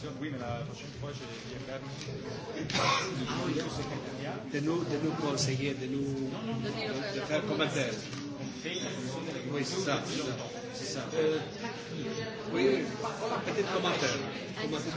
présidente, oui, mais la prochaine fois, je De nous, de de nous. faire commentaire. Oui, c'est ça. C'est ça. Oui, peut-être commentaire. Commentaire.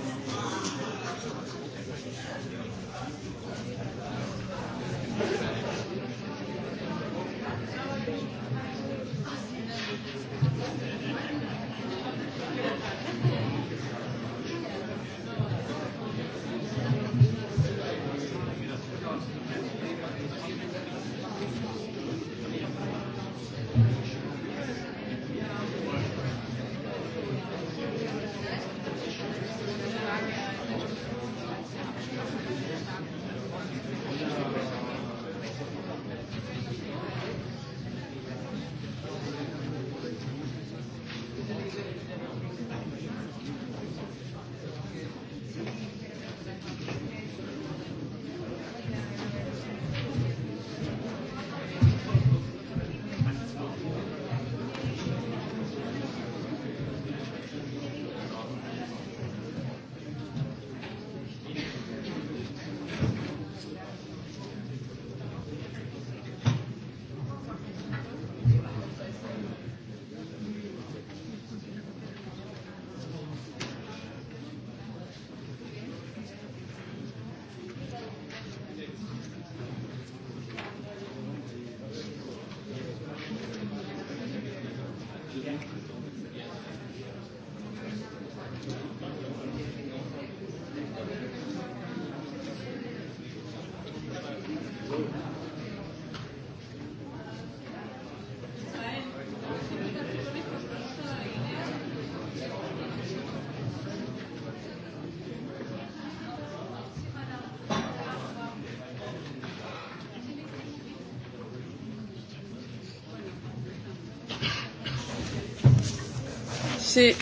Sí.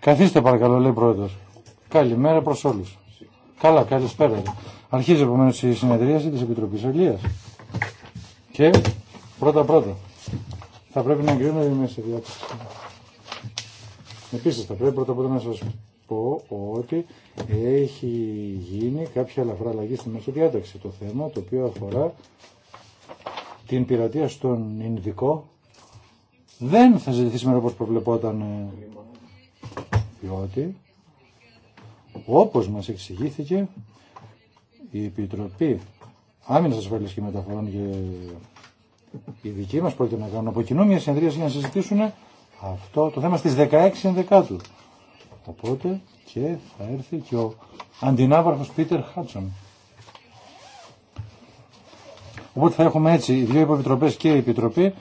Καθίστε παρακαλώ, λέει πρόεδρο. Καλημέρα προ όλου. Καλά, καλησπέρα. Αρχίζει επομένω η συνεδρίαση τη Επιτροπή Αγγλία. Και πρώτα-πρώτα θα πρέπει να εγκρίνουμε τη μέση διάταξη. Επίση θα πρέπει πρώτα-πρώτα να σα πω ότι έχει γίνει κάποια ελαφρά αλλαγή στη μέση διάταξη. Το θέμα το οποίο αφορά την πειρατεία στον Ινδικό δεν θα ζητηθεί σήμερα όπως προβλεπόταν ε, διότι όπως μας εξηγήθηκε η Επιτροπή Άμυνας Ασφαλής και Μεταφορών και η δική μας πρόκειται να κάνουν από κοινού μια συνεδρία για να συζητήσουν αυτό το θέμα στις 16 Ενδεκάτου. Οπότε και θα έρθει και ο αντινάβαρχος Πίτερ Χάτσον. Οπότε θα έχουμε έτσι οι δύο υποπιτροπέ και η επιτροπή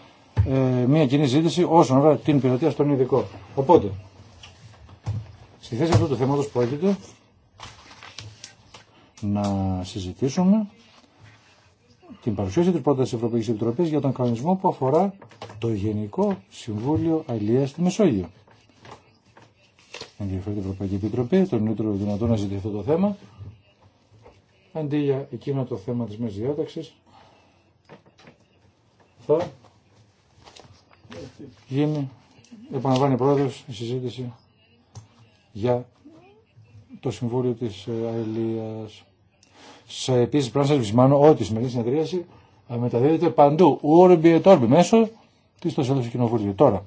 ε, μια κοινή ζήτηση όσον αφορά την πειρατεία στον ειδικό. Οπότε, στη θέση αυτού του θέματο πρόκειται να συζητήσουμε την παρουσίαση της τη Ευρωπαϊκής Επιτροπής για τον κανονισμό που αφορά το Γενικό Συμβούλιο Αλληλείας στη Μεσόγειο. Ενδιαφέρει η Ευρωπαϊκή Επιτροπή, τον δυνατό να ζητηθεί αυτό το θέμα, αντί για εκείνο το θέμα τη μεσδιάταξη θα γίνει, επαναλαμβάνει πρόεδρο η συζήτηση για το Συμβούλιο της ε, Αιλία. Σε επίσης πρέπει να σα βυσμάνω ότι η σημερινή συνεδρίαση ε, μεταδίδεται παντού, ούρμπι ετόρμπι, μέσω της Τωσέλωσης Κοινοβουλίου. Τώρα,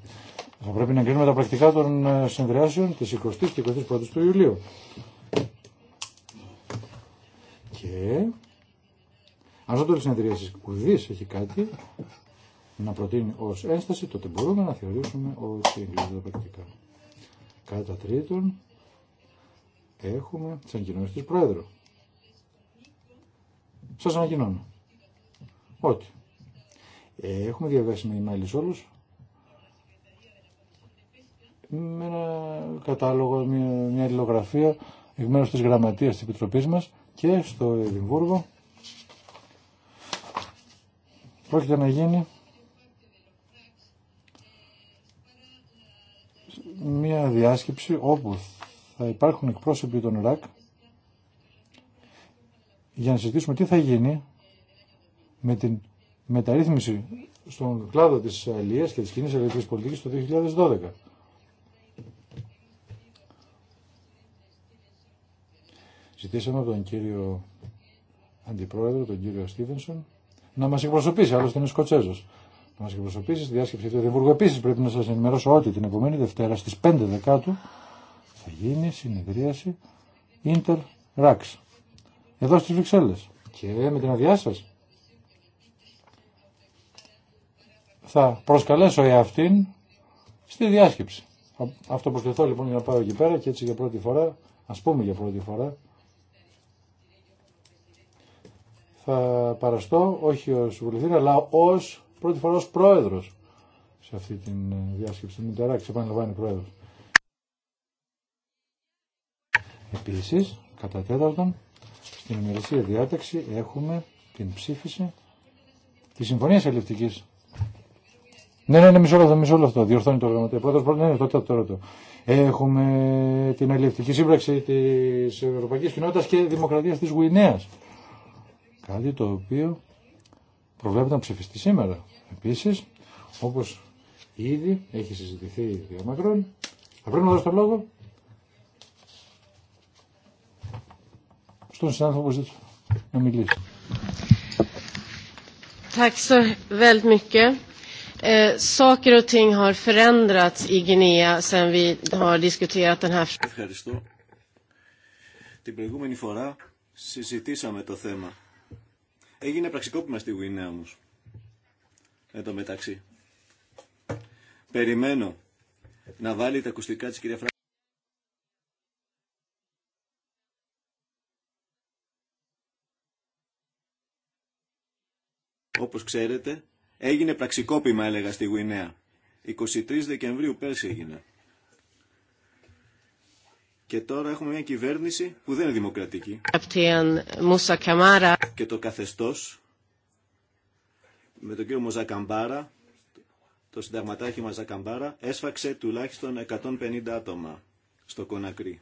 θα πρέπει να εγκρίνουμε τα πρακτικά των ε, συνεδριάσεων τη 20ης και 21 η του Ιουλίου. Και αν το τέλο συνεδρίαση ουδή έχει κάτι, να προτείνει ως ένσταση, τότε μπορούμε να θεωρήσουμε ότι εγκρίνονται πρακτικά. Κατά τρίτον, έχουμε τις ανακοινώσεις της Πρόεδρου. Σας ανακοινώνω ότι έχουμε διαβάσει με email όλους με ένα κατάλογο, μια, μια αλληλογραφία εκ μέρους της γραμματείας της Επιτροπής μας και στο Εδιμβούργο πρόκειται να γίνει μια διάσκεψη όπου θα υπάρχουν εκπρόσωποι των ΡΑΚ για να συζητήσουμε τι θα γίνει με την μεταρρύθμιση στον κλάδο της αλληλείας και της κοινής ελευθερικής πολιτικής το 2012. Ζητήσαμε από τον κύριο Αντιπρόεδρο, τον κύριο Στίβενσον, να μας εκπροσωπήσει, άλλωστε είναι Σκοτσέζος που μα εκπροσωπήσει στη διάσκεψη του Εδιμβούργου. Επίση, πρέπει να σα ενημερώσω ότι την επόμενη Δευτέρα στι 5 Δεκάτου θα γίνει συνεδρίαση Ιντερ Rax. Εδώ στι Βρυξέλλε. Και με την αδειά σα θα προσκαλέσω εαυτήν στη διάσκεψη. Αυτό προσκεφτώ λοιπόν για να πάω εκεί πέρα και έτσι για πρώτη φορά, ας πούμε για πρώτη φορά, θα παραστώ όχι ως βουλευτή αλλά ως πρώτη φορά ω πρόεδρο σε αυτή τη ε, διάσκεψη του τεράξει, επαναλαμβάνει πρόεδρο. Επίση, κατά τέταρτον, στην ημερησία διάταξη έχουμε την ψήφιση τη Συμφωνία Ελληνική. Ναι, ναι, ναι, μισό λεπτό, μισό λεπτό. Διορθώνει το γραμματέα. Πρώτο πρώτο, ναι, ναι το Έχουμε την αλληλευτική σύμπραξη τη Ευρωπαϊκή Κοινότητα και Δημοκρατία τη Γουινέα. Κάτι το οποίο προβλέπεται να ψηφιστεί σήμερα. Επίσης, όπως ήδη έχει συζητηθεί για μακρόν, θα πρέπει να δώσω το λόγο στον συνάδελφο που ζήτησε να μιλήσει. Tack så väldigt mycket. Eh, saker och ting har förändrats i Guinea vi har diskuterat den här frågan. Ευχαριστώ. Την προηγούμενη φορά συζητήσαμε το θέμα Έγινε πραξικόπημα στη Γουινέα όμως. Εν μεταξύ. Περιμένω να βάλει τα ακουστικά της κυρία Φράγκα. Όπως ξέρετε, έγινε πραξικόπημα έλεγα στη Γουινέα. 23 Δεκεμβρίου πέρσι έγινε. Και τώρα έχουμε μια κυβέρνηση που δεν είναι δημοκρατική. Και το καθεστώς με τον κύριο Μοζακαμπάρα, το συνταγματάρχη Μοζακαμπάρα, έσφαξε τουλάχιστον 150 άτομα στο Κονακρί.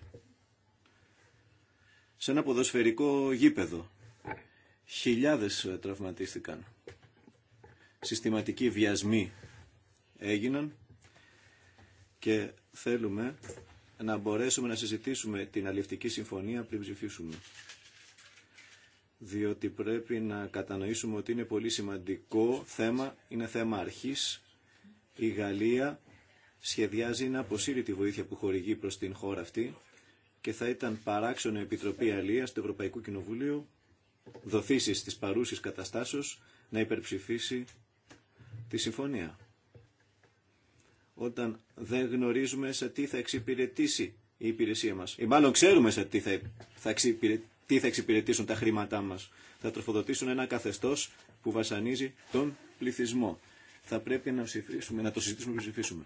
Σε ένα ποδοσφαιρικό γήπεδο. Χιλιάδες ε, τραυματίστηκαν. Συστηματικοί βιασμοί έγιναν και θέλουμε να μπορέσουμε να συζητήσουμε την αλληλευτική συμφωνία πριν ψηφίσουμε. Διότι πρέπει να κατανοήσουμε ότι είναι πολύ σημαντικό θέμα, είναι θέμα αρχής. Η Γαλλία σχεδιάζει να αποσύρει τη βοήθεια που χορηγεί προς την χώρα αυτή και θα ήταν παράξενο η Επιτροπή Αλίας του Ευρωπαϊκού Κοινοβουλίου δοθήσεις της παρούσεις καταστάσεις να υπερψηφίσει τη συμφωνία όταν δεν γνωρίζουμε σε τι θα εξυπηρετήσει η υπηρεσία μας. Ή μάλλον ξέρουμε σε τι θα, θα, εξυπηρετήσουν τα χρήματά μας. Θα τροφοδοτήσουν ένα καθεστώς που βασανίζει τον πληθυσμό. Θα πρέπει να, ψηφίσουμε, να το συζητήσουμε και ψηφίσουμε.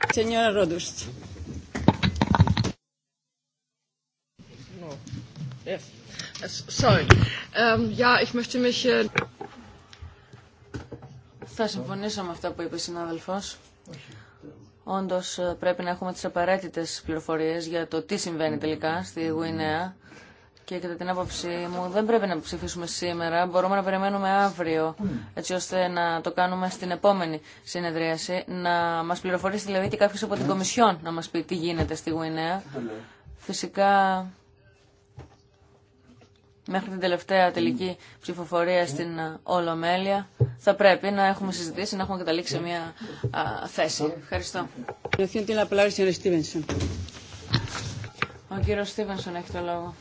Um, äh, θα συμφωνήσω με αυτά που είπε συνάδελφος. Όντως ε, πρέπει να έχουμε τις απαραίτητες πληροφορίες για το τι συμβαίνει τελικά στη Γουινέα και κατά την άποψή μου δεν πρέπει να ψηφίσουμε σήμερα, μπορούμε να περιμένουμε αύριο έτσι ώστε να το κάνουμε στην επόμενη συνεδρίαση, να μας πληροφορήσει δηλαδή και κάποιος από την Κομισιόν να μας πει τι γίνεται στη Γουινέα. Φυσικά μέχρι την τελευταία τελική ψηφοφορία στην ε, Ολομέλεια θα πρέπει να έχουμε συζητήσει, να έχουμε καταλήξει σε μια α, θέση. Ευχαριστώ. Ο κύριο Στίβενσον έχει το λόγο.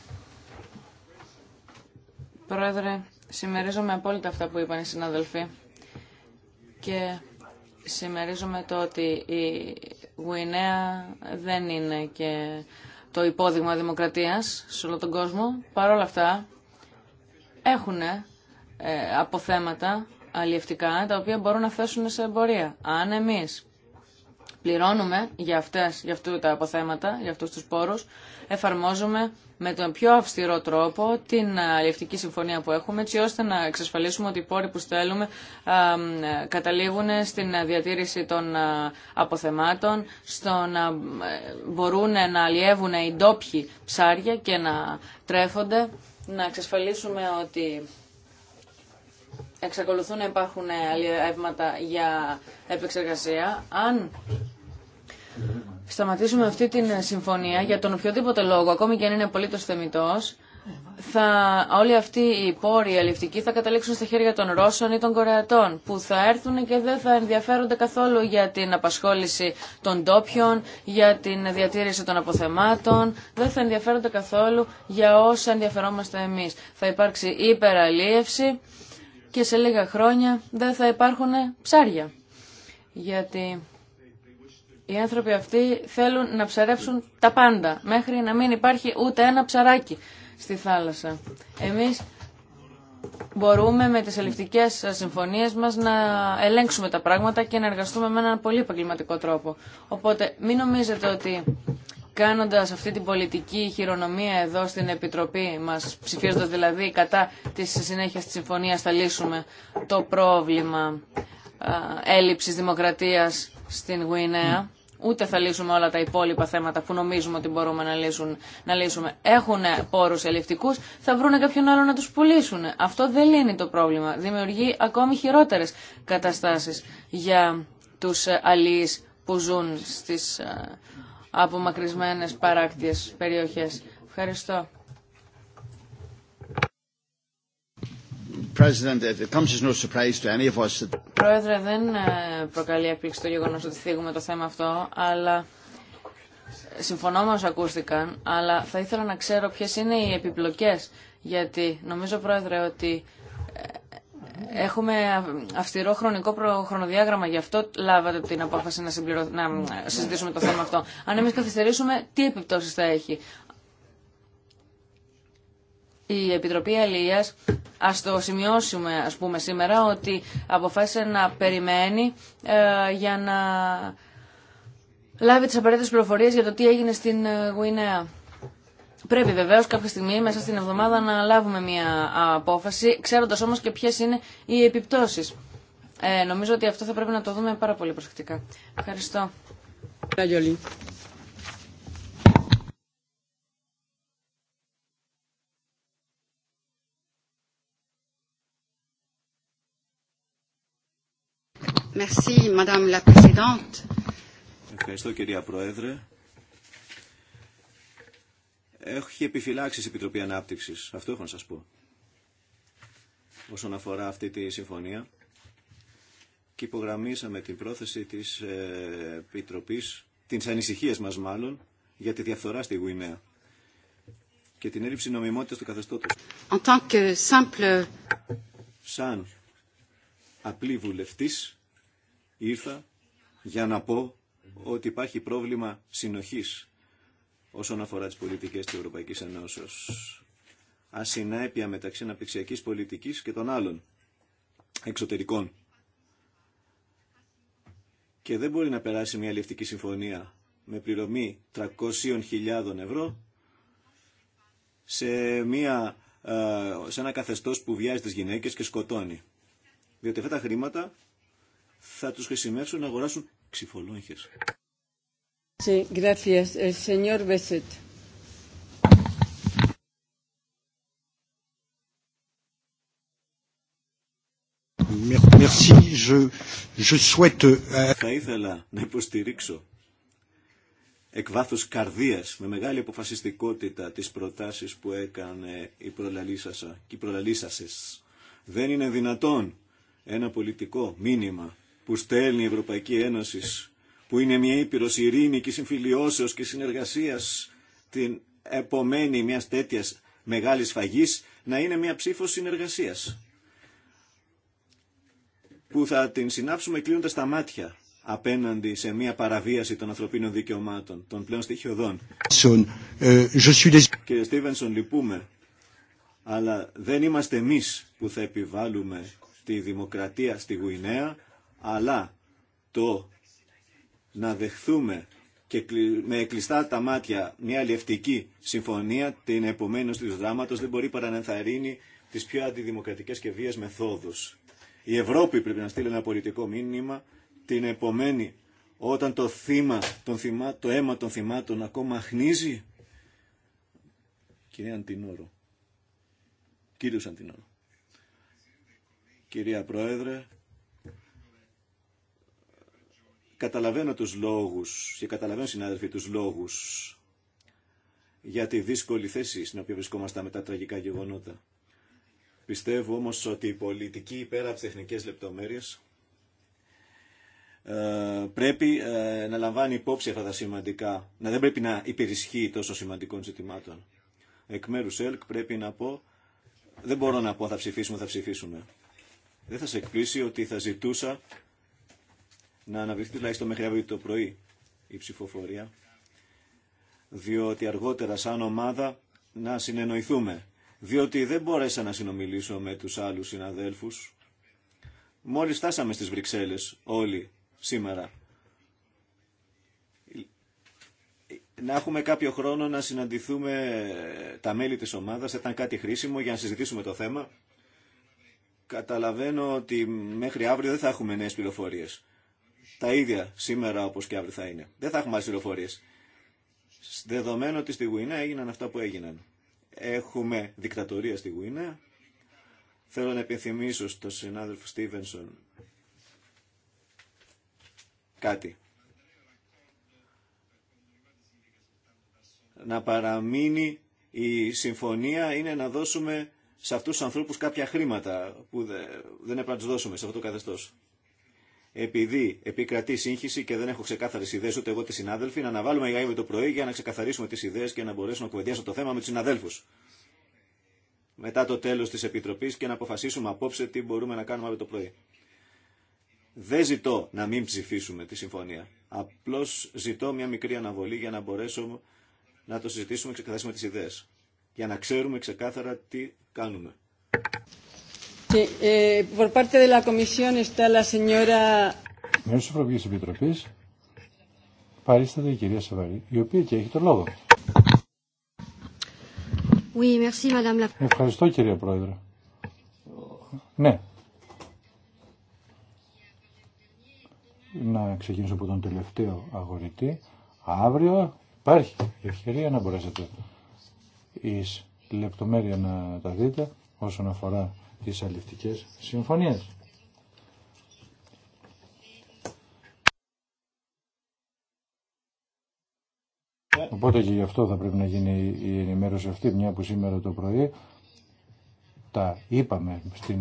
Πρόεδρε, συμμερίζομαι απόλυτα αυτά που είπαν οι συναδελφοί και συμμερίζομαι το ότι η Γουινέα δεν είναι και το υπόδειγμα δημοκρατίας σε όλο τον κόσμο. Παρ' όλα αυτά, έχουν ε, αποθέματα αλλιευτικά τα οποία μπορούν να θέσουν σε εμπορία. Αν εμεί πληρώνουμε για, αυτές, για τα αποθέματα, για αυτούς τους πόρους, εφαρμόζουμε με τον πιο αυστηρό τρόπο την αλλιευτική συμφωνία που έχουμε, έτσι ώστε να εξασφαλίσουμε ότι οι πόροι που στέλνουμε καταλήγουν στην διατήρηση των αποθεμάτων, στο να ε, μπορούν να αλλιεύουν οι ντόπιοι ψάρια και να τρέφονται να εξασφαλίσουμε ότι εξακολουθούν να υπάρχουν αλλιεύματα για επεξεργασία. Αν σταματήσουμε αυτή τη συμφωνία για τον οποιοδήποτε λόγο, ακόμη και αν είναι απολύτως θεμητός, θα, όλοι αυτοί οι πόροι οι αλληλευτικοί θα καταλήξουν στα χέρια των Ρώσων ή των Κορεατών που θα έρθουν και δεν θα ενδιαφέρονται καθόλου για την απασχόληση των ντόπιων, για την διατήρηση των αποθεμάτων, δεν θα ενδιαφέρονται καθόλου για όσα ενδιαφερόμαστε εμείς. Θα υπάρξει υπεραλίευση και σε λίγα χρόνια δεν θα υπάρχουν ψάρια. Γιατί οι άνθρωποι αυτοί θέλουν να ψαρέψουν τα πάντα μέχρι να μην υπάρχει ούτε ένα ψαράκι στη θάλασσα. Εμείς μπορούμε με τις ελληνικέ συμφωνίες μας να ελέγξουμε τα πράγματα και να εργαστούμε με έναν πολύ επαγγελματικό τρόπο. Οπότε μην νομίζετε ότι κάνοντας αυτή την πολιτική χειρονομία εδώ στην Επιτροπή μας, ψηφίζοντας δηλαδή κατά τη συνέχεια της συμφωνίας θα λύσουμε το πρόβλημα έλλειψης δημοκρατίας στην Γουινέα ούτε θα λύσουμε όλα τα υπόλοιπα θέματα που νομίζουμε ότι μπορούμε να, λύσουν, να λύσουμε. Έχουν πόρους ελευτικούς, θα βρουν κάποιον άλλο να τους πουλήσουν. Αυτό δεν λύνει το πρόβλημα. Δημιουργεί ακόμη χειρότερες καταστάσεις για τους ε, αλληλείς που ζουν στις ε, απομακρυσμένες παράκτιες περιοχές. Ευχαριστώ. Πρόεδρε, δεν ε, προκαλεί έκπληξη το γεγονός ότι θίγουμε το θέμα αυτό, αλλά ε, συμφωνώ με ακούστηκαν, αλλά θα ήθελα να ξέρω ποιες είναι οι επιπλοκές, γιατί νομίζω, Πρόεδρε, ότι ε, Έχουμε αυστηρό χρονικό χρονοδιάγραμμα, γι' αυτό λάβατε την απόφαση να, να συζητήσουμε το θέμα αυτό. Αν εμεί καθυστερήσουμε, τι επιπτώσει θα έχει η Επιτροπή Αλίας, ας το σημειώσουμε ας πούμε σήμερα, ότι αποφάσισε να περιμένει ε, για να λάβει τις απαραίτητες πληροφορίες για το τι έγινε στην ε, Γουινέα. Πρέπει βεβαίως κάποια στιγμή μέσα στην εβδομάδα να λάβουμε μια απόφαση, ξέροντας όμως και ποιες είναι οι επιπτώσεις. Ε, νομίζω ότι αυτό θα πρέπει να το δούμε πάρα πολύ προσεκτικά. Ευχαριστώ. Ευχαριστώ κυρία Πρόεδρε. Έχει επιφυλάξει η Επιτροπή Ανάπτυξη. Αυτό έχω να σα πω. Όσον αφορά αυτή τη συμφωνία. Και υπογραμμίσαμε την πρόθεση τη ε, Επιτροπή, τι ανησυχίε μα μάλλον, για τη διαφθορά στη Γουινέα και την έλλειψη νομιμότητα του καθεστώτο. Σαν απλή Ήρθα για να πω ότι υπάρχει πρόβλημα συνοχής όσον αφορά τις πολιτικές της Ευρωπαϊκής Ενώσεως. Ασυνέπεια μεταξύ αναπτυξιακής πολιτικής και των άλλων εξωτερικών. Και δεν μπορεί να περάσει μια λευτική συμφωνία με πληρωμή 300.000 ευρώ σε, μια, ε, σε ένα καθεστώς που βιάζει τις γυναίκες και σκοτώνει. Διότι αυτά τα χρήματα θα τους χρησιμεύσουν να αγοράσουν ξυφολόγχες. Θα ήθελα να υποστηρίξω εκ βάθους καρδίας με μεγάλη αποφασιστικότητα τις προτάσεις που έκανε η προλαλήσασα και οι προλαλήσασες. Δεν είναι δυνατόν ένα πολιτικό μήνυμα που στέλνει η Ευρωπαϊκή Ένωση, που είναι μια ήπειρο ειρήνη και συμφιλιώσεω και συνεργασία, την επομένη μιας τέτοια μεγάλη φαγής, να είναι μια ψήφο συνεργασία. που θα την συνάψουμε κλείνοντας τα μάτια απέναντι σε μια παραβίαση των ανθρωπίνων δικαιωμάτων, των πλέον στοιχειωδών. Ε, Κύριε Στίβενσον, λυπούμε, αλλά δεν είμαστε εμείς που θα επιβάλλουμε τη δημοκρατία στη Γουινέα, αλλά το να δεχθούμε και με κλειστά τα μάτια μια αλλιευτική συμφωνία την επομένω του δράματος δεν μπορεί παρά να τις πιο αντιδημοκρατικές και βίες μεθόδους. Η Ευρώπη πρέπει να στείλει ένα πολιτικό μήνυμα την επομένη όταν το, θύμα, τον θυμά, το αίμα των θυμάτων ακόμα χνίζει. Κυρία Αντινόρο. Κύριος Αντινόρο. Κυρία Πρόεδρε, Καταλαβαίνω τους λόγους και καταλαβαίνω συνάδελφοι τους λόγους για τη δύσκολη θέση στην οποία βρισκόμαστε τα τραγικά γεγονότα. Πιστεύω όμως ότι η πολιτική πέρα από τις τεχνικές λεπτομέρειες ε, πρέπει ε, να λαμβάνει υπόψη αυτά τα σημαντικά, να δεν πρέπει να υπερισχύει τόσο σημαντικών ζητημάτων. Εκ μέρου ΕΛΚ πρέπει να πω, δεν μπορώ να πω θα ψηφίσουμε, θα ψηφίσουμε. Δεν θα σε εκπλήσει ότι θα ζητούσα να αναβληθεί τουλάχιστον μέχρι αύριο το πρωί η ψηφοφορία, διότι αργότερα σαν ομάδα να συνεννοηθούμε, διότι δεν μπόρεσα να συνομιλήσω με τους άλλους συναδέλφους. Μόλις φτάσαμε στις Βρυξέλλες όλοι σήμερα. Να έχουμε κάποιο χρόνο να συναντηθούμε τα μέλη της ομάδας, ήταν κάτι χρήσιμο για να συζητήσουμε το θέμα. Καταλαβαίνω ότι μέχρι αύριο δεν θα έχουμε νέες πληροφορίες τα ίδια σήμερα όπως και αύριο θα είναι. Δεν θα έχουμε άλλες πληροφορίες. Δεδομένου ότι στη Γουινέα έγιναν αυτά που έγιναν. Έχουμε δικτατορία στη Γουινέα. Θέλω να επιθυμίσω στον συνάδελφο Στίβενσον κάτι. Να παραμείνει η συμφωνία είναι να δώσουμε σε αυτούς τους ανθρώπους κάποια χρήματα που δεν έπρεπε να τους δώσουμε σε αυτό το καθεστώς επειδή επικρατεί σύγχυση και δεν έχω ξεκάθαρε ιδέε ούτε εγώ τι συνάδελφοι, να αναβάλουμε για το πρωί για να ξεκαθαρίσουμε τι ιδέε και να μπορέσουμε να κουβεντιάσουμε το θέμα με του συναδέλφου. Μετά το τέλο τη Επιτροπή και να αποφασίσουμε απόψε τι μπορούμε να κάνουμε αύριο το πρωί. Δεν ζητώ να μην ψηφίσουμε τη συμφωνία. Απλώ ζητώ μια μικρή αναβολή για να μπορέσουμε να το συζητήσουμε και ξεκαθαρίσουμε τι ιδέε. Για να ξέρουμε ξεκάθαρα τι κάνουμε. Sí, eh, ε, por parte Μέρος της Ευρωπαϊκής Επιτροπής παρίσταται η κυρία Σαβαρή, η οποία και έχει το λόγο. Oui, merci, la... Ευχαριστώ κυρία Πρόεδρε. Ναι. Να ξεκινήσω από τον τελευταίο αγορητή. Αύριο υπάρχει ευκαιρία να μπορέσετε εις λεπτομέρεια να τα δείτε όσον αφορά τις αληφτικές συμφωνίες. Οπότε και γι' αυτό θα πρέπει να γίνει η ενημέρωση αυτή, μια που σήμερα το πρωί τα είπαμε στην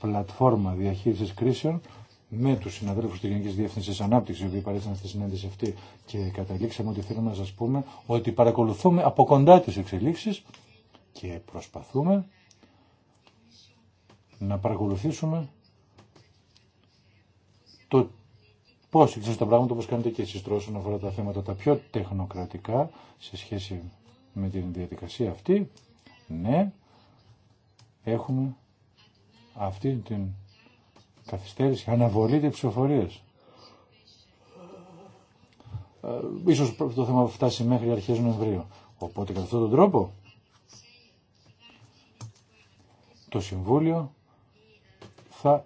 πλατφόρμα διαχείρισης κρίσεων με τους συναδέλφους της Γενικής Διεύθυνση Ανάπτυξης οι οποίοι παρέστησαν στη συνέντευξη αυτή και καταλήξαμε ότι θέλουμε να σας πούμε ότι παρακολουθούμε από κοντά τι εξελίξει και προσπαθούμε να παρακολουθήσουμε το πώς εξής τα πράγματα, όπω κάνετε και εσείς όσον αφορά τα θέματα τα πιο τεχνοκρατικά σε σχέση με την διαδικασία αυτή. Ναι, έχουμε αυτή την καθυστέρηση, αναβολή της ψηφοφορίας. Ε, ίσως το θέμα φτάσει μέχρι αρχές Νοεμβρίου. Οπότε κατά αυτόν τον τρόπο το Συμβούλιο θα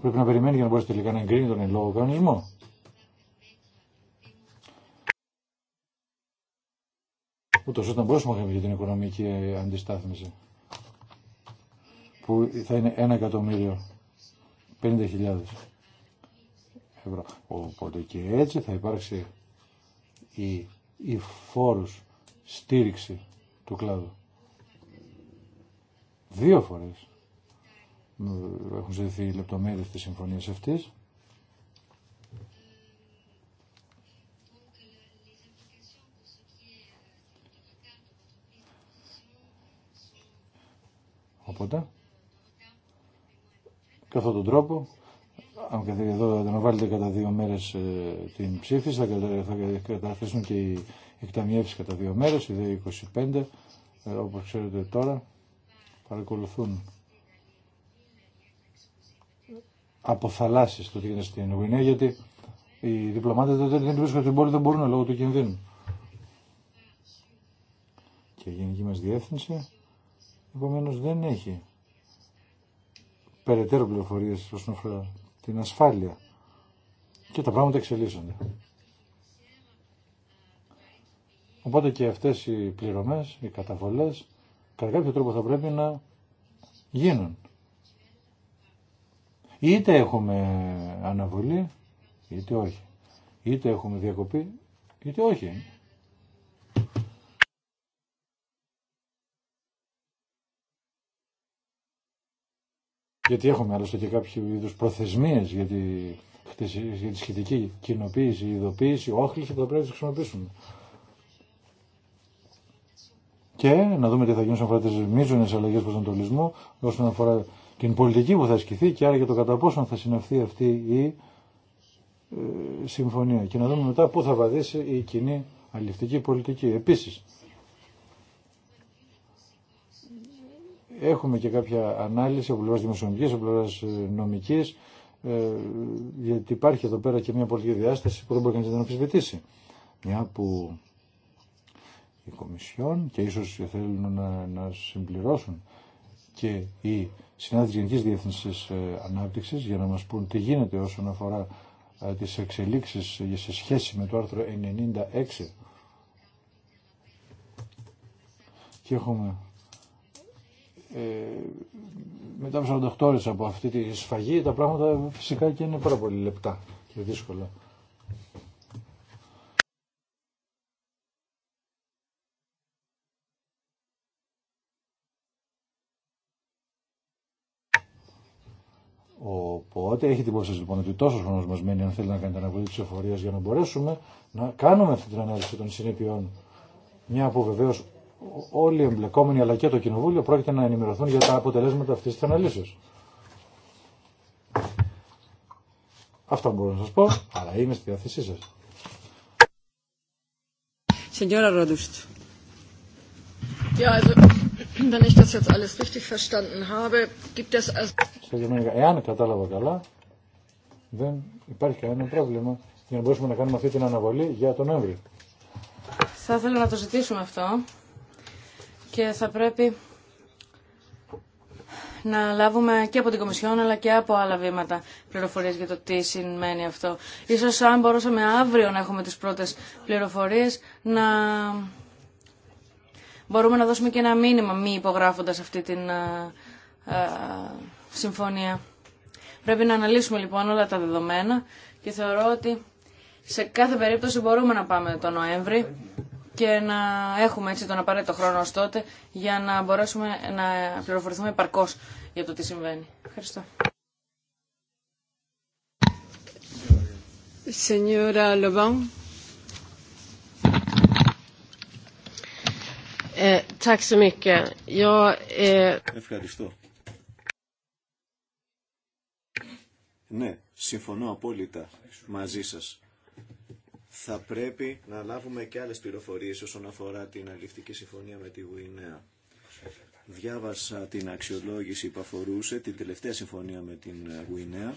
πρέπει να περιμένει για να μπορέσει τελικά να εγκρίνει τον λόγο κανονισμό. Ούτω ώστε να μπορέσουμε να για την οικονομική αντιστάθμιση. Που θα είναι 1 εκατομμύριο 50.000 ευρώ. Οπότε και έτσι θα υπάρξει η, η φόρους στήριξη του κλάδου. Δύο φορές. Ε, έχουν ζητηθεί οι λεπτομέρειες της συμφωνίας αυτής. Οπότε, καθ' τον τρόπο, αν εδώ βάλετε κατά δύο μέρες ε, την ψήφιση, θα, καταρθίσουν και οι εκταμιεύσεις κατά δύο μέρες, οι 25, ε, όπως ξέρετε τώρα, παρακολουθούν αποθαλάσσεις το τι γίνεται στην Γουινέα, γιατί οι διπλωμάτες δεν βρίσκονται στην πόλη, δεν μπορούν λόγω του κινδύνου. Και η γενική μας διεύθυνση, επομένω δεν έχει περαιτέρω πληροφορίες όσον αφορά την ασφάλεια. Και τα πράγματα εξελίσσονται. Οπότε και αυτές οι πληρωμές, οι καταβολές, κατά κάποιο τρόπο θα πρέπει να γίνουν. Είτε έχουμε αναβολή, είτε όχι. Είτε έχουμε διακοπή, είτε όχι. Γιατί έχουμε άλλωστε και κάποιου είδου προθεσμίε για, τη, για τη σχετική κοινοποίηση, ειδοποίηση, όχληση που πρέπει να χρησιμοποιήσουμε. Και να δούμε τι θα γίνει όσον αφορά τι μείζονε αλλαγέ τολισμό, όσον αφορά την πολιτική που θα ασκηθεί και άρα για το κατά πόσον θα συναυθεί αυτή η ε, συμφωνία και να δούμε μετά πού θα βαδίσει η κοινή αλληλευτική πολιτική. Επίσης, έχουμε και κάποια ανάλυση από πλευράς δημοσιονομικής, από πλευράς ε, νομικής, ε, γιατί υπάρχει εδώ πέρα και μια πολιτική διάσταση που δεν μπορεί κανείς να την αμφισβητήσει. Μια που η Κομισιόν και ίσως θέλουν να, να συμπληρώσουν και οι συνάδελφοι Γενικής Διεθνή ε, Ανάπτυξης για να μας πούν τι γίνεται όσον αφορά ε, τις εξελίξεις σε σχέση με το άρθρο 96 και έχουμε ε, μετά από 48 ώρες από αυτή τη σφαγή τα πράγματα φυσικά και είναι πάρα πολύ λεπτά και δύσκολα. Οπότε έχει δημοσιεύσει λοιπόν ότι τόσο χρόνο μα μένει αν θέλει να κάνει την αναβολή εφορία, για να μπορέσουμε να κάνουμε αυτή την ανάλυση των συνέπειών. Μια που βεβαίω όλοι οι εμπλεκόμενοι αλλά και το Κοινοβούλιο πρόκειται να ενημερωθούν για τα αποτελέσματα αυτή τη αναλύσεω. αυτό μπορώ να σα πω, αλλά είμαι στη διάθεσή σα. Wenn ich das jetzt alles richtig verstanden habe, gibt es also... εάν κατάλαβα καλά, δεν υπάρχει κανένα πρόβλημα για να μπορέσουμε να κάνουμε αυτή την αναβολή για τον Νοέμβριο. Θα ήθελα να το ζητήσουμε αυτό και θα πρέπει να λάβουμε και από την Κομισιόν αλλά και από άλλα βήματα πληροφορίες για το τι σημαίνει αυτό. Ίσως αν μπορούσαμε αύριο να έχουμε τις πρώτες πληροφορίες να μπορούμε να δώσουμε και ένα μήνυμα μη υπογράφοντας αυτή την ε, ε, συμφωνία. Πρέπει να αναλύσουμε λοιπόν όλα τα δεδομένα και θεωρώ ότι σε κάθε περίπτωση μπορούμε να πάμε τον Νοέμβρη και να έχουμε έτσι τον απαραίτητο χρόνο ως τότε για να μπορέσουμε να πληροφορηθούμε επαρκώς για το τι συμβαίνει. Ευχαριστώ. Señora Lobán. Eh, Ευχαριστώ. Ναι, συμφωνώ απόλυτα μαζί σας. Θα πρέπει να λάβουμε και άλλες πληροφορίες όσον αφορά την αληφτική συμφωνία με τη Γουινέα. Διάβασα την αξιολόγηση που αφορούσε την τελευταία συμφωνία με την Γουινέα.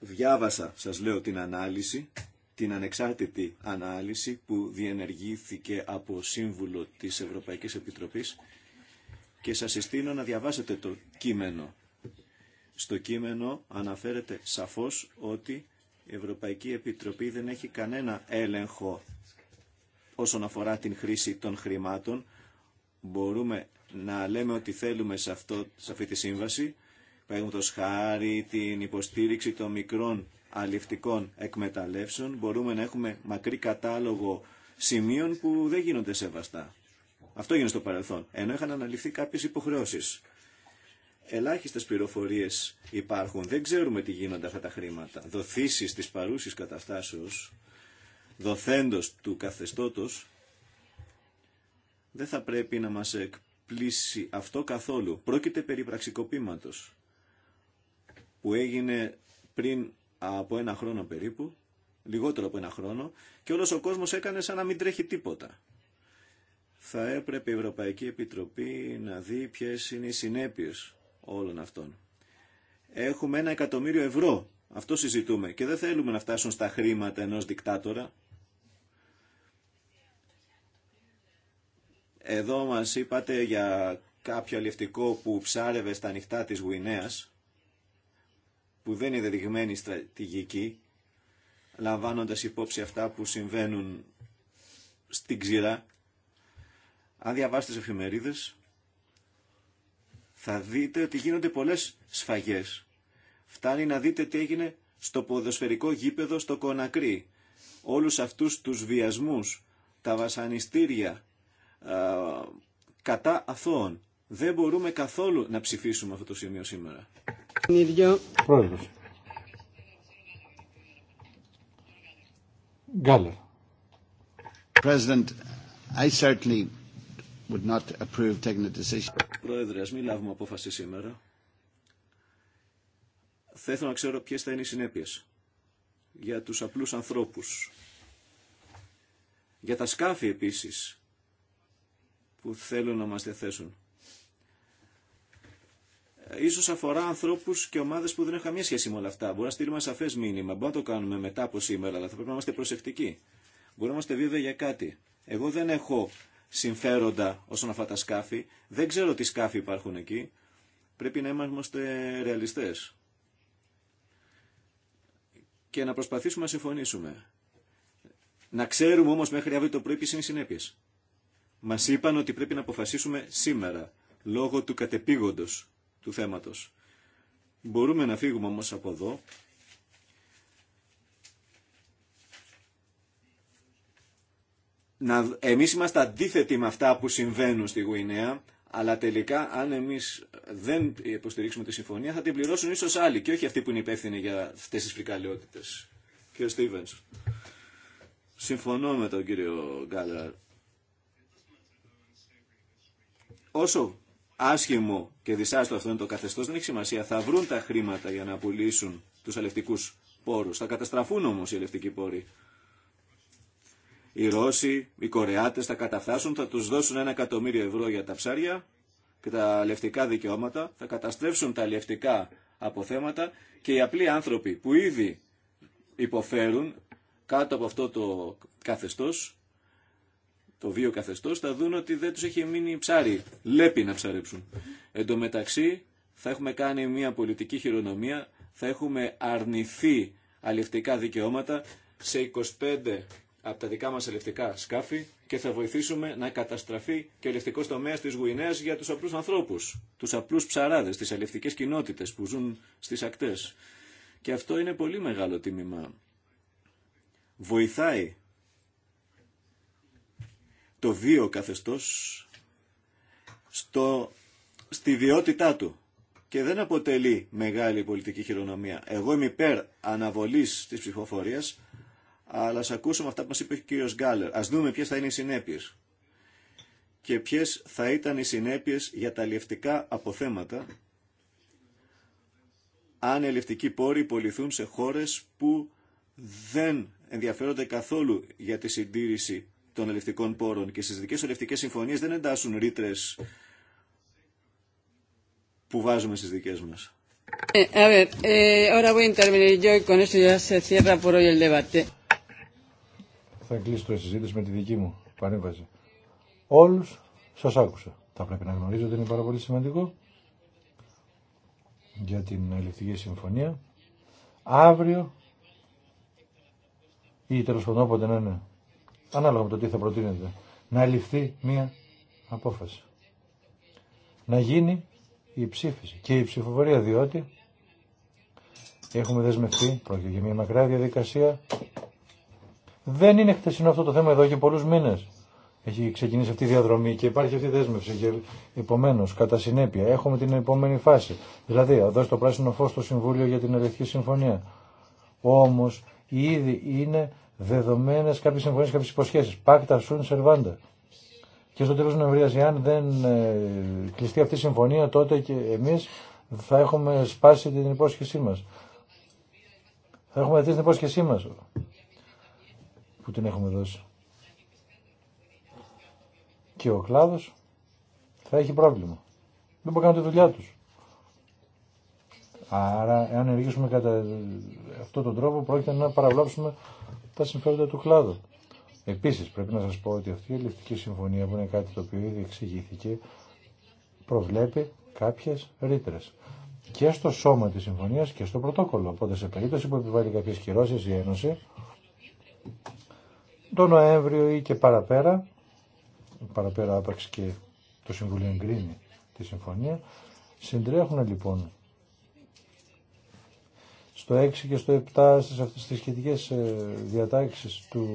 Διάβασα, σας λέω, την ανάλυση την ανεξάρτητη ανάλυση που διενεργήθηκε από σύμβουλο της Ευρωπαϊκής Επιτροπής και σας συστήνω να διαβάσετε το κείμενο. Στο κείμενο αναφέρεται σαφώς ότι η Ευρωπαϊκή Επιτροπή δεν έχει κανένα έλεγχο όσον αφορά την χρήση των χρημάτων. Μπορούμε να λέμε ότι θέλουμε σε, αυτό, σε αυτή τη σύμβαση, παραδείγματος χάρη την υποστήριξη των μικρών αληφτικών εκμεταλλεύσεων μπορούμε να έχουμε μακρύ κατάλογο σημείων που δεν γίνονται σεβαστά. Αυτό έγινε στο παρελθόν, ενώ είχαν αναλυφθεί κάποιες υποχρεώσεις. Ελάχιστες πληροφορίες υπάρχουν, δεν ξέρουμε τι γίνονται αυτά τα χρήματα. Δοθήσεις της παρούσης καταστάσεως, δοθέντος του καθεστώτος, δεν θα πρέπει να μας εκπλήσει αυτό καθόλου. Πρόκειται περί που έγινε πριν από ένα χρόνο περίπου, λιγότερο από ένα χρόνο, και όλος ο κόσμος έκανε σαν να μην τρέχει τίποτα. Θα έπρεπε η Ευρωπαϊκή Επιτροπή να δει ποιες είναι οι συνέπειες όλων αυτών. Έχουμε ένα εκατομμύριο ευρώ, αυτό συζητούμε, και δεν θέλουμε να φτάσουν στα χρήματα ενός δικτάτορα. Εδώ μας είπατε για κάποιο αλληλευτικό που ψάρευε στα νυχτά της Γουινέας, που δεν είναι δεδειγμένη στρατηγική, λαμβάνοντας υπόψη αυτά που συμβαίνουν στην ξηρά. Αν διαβάσετε τις εφημερίδες, θα δείτε ότι γίνονται πολλές σφαγές. Φτάνει να δείτε τι έγινε στο ποδοσφαιρικό γήπεδο στο Κονακρί. Όλους αυτούς τους βιασμούς, τα βασανιστήρια, κατά αθώων. Δεν μπορούμε καθόλου να ψηφίσουμε αυτό το σημείο σήμερα. Πρόεδρος. Γκάλερ. President, I certainly would not approve taking decision. Πρόεδρε, ας μην λάβουμε απόφαση σήμερα. Θα ήθελα να ξέρω ποιες θα είναι οι συνέπειες για τους απλούς ανθρώπους. Για τα σκάφη επίσης που θέλουν να μας διαθέσουν ίσως αφορά ανθρώπους και ομάδες που δεν έχουν καμία σχέση με όλα αυτά. Μπορεί να στείλουμε ένα σαφές μήνυμα, Μπορεί να το κάνουμε μετά από σήμερα, αλλά θα πρέπει να είμαστε προσεκτικοί. Μπορούμε να είμαστε βέβαιοι για κάτι. Εγώ δεν έχω συμφέροντα όσον αφορά τα σκάφη, δεν ξέρω τι σκάφη υπάρχουν εκεί. Πρέπει να είμαστε ρεαλιστές και να προσπαθήσουμε να συμφωνήσουμε. Να ξέρουμε όμως μέχρι αύριο το πρωί ποιες είναι οι συνέπειες. Μας είπαν ότι πρέπει να αποφασίσουμε σήμερα, λόγω του κατεπήγοντος του θέματος. Μπορούμε να φύγουμε όμως από εδώ να, εμείς είμαστε αντίθετοι με αυτά που συμβαίνουν στη Γουινέα, αλλά τελικά αν εμείς δεν υποστηρίξουμε τη συμφωνία θα την πληρώσουν ίσως άλλοι και όχι αυτοί που είναι υπεύθυνοι για αυτές τις φρικαλαιότητες. Κύριε Στίβενς, συμφωνώ με τον κύριο Γκάλαρ. Όσο άσχημο και δυσάστο αυτό είναι το καθεστώς, δεν έχει σημασία. Θα βρουν τα χρήματα για να πουλήσουν τους αλευτικού πόρους. Θα καταστραφούν όμως οι αλευτικοί πόροι. Οι Ρώσοι, οι Κορεάτες θα καταφτάσουν, θα τους δώσουν ένα εκατομμύριο ευρώ για τα ψάρια και τα αλευτικά δικαιώματα, θα καταστρέψουν τα αλευτικά αποθέματα και οι απλοί άνθρωποι που ήδη υποφέρουν κάτω από αυτό το καθεστώς το βίο καθεστώς θα δουν ότι δεν τους έχει μείνει ψάρι, λέπει να ψαρέψουν. Εν τω μεταξύ θα έχουμε κάνει μια πολιτική χειρονομία, θα έχουμε αρνηθεί αλληλευτικά δικαιώματα σε 25 από τα δικά μα αλευτικά σκάφη και θα βοηθήσουμε να καταστραφεί και ο ελευτικός τομέας της Γουινέα για τους απλούς ανθρώπους, τους απλού ψαράδε, τι αλευτικέ κοινότητε που ζουν στι ακτέ. Και αυτό είναι πολύ μεγάλο τίμημα. Βοηθάει το βίο καθεστώς στο, στη βιότητά του και δεν αποτελεί μεγάλη πολιτική χειρονομία. Εγώ είμαι υπέρ αναβολής της ψηφοφορίας, αλλά ας ακούσουμε αυτά που μας είπε ο κύριος Γκάλερ. Ας δούμε ποιες θα είναι οι συνέπειες και ποιες θα ήταν οι συνέπειες για τα λιευτικά αποθέματα αν οι λιευτικοί πόροι πολιθούν σε χώρες που δεν ενδιαφέρονται καθόλου για τη συντήρηση των ελευτικών πόρων και στις δικές ελευτικές συμφωνίες δεν εντάσσουν ρήτρε που βάζουμε στις δικές μας. Θα κλείσω το συζήτηση με τη δική μου παρέμβαση. Όλους σας άκουσα. Θα πρέπει να γνωρίζω ότι είναι πάρα πολύ σημαντικό για την ελευθερική Συμφωνία. Αύριο ή τέλο πάντων όποτε να είναι ανάλογα με το τι θα προτείνετε, να ληφθεί μία απόφαση. Να γίνει η ψήφιση και η ψηφοφορία, διότι έχουμε δεσμευτεί, πρόκειται για μία μακρά διαδικασία. Δεν είναι χτεσινό αυτό το θέμα εδώ και πολλούς μήνες. Έχει ξεκινήσει αυτή η διαδρομή και υπάρχει αυτή η δέσμευση. Και επομένω, κατά συνέπεια, έχουμε την επόμενη φάση. Δηλαδή, θα δώσει το πράσινο φω στο Συμβούλιο για την Ελευθερική Συμφωνία. Όμω, ήδη είναι δεδομένες κάποιες συμφωνίες, κάποιε υποσχέσει, Πάκτα σουν σερβάντα. Και στο τέλο Νοεμβρία, εάν δεν ε, κλειστεί αυτή η συμφωνία, τότε και εμεί θα έχουμε σπάσει την υπόσχεσή μα. Θα έχουμε δει την υπόσχεσή μα που την έχουμε δώσει. Και ο κλάδο θα έχει πρόβλημα. Δεν μπορεί να κάνει τη δουλειά του. Άρα, εάν ενεργήσουμε κατά αυτόν τον τρόπο, πρόκειται να παραβλάψουμε τα συμφέροντα του κλάδου. Επίσης πρέπει να σας πω ότι αυτή η ελληνική συμφωνία που είναι κάτι το οποίο ήδη εξηγήθηκε προβλέπει κάποιες ρήτρε και στο σώμα της συμφωνία και στο πρωτόκολλο. Οπότε σε περίπτωση που επιβάλλει κάποιες κυρώσει η Ένωση το Νοέμβριο ή και παραπέρα παραπέρα άπαξ και το Συμβουλίο εγκρίνει τη συμφωνία συντρέχουν λοιπόν στο 6 και στο 7 στις αυτές τις σχετικές ε, διατάξεις του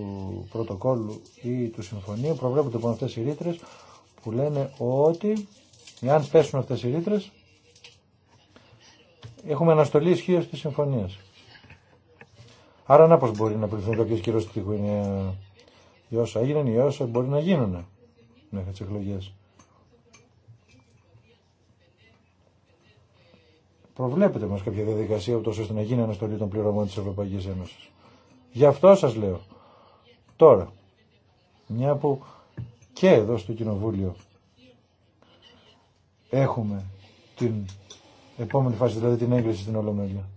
πρωτοκόλλου ή του συμφωνίου προβλέπονται από λοιπόν αυτές οι ρήτρες που λένε ότι εάν πέσουν αυτές οι ρήτρες έχουμε αναστολή ισχύω της συμφωνίας. Άρα να πώς μπορεί να πληθούν κάποιες κυρώσεις τυχούνια η όσα έγιναν ή όσα μπορεί να πως μπορει να πληθουν καποιες κυρωσεις στιγμή οι μέχρι τις εκλογές. Προβλέπετε μας κάποια διαδικασία ούτω ώστε να γίνει αναστολή των πληρωμών της Ευρωπαϊκής Ένωσης. Γι' αυτό σας λέω. Τώρα, μια που και εδώ στο Κοινοβούλιο έχουμε την επόμενη φάση, δηλαδή την έγκριση στην Ολομέλεια.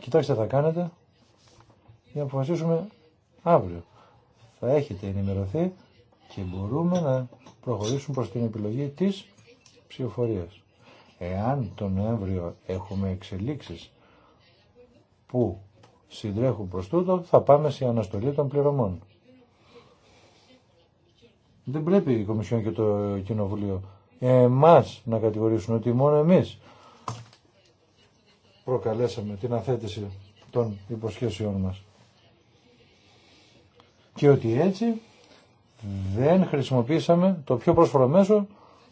Κοιτάξτε θα κάνετε για να αποφασίσουμε αύριο. Θα έχετε ενημερωθεί και μπορούμε να προχωρήσουμε προς την επιλογή της ψηφοφορίας. Εάν τον Νοέμβριο έχουμε εξελίξεις που συντρέχουν προς τούτο, θα πάμε σε αναστολή των πληρωμών. Δεν πρέπει η Κομισιόν και το Κοινοβουλίο εμάς να κατηγορήσουν ότι μόνο εμείς προκαλέσαμε την αθέτηση των υποσχέσεών μας. Και ότι έτσι δεν χρησιμοποίησαμε το πιο πρόσφορο μέσο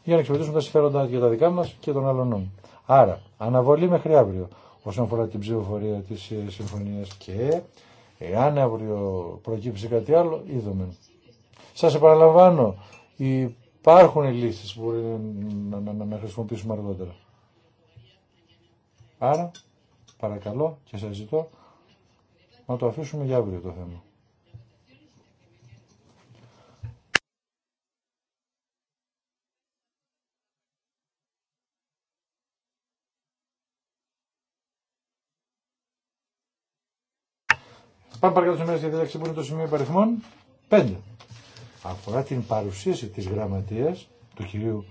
για να εξυπηρετήσουμε τα συμφέροντα για τα δικά μα και των άλλων. Άρα, αναβολή μέχρι αύριο όσον αφορά την ψηφοφορία τη ε, συμφωνία και εάν αύριο προκύψει κάτι άλλο, είδομε. Σα επαναλαμβάνω, υπάρχουν λύσει που μπορεί να, να, να χρησιμοποιήσουμε αργότερα. Άρα, παρακαλώ και σας ζητώ να το αφήσουμε για αύριο το θέμα. Πάμε παρακάτω στο μέρος για που είναι το σημείο υπαριθμών 5. Αφορά την παρουσίαση τη γραμματέία του κυρίου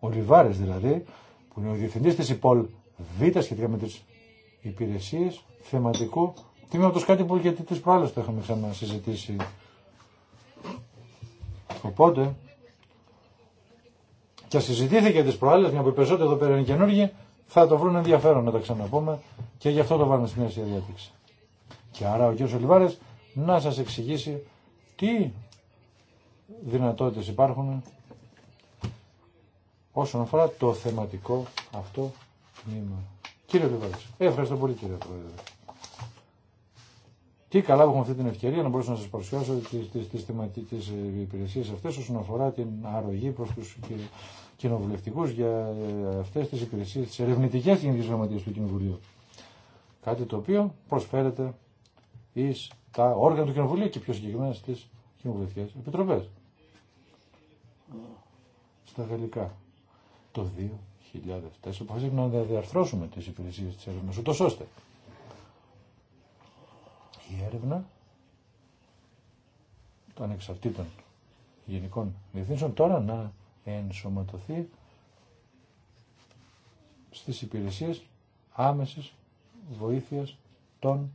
Ολιβάρε, δηλαδή, που είναι ο διευθυντή της ΥΠΟΛ Β σχετικά με τι Υπηρεσίε θεματικού τμήματο. κάτι που γιατί τι προάλλε το είχαμε ξανασυζητήσει. Οπότε, και συζητήθηκε τι προάλλε, μια που οι περισσότεροι εδώ πέρα είναι καινούργοι θα το βρουν ενδιαφέρον να τα ξαναπούμε και γι' αυτό το βάλουμε στην αίσθηση και άρα ο κ. Ολιβάρες να σας εξηγήσει τι δυνατότητες υπάρχουν όσον αφορά το θεματικό αυτό τμήμα. Κύριε Ολιβάρες, ε, ευχαριστώ πολύ κύριε Πρόεδρε. Τι καλά που έχουμε αυτή την ευκαιρία να μπορέσω να σας παρουσιάσω τις, θεματικέ υπηρεσίε αυτέ υπηρεσίες αυτές όσον αφορά την αρρωγή προς τους κοινοβουλευτικούς για ε, αυτές τις υπηρεσίες, τις ερευνητικές γενικές γραμματείες του Κοινοβουλίου. Κάτι το οποίο προσφέρεται εις τα όργανα του Κοινοβουλίου και πιο συγκεκριμένα στις κοινοβουλευτικές επιτροπές. Στα γαλλικά. Το 2004 αποφασίσαμε να διαρθρώσουμε τις υπηρεσίες της έρευνας, ούτως ώστε η έρευνα των ανεξαρτήτων γενικών διευθύνσεων τώρα να ενσωματωθεί στις υπηρεσίες άμεσης βοήθειας των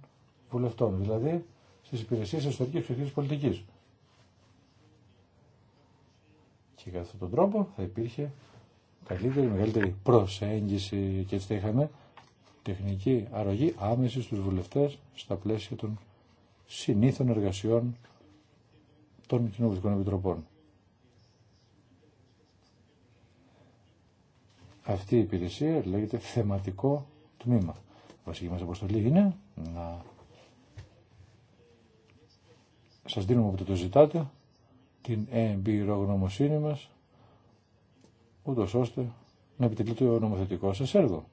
βουλευτών, δηλαδή στις υπηρεσίες εσωτερικής ψηφίας πολιτικής. Και κατά αυτόν τον τρόπο θα υπήρχε καλύτερη, μεγαλύτερη προσέγγιση και έτσι θα είχαμε τεχνική αρρωγή άμεση στους βουλευτές στα πλαίσια των συνήθων εργασιών των κοινοβουλευτικών επιτροπών. Αυτή η υπηρεσία λέγεται θεματικό τμήμα. Η βασική μας αποστολή είναι να σας δίνουμε όποτε το ζητάτε, την εμπειρογνωμοσύνη μας, ούτως ώστε να επιτελείται το νομοθετικό σας έργο.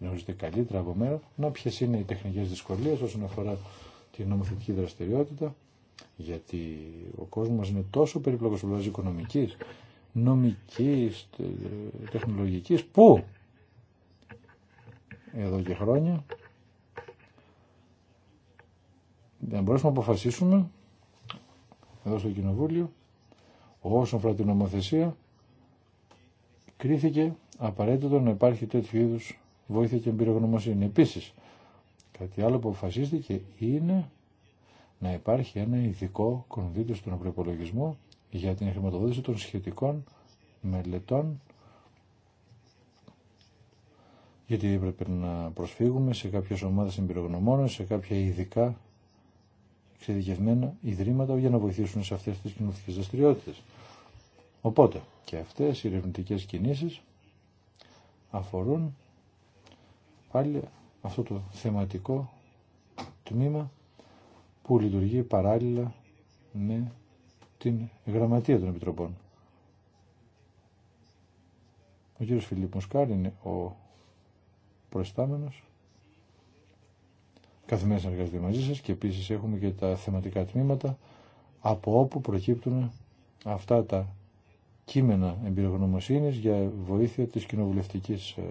Γνωρίζετε καλύτερα από μένα να ποιε είναι οι τεχνικές δυσκολίες όσον αφορά την νομοθετική δραστηριότητα, γιατί ο κόσμος μας είναι τόσο περίπλοκος βάζει οικονομικής, νομικής, τεχνολογικής, που εδώ και χρόνια δεν μπορέσουμε να αποφασίσουμε εδώ στο Κοινοβούλιο όσον αφορά την νομοθεσία κρίθηκε απαραίτητο να υπάρχει τέτοιου είδου βοήθεια και εμπειρογνωμοσύνη. Επίση, κάτι άλλο που αποφασίστηκε είναι να υπάρχει ένα ειδικό κονδύλιο στον προπολογισμό για την χρηματοδότηση των σχετικών μελετών γιατί έπρεπε να προσφύγουμε σε κάποιες ομάδες εμπειρογνωμόνων, σε κάποια ειδικά εξειδικευμένα ιδρύματα για να βοηθήσουν σε αυτές τις κοινωνικές δραστηριότητε. Οπότε και αυτές οι ερευνητικέ κινήσεις αφορούν πάλι αυτό το θεματικό τμήμα που λειτουργεί παράλληλα με την γραμματεία των Επιτροπών. Ο κύριος Φιλίπ Μουσκάρ είναι ο προστάμενος καθημερινά συνεργάζονται μαζί σας και επίσης έχουμε και τα θεματικά τμήματα από όπου προκύπτουν αυτά τα κείμενα εμπειρογνωμοσύνης για βοήθεια της κοινοβουλευτικής ε,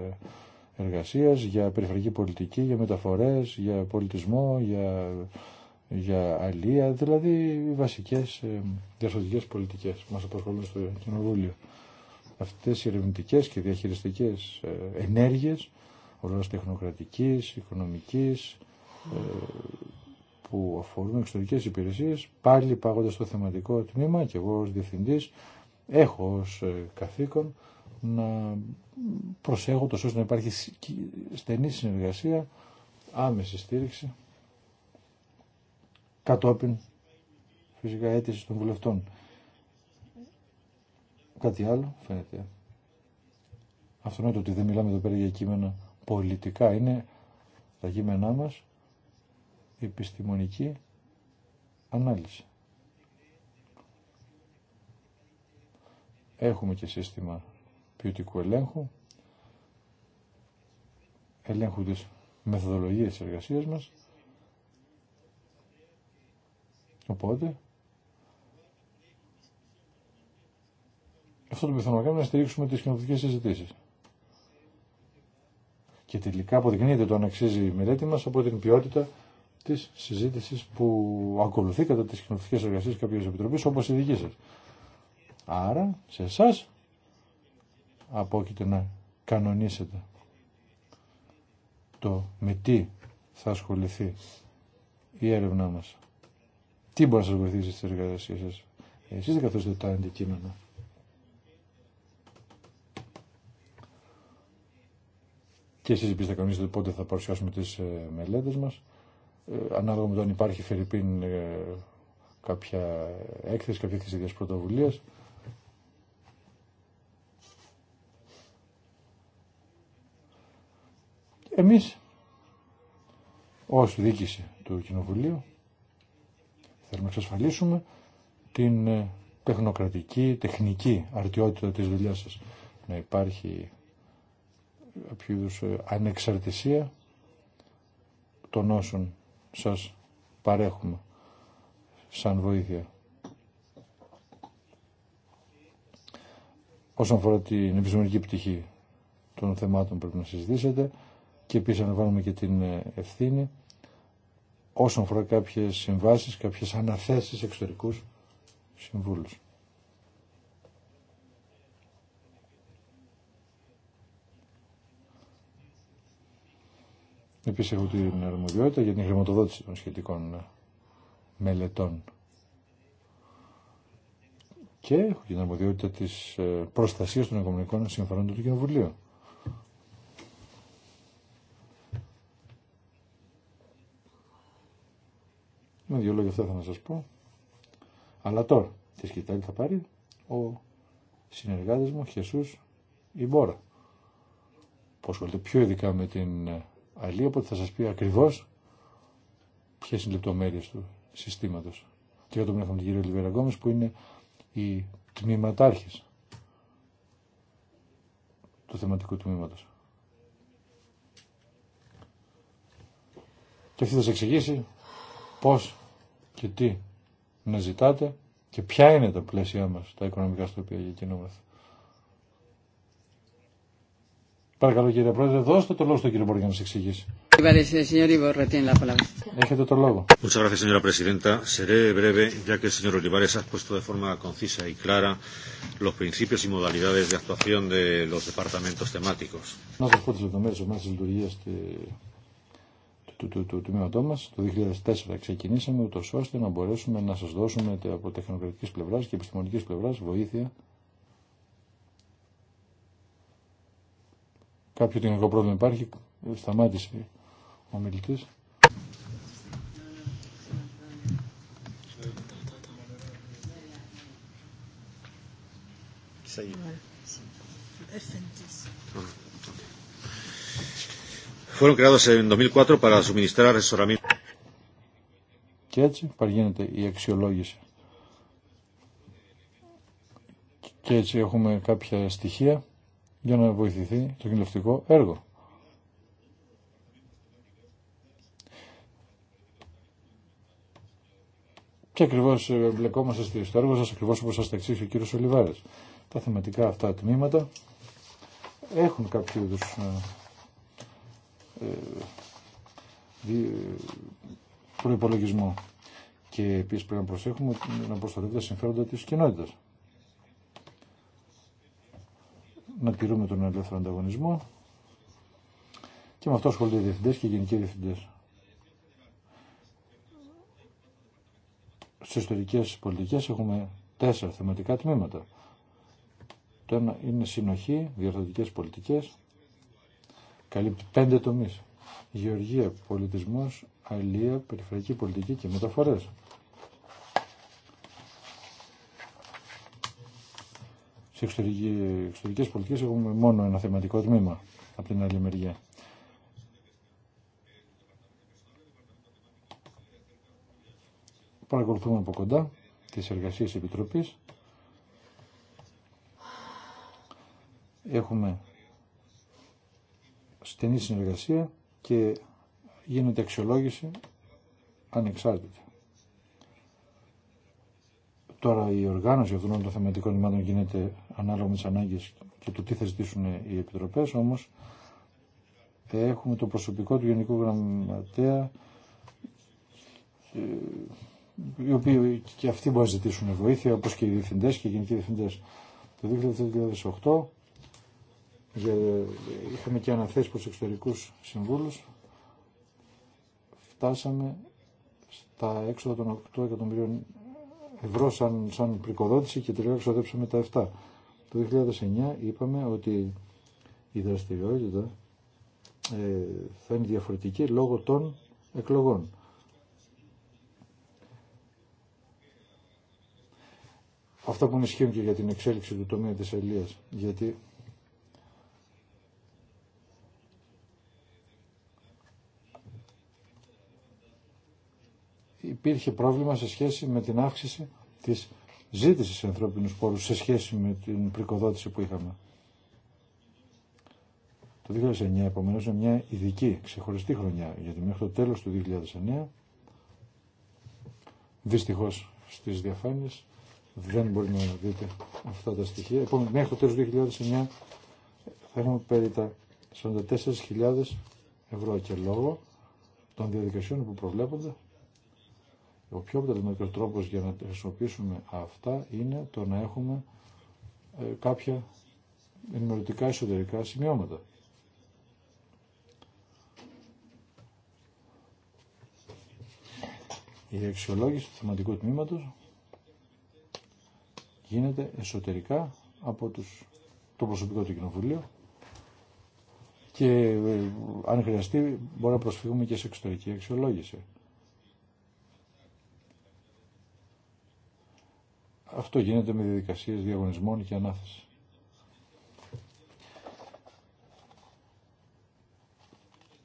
εργασίας, για περιφερειακή πολιτική, για μεταφορές, για πολιτισμό, για, για αλία, δηλαδή οι βασικές ε, διαρθρωτικές πολιτικές που μας απασχολούν στο Κοινοβούλιο. Αυτές οι ερευνητικέ και διαχειριστικές ε, ενέργειες, ο τεχνοκρατικής, οικονομικής, που αφορούν εξωτερικές υπηρεσίες, πάλι πάγοντα το θεματικό τμήμα και εγώ ως διευθυντής έχω ως ε, καθήκον να προσέχω τόσο ώστε να υπάρχει στενή συνεργασία, άμεση στήριξη, κατόπιν φυσικά αίτηση των βουλευτών. Κάτι άλλο φαίνεται. Αυτό είναι το ότι δεν μιλάμε εδώ πέρα για κείμενα πολιτικά. Είναι τα κείμενά μας επιστημονική ανάλυση. Έχουμε και σύστημα ποιοτικού ελέγχου, ελέγχου της μεθοδολογίας της εργασίας μας, οπότε αυτό το πιθανό κάνουμε να στηρίξουμε τις κοινοβουλικές συζητήσεις. Και τελικά αποδεικνύεται το αν αξίζει η μελέτη μας από την ποιότητα της συζήτησης που ακολουθεί κατά τις κοινωνικές εργασίες κάποιες επιτροπές όπως η δική σας. Άρα σε εσά απόκειται να κανονίσετε το με τι θα ασχοληθεί η έρευνά μας. Τι μπορεί να σας βοηθήσει στις εργασίες σας. Εσείς δεν καθόσατε τα αντικείμενα. Και εσείς επίσης θα κανονίσετε πότε θα παρουσιάσουμε τις ε, μελέτες μας. Ε, ανάλογα με το αν υπάρχει Φερρυπίν ε, κάποια έκθεση, κάποια έκθεση ίδιας πρωτοβουλίας. Εμείς ως διοίκηση του Κοινοβουλίου θέλουμε να εξασφαλίσουμε την ε, τεχνοκρατική, τεχνική αρτιότητα της δουλειάς σας. Να υπάρχει κάποιο ανεξαρτησία των όσων σας παρέχουμε σαν βοήθεια. Όσον αφορά την επιστημονική πτυχή των θεμάτων πρέπει να συζητήσετε και επίσης αναβάλουμε και την ε, ευθύνη όσον αφορά κάποιες συμβάσεις, κάποιες αναθέσεις εξωτερικούς συμβούλους. Επίσης έχω την αρμοδιότητα για την χρηματοδότηση των σχετικών μελετών. Και έχω την αρμοδιότητα της ε, προστασίας των οικονομικών συμφωνών του Κοινοβουλίου. Με δύο λόγια αυτά θα να σας πω. Αλλά τώρα τη σκητάλη θα πάρει ο συνεργάτης μου Χεσούς Ιμπόρα. Που ασχολείται πιο ειδικά με την ε, αλλή, οπότε θα σας πει ακριβώς ποιες είναι οι λεπτομέρειες του συστήματος. Και κατόπιν έχουμε τον κύριο Λιβέρα Γκόμες που είναι οι τμήματάρχες του θεματικού τμήματος. Και αυτή θα σας εξηγήσει πώς και τι να ζητάτε και ποια είναι τα πλαίσια μας, τα οικονομικά στο οποία κινούμαστε. Παρακαλώ κύριε Πρόεδρε, δώστε το λόγο στον κύριο Μπόρ για να σας εξηγήσει. Έχετε το λόγο. Muchas gracias, Να σα πω τι λεπτομέρειε τη λειτουργία του, τμήματό μα. Το 2004 ξεκινήσαμε, ούτω ώστε να μπορέσουμε να σα δώσουμε από τεχνοκρατική πλευρά και επιστημονική πλευρά βοήθεια κάποιο τεχνικό πρόβλημα υπάρχει, σταμάτησε ο μιλητή. Fueron creados en 2004 para suministrar asesoramiento. Και έτσι παργίνεται η αξιολόγηση. Και έτσι έχουμε κάποια στοιχεία για να βοηθηθεί το κοινωνιστικό έργο. Και ακριβώ ε, μπλεκόμαστε στο έργο σα, ακριβώ όπω σα τα εξήγησε ο κύριο Ολιβάρη. Τα θεματικά αυτά τμήματα έχουν κάποιο είδου ε, ε, προπολογισμό. Και επίση πρέπει να προσέχουμε να προστατεύουμε τα συμφέροντα τη κοινότητα. να τηρούμε τον ελεύθερο ανταγωνισμό και με αυτό ασχολούνται οι διευθυντές και οι γενικοί διευθυντές. Στις ιστορικές πολιτικές έχουμε τέσσερα θεματικά τμήματα. Το ένα είναι συνοχή, διορθωτικές πολιτικές, καλύπτει πέντε τομείς. Γεωργία, πολιτισμός, αλληλεία, περιφερειακή πολιτική και μεταφορές. εξωτερικέ εξωτερικές πολιτικές έχουμε μόνο ένα θεματικό τμήμα από την άλλη μεριά. Παρακολουθούμε από κοντά τις εργασίες τη Επιτροπής. Έχουμε στενή συνεργασία και γίνεται αξιολόγηση ανεξάρτητη. Τώρα η οργάνωση αυτών των θεματικών λιμάτων γίνεται ανάλογα με τι ανάγκε και το τι θα ζητήσουν οι επιτροπέ, όμω έχουμε το προσωπικό του Γενικού Γραμματέα, ε, οι οποίοι και αυτοί μπορούν να ζητήσουν βοήθεια, όπω και οι διευθυντέ και οι γενικοί διευθυντέ. Το 2008 ε, είχαμε και αναθέσει προ εξωτερικού συμβούλου. Φτάσαμε στα έξοδα των 8 εκατομμυρίων ευρώ σαν, σαν πρικοδότηση και τελικά ξοδέψαμε τα 7. Το 2009 είπαμε ότι η δραστηριότητα ε, θα είναι διαφορετική λόγω των εκλογών. Αυτά που ισχύουν και για την εξέλιξη του τομέα της Ελίας, γιατί υπήρχε πρόβλημα σε σχέση με την αύξηση της ζήτησης ανθρώπινου πόρου σε σχέση με την πρικοδότηση που είχαμε. Το 2009 επομένω είναι μια ειδική, ξεχωριστή χρονιά, γιατί μέχρι το τέλος του 2009 δυστυχώς στις διαφάνειες δεν μπορεί να δείτε αυτά τα στοιχεία. μέχρι το τέλος του 2009 θα έχουμε περί τα 44.000 ευρώ και λόγω των διαδικασιών που προβλέπονται ο πιο αποτελεσματικός τρόπος για να χρησιμοποιήσουμε αυτά είναι το να έχουμε ε, κάποια ενημερωτικά εσωτερικά σημειώματα. Η αξιολόγηση του θεματικού τμήματος γίνεται εσωτερικά από τους, το προσωπικό του κοινοβουλίου και ε, αν χρειαστεί μπορεί να προσφύγουμε και σε εξωτερική αξιολόγηση. Αυτό γίνεται με διαδικασίες διαγωνισμών και ανάθεση.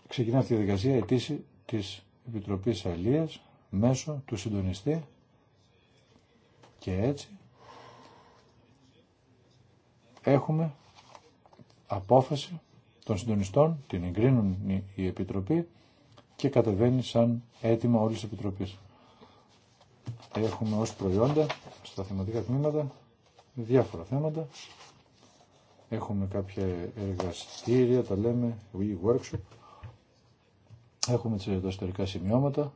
Ξεκινά αυτή η διαδικασία αιτήση της Επιτροπής Αλίας μέσω του συντονιστή και έτσι έχουμε απόφαση των συντονιστών, την εγκρίνουν η Επιτροπή και κατεβαίνει σαν αίτημα όλης της Επιτροπής έχουμε ως προϊόντα στα θεματικά τμήματα διάφορα θέματα. Έχουμε κάποια εργαστήρια, τα λέμε, workshop. Έχουμε τις εσωτερικά σημειώματα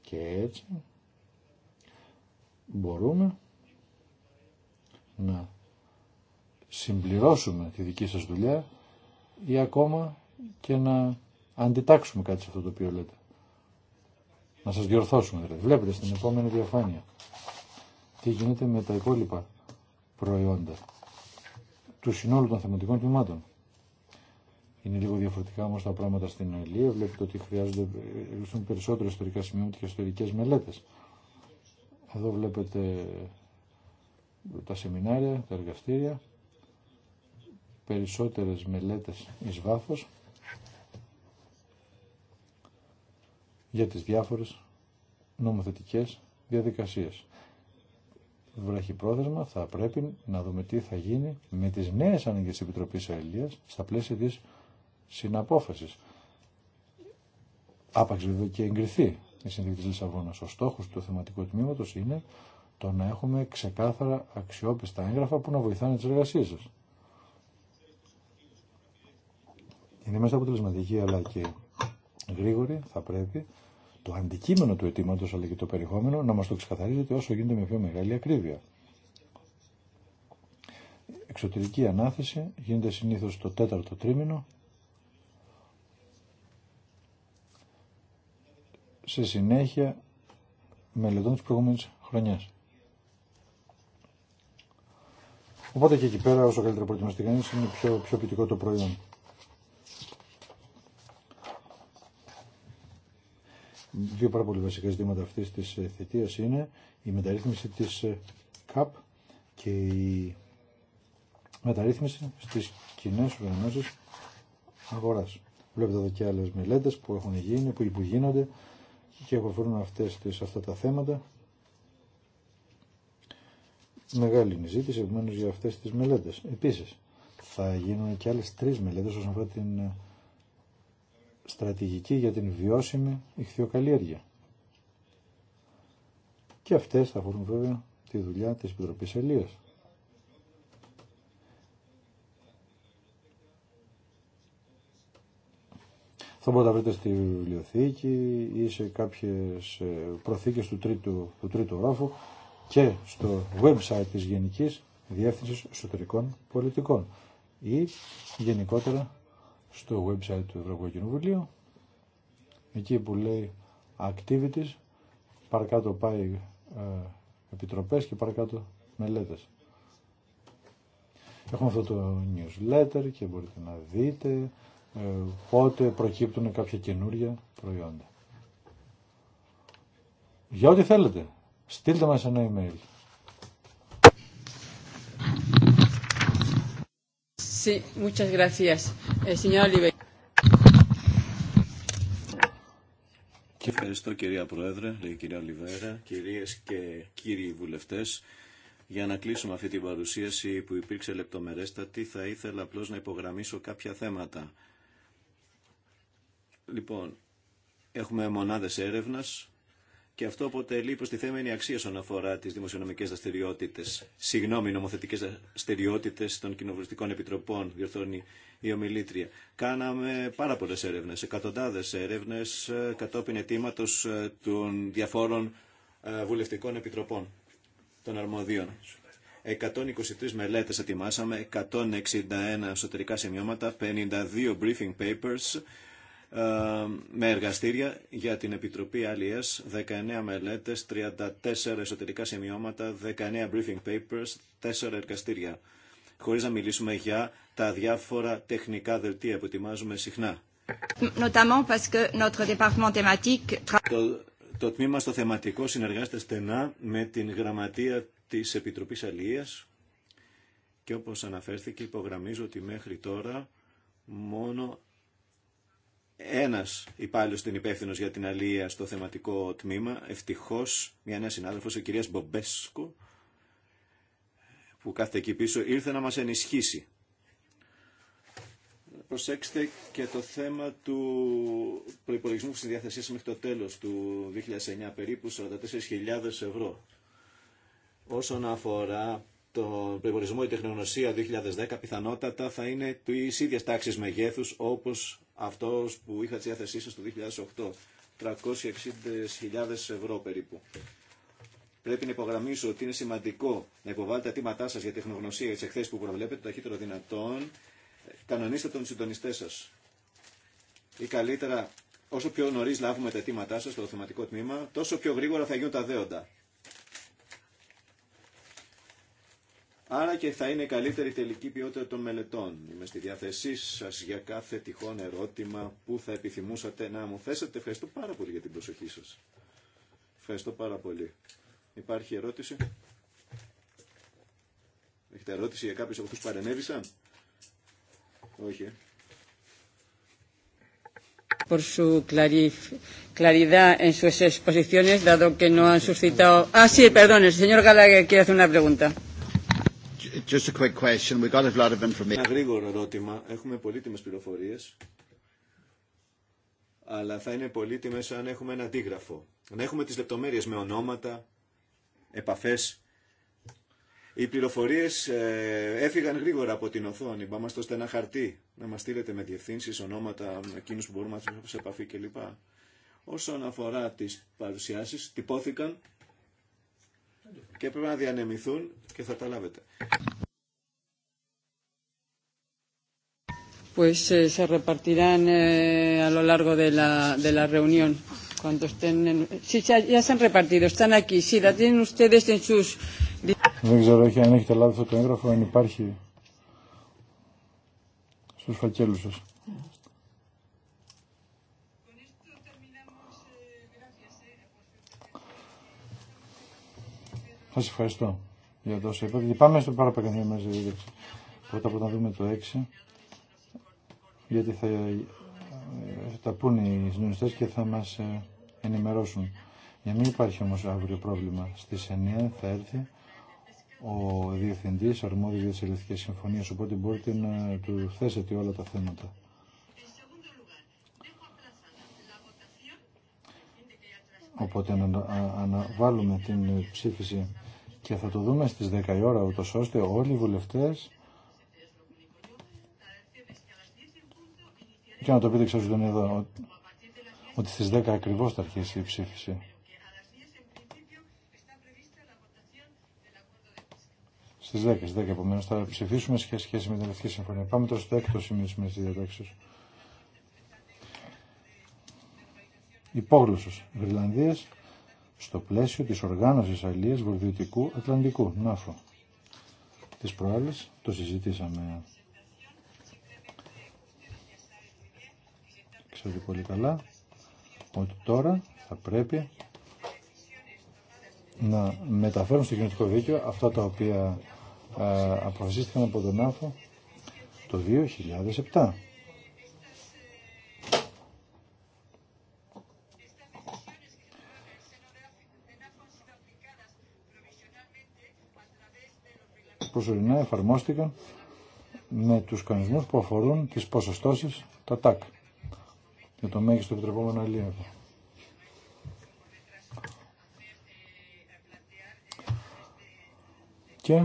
και έτσι μπορούμε να συμπληρώσουμε τη δική σας δουλειά ή ακόμα και να αντιτάξουμε κάτι σε αυτό το οποίο λέτε. Να σας διορθώσουμε δηλαδή. Βλέπετε στην επόμενη διαφάνεια τι γίνεται με τα υπόλοιπα προϊόντα του συνόλου των θεματικών τμήματων. Είναι λίγο διαφορετικά όμω τα πράγματα στην Ελία. Βλέπετε ότι χρειάζονται περισσότερα ιστορικά σημεία και ιστορικέ μελέτε. Εδώ βλέπετε τα σεμινάρια, τα εργαστήρια, περισσότερες μελέτες εις βάθος για τις διάφορες νομοθετικές διαδικασίες. πρόθεσμα, θα πρέπει να δούμε τι θα γίνει με τις νέες ανάγκες της Επιτροπής Αιλίας στα πλαίσια της συναπόφασης. Άπαξ βέβαια και εγκριθεί η Συνθήκη της Λισαβόνας. Ο στόχος του θεματικού τμήματος είναι το να έχουμε ξεκάθαρα αξιόπιστα έγγραφα που να βοηθάνε τις εργασίες σας. Είναι μέσα αποτελεσματική αλλά και Γρήγορη, θα πρέπει το αντικείμενο του αιτήματο αλλά και το περιεχόμενο να μα το ξεκαθαρίζεται όσο γίνεται με πιο μεγάλη ακρίβεια. Εξωτερική ανάθεση γίνεται συνήθω το τέταρτο τρίμηνο. Σε συνέχεια μελετών τη προηγούμενη χρονιά. Οπότε και εκεί πέρα, όσο καλύτερα προετοιμαστεί κανεί, είναι πιο, πιο ποιητικό το προϊόν. Δύο πάρα πολύ βασικά ζητήματα αυτής της ε, θητείας είναι η μεταρρύθμιση της ε, ΚΑΠ και η μεταρρύθμιση στις κοινέ οργανώσεις αγοράς. Βλέπετε εδώ και άλλες μελέτες που έχουν γίνει, που γίνονται και αφορούν αυτές τις, αυτά τα θέματα. Μεγάλη είναι η ζήτηση επομένως για αυτές τις μελέτες. Επίσης, θα γίνουν και άλλες τρεις μελέτες όσον αφορά την ε, στρατηγική για την βιώσιμη ηχθειοκαλλιέργεια. Και αυτές θα αφορούν βέβαια τη δουλειά της Επιτροπής Ελίας. Θα μπορείτε να βρείτε στη βιβλιοθήκη ή σε κάποιες ε, προθήκες του τρίτου, του τρίτου και στο website της Γενικής Διεύθυνσης Εσωτερικών Πολιτικών ή γενικότερα στο website του Ευρωπαϊκού Κοινοβουλίου εκεί που λέει activities παρακάτω πάει ε, επιτροπές και παρακάτω μελέτες. Έχουμε αυτό το newsletter και μπορείτε να δείτε ε, πότε προκύπτουν κάποια καινούργια προϊόντα. Για ό,τι θέλετε, στείλτε μας ένα email. Eh, ευχαριστώ κυρία Πρόεδρε, κυρία Ολιβέρα, κυρίες και κύριοι βουλευτές. Για να κλείσουμε αυτή την παρουσίαση που υπήρξε λεπτομερέστατη, θα ήθελα απλώς να υπογραμμίσω κάποια θέματα. Λοιπόν, έχουμε μονάδες έρευνας και αυτό αποτελεί προστιθέμενη αξία όσον αφορά τι δημοσιονομικέ δραστηριότητε. Συγγνώμη, νομοθετικέ δραστηριότητε των κοινοβουλευτικών επιτροπών, διορθώνει η ομιλήτρια. Κάναμε πάρα πολλέ έρευνε, εκατοντάδε έρευνε ε, κατόπιν αιτήματο ε, των διαφόρων ε, βουλευτικών επιτροπών των αρμοδίων. 123 μελέτες ετοιμάσαμε, 161 εσωτερικά σημειώματα, 52 briefing papers, ε, με εργαστήρια για την Επιτροπή Αλλιές 19 μελέτες, 34 εσωτερικά σημειώματα, 19 briefing papers, 4 εργαστήρια. Χωρίς να μιλήσουμε για τα διάφορα τεχνικά δελτία που ετοιμάζουμε συχνά. το, τμήμα στο θεματικό συνεργάζεται στενά με την γραμματεία της Επιτροπής Αλλιές και όπως αναφέρθηκε υπογραμμίζω ότι μέχρι τώρα μόνο ένας υπάλληλο την υπεύθυνο για την αλία στο θεματικό τμήμα. Ευτυχώς, μια νέα συνάδελφο, η κυρία Μπομπέσκο, που κάθεται εκεί πίσω, ήρθε να μας ενισχύσει. Προσέξτε και το θέμα του προπολογισμού που στη διάθεσή μέχρι το τέλο του 2009, περίπου 44.000 ευρώ. Όσον αφορά τον προπολογισμό η τεχνογνωσία 2010, πιθανότατα θα είναι τη ίδια τάξη μεγέθους όπω αυτός που είχα τη διάθεσή σας το 2008, 360.000 ευρώ περίπου. Πρέπει να υπογραμμίσω ότι είναι σημαντικό να υποβάλλετε αιτήματά σας για τεχνογνωσία για τις εκθέσεις που προβλέπετε το ταχύτερο δυνατόν. Κανονίστε τον συντονιστέ σας. Ή καλύτερα, όσο πιο νωρίς λάβουμε τα αιτήματά σας στο θεματικό τμήμα, τόσο πιο γρήγορα θα γίνουν τα δέοντα. άρα και θα είναι καλύτερη τελική ποιότητα των μελετών. Είμαι στη διάθεσή σας για κάθε τυχόν ερώτημα που θα επιθυμούσατε να μου θέσετε. Ευχαριστώ πάρα πολύ για την προσοχή σας. Ευχαριστώ πάρα πολύ. Υπάρχει ερώτηση. Έχετε ερώτηση για κάποιους από αυτούς που παρενέβησαν. Όχι. Ε. Por su claridad en sus exposiciones, dado que no han suscitado. Ah, sí, perdón, el señor Gallagher quiere hacer una pregunta. Just a quick question. We got a lot of Ένα γρήγορο ερώτημα. Έχουμε πολύτιμε πληροφορίες, αλλά θα είναι πολύτιμε αν έχουμε ένα αντίγραφο. Να έχουμε τις λεπτομέρειες με ονόματα, επαφές. Οι πληροφορίες ε, έφυγαν γρήγορα από την οθόνη. Πάμε στο στενά χαρτί, να μα στείλετε με διευθύνσει, ονόματα, εκείνου που μπορούμε να τους σε επαφή κλπ. Όσον αφορά τι παρουσιάσει, τυπώθηκαν και έπρεπε να διανεμηθούν και θα τα λάβετε. Pues eh, se repartirán eh, a lo largo de la, de la reunión. Cuando estén en... Sí, ya, ya se han repartido, están aquí. Sí, la tienen ustedes en sus... Δεν ξέρω όχι αν έχετε λάβει αυτό το έγγραφο, αν υπάρχει στους φακέλους σας. Σας ευχαριστώ για το όσο είπατε. Πάμε στο πολύ μας δίδεξη. Πρώτα απ' όλα δούμε το 6, γιατί ε, θα τα πούν οι συντονιστέ και θα μα ε, ενημερώσουν. Για μην υπάρχει όμω αύριο πρόβλημα. Στι 9 θα έρθει ο διευθυντή αρμόδιο για τι ελληνικέ συμφωνίε. οπότε μπορείτε να του θέσετε όλα τα θέματα. Οπότε να αναβάλουμε την ψήφιση και θα το δούμε στις 10 η ώρα ούτως ώστε όλοι οι βουλευτές και να το πείτε ξέρω τον εδώ ότι στις 10 ακριβώς θα αρχίσει η ψήφιση. Στις 10, στις 10 επομένως θα ψηφίσουμε σε σχέση με την Ελευθερική Συμφωνία. Πάμε τώρα στο έκτο σημείο της Μέσης Διατάξεως. Υπόγλωσσος στο πλαίσιο της οργάνωσης αλλήλειας Βορειοδυτικού Ατλαντικού, ΝΑΦΟ. Τις προάλλες το συζητήσαμε. Ξέρετε πολύ καλά ότι τώρα θα πρέπει να μεταφέρουν στο κοινωτικό δίκαιο αυτά τα οποία αποφασίστηκαν από τον ΝΑΦΟ το 2007. προσωρινά εφαρμόστηκαν με τους κανονισμούς που αφορούν τις ποσοστώσεις, τα ΤΑΚ, για το μέγιστο επιτρεπόμενο αλλήλεγμα. Και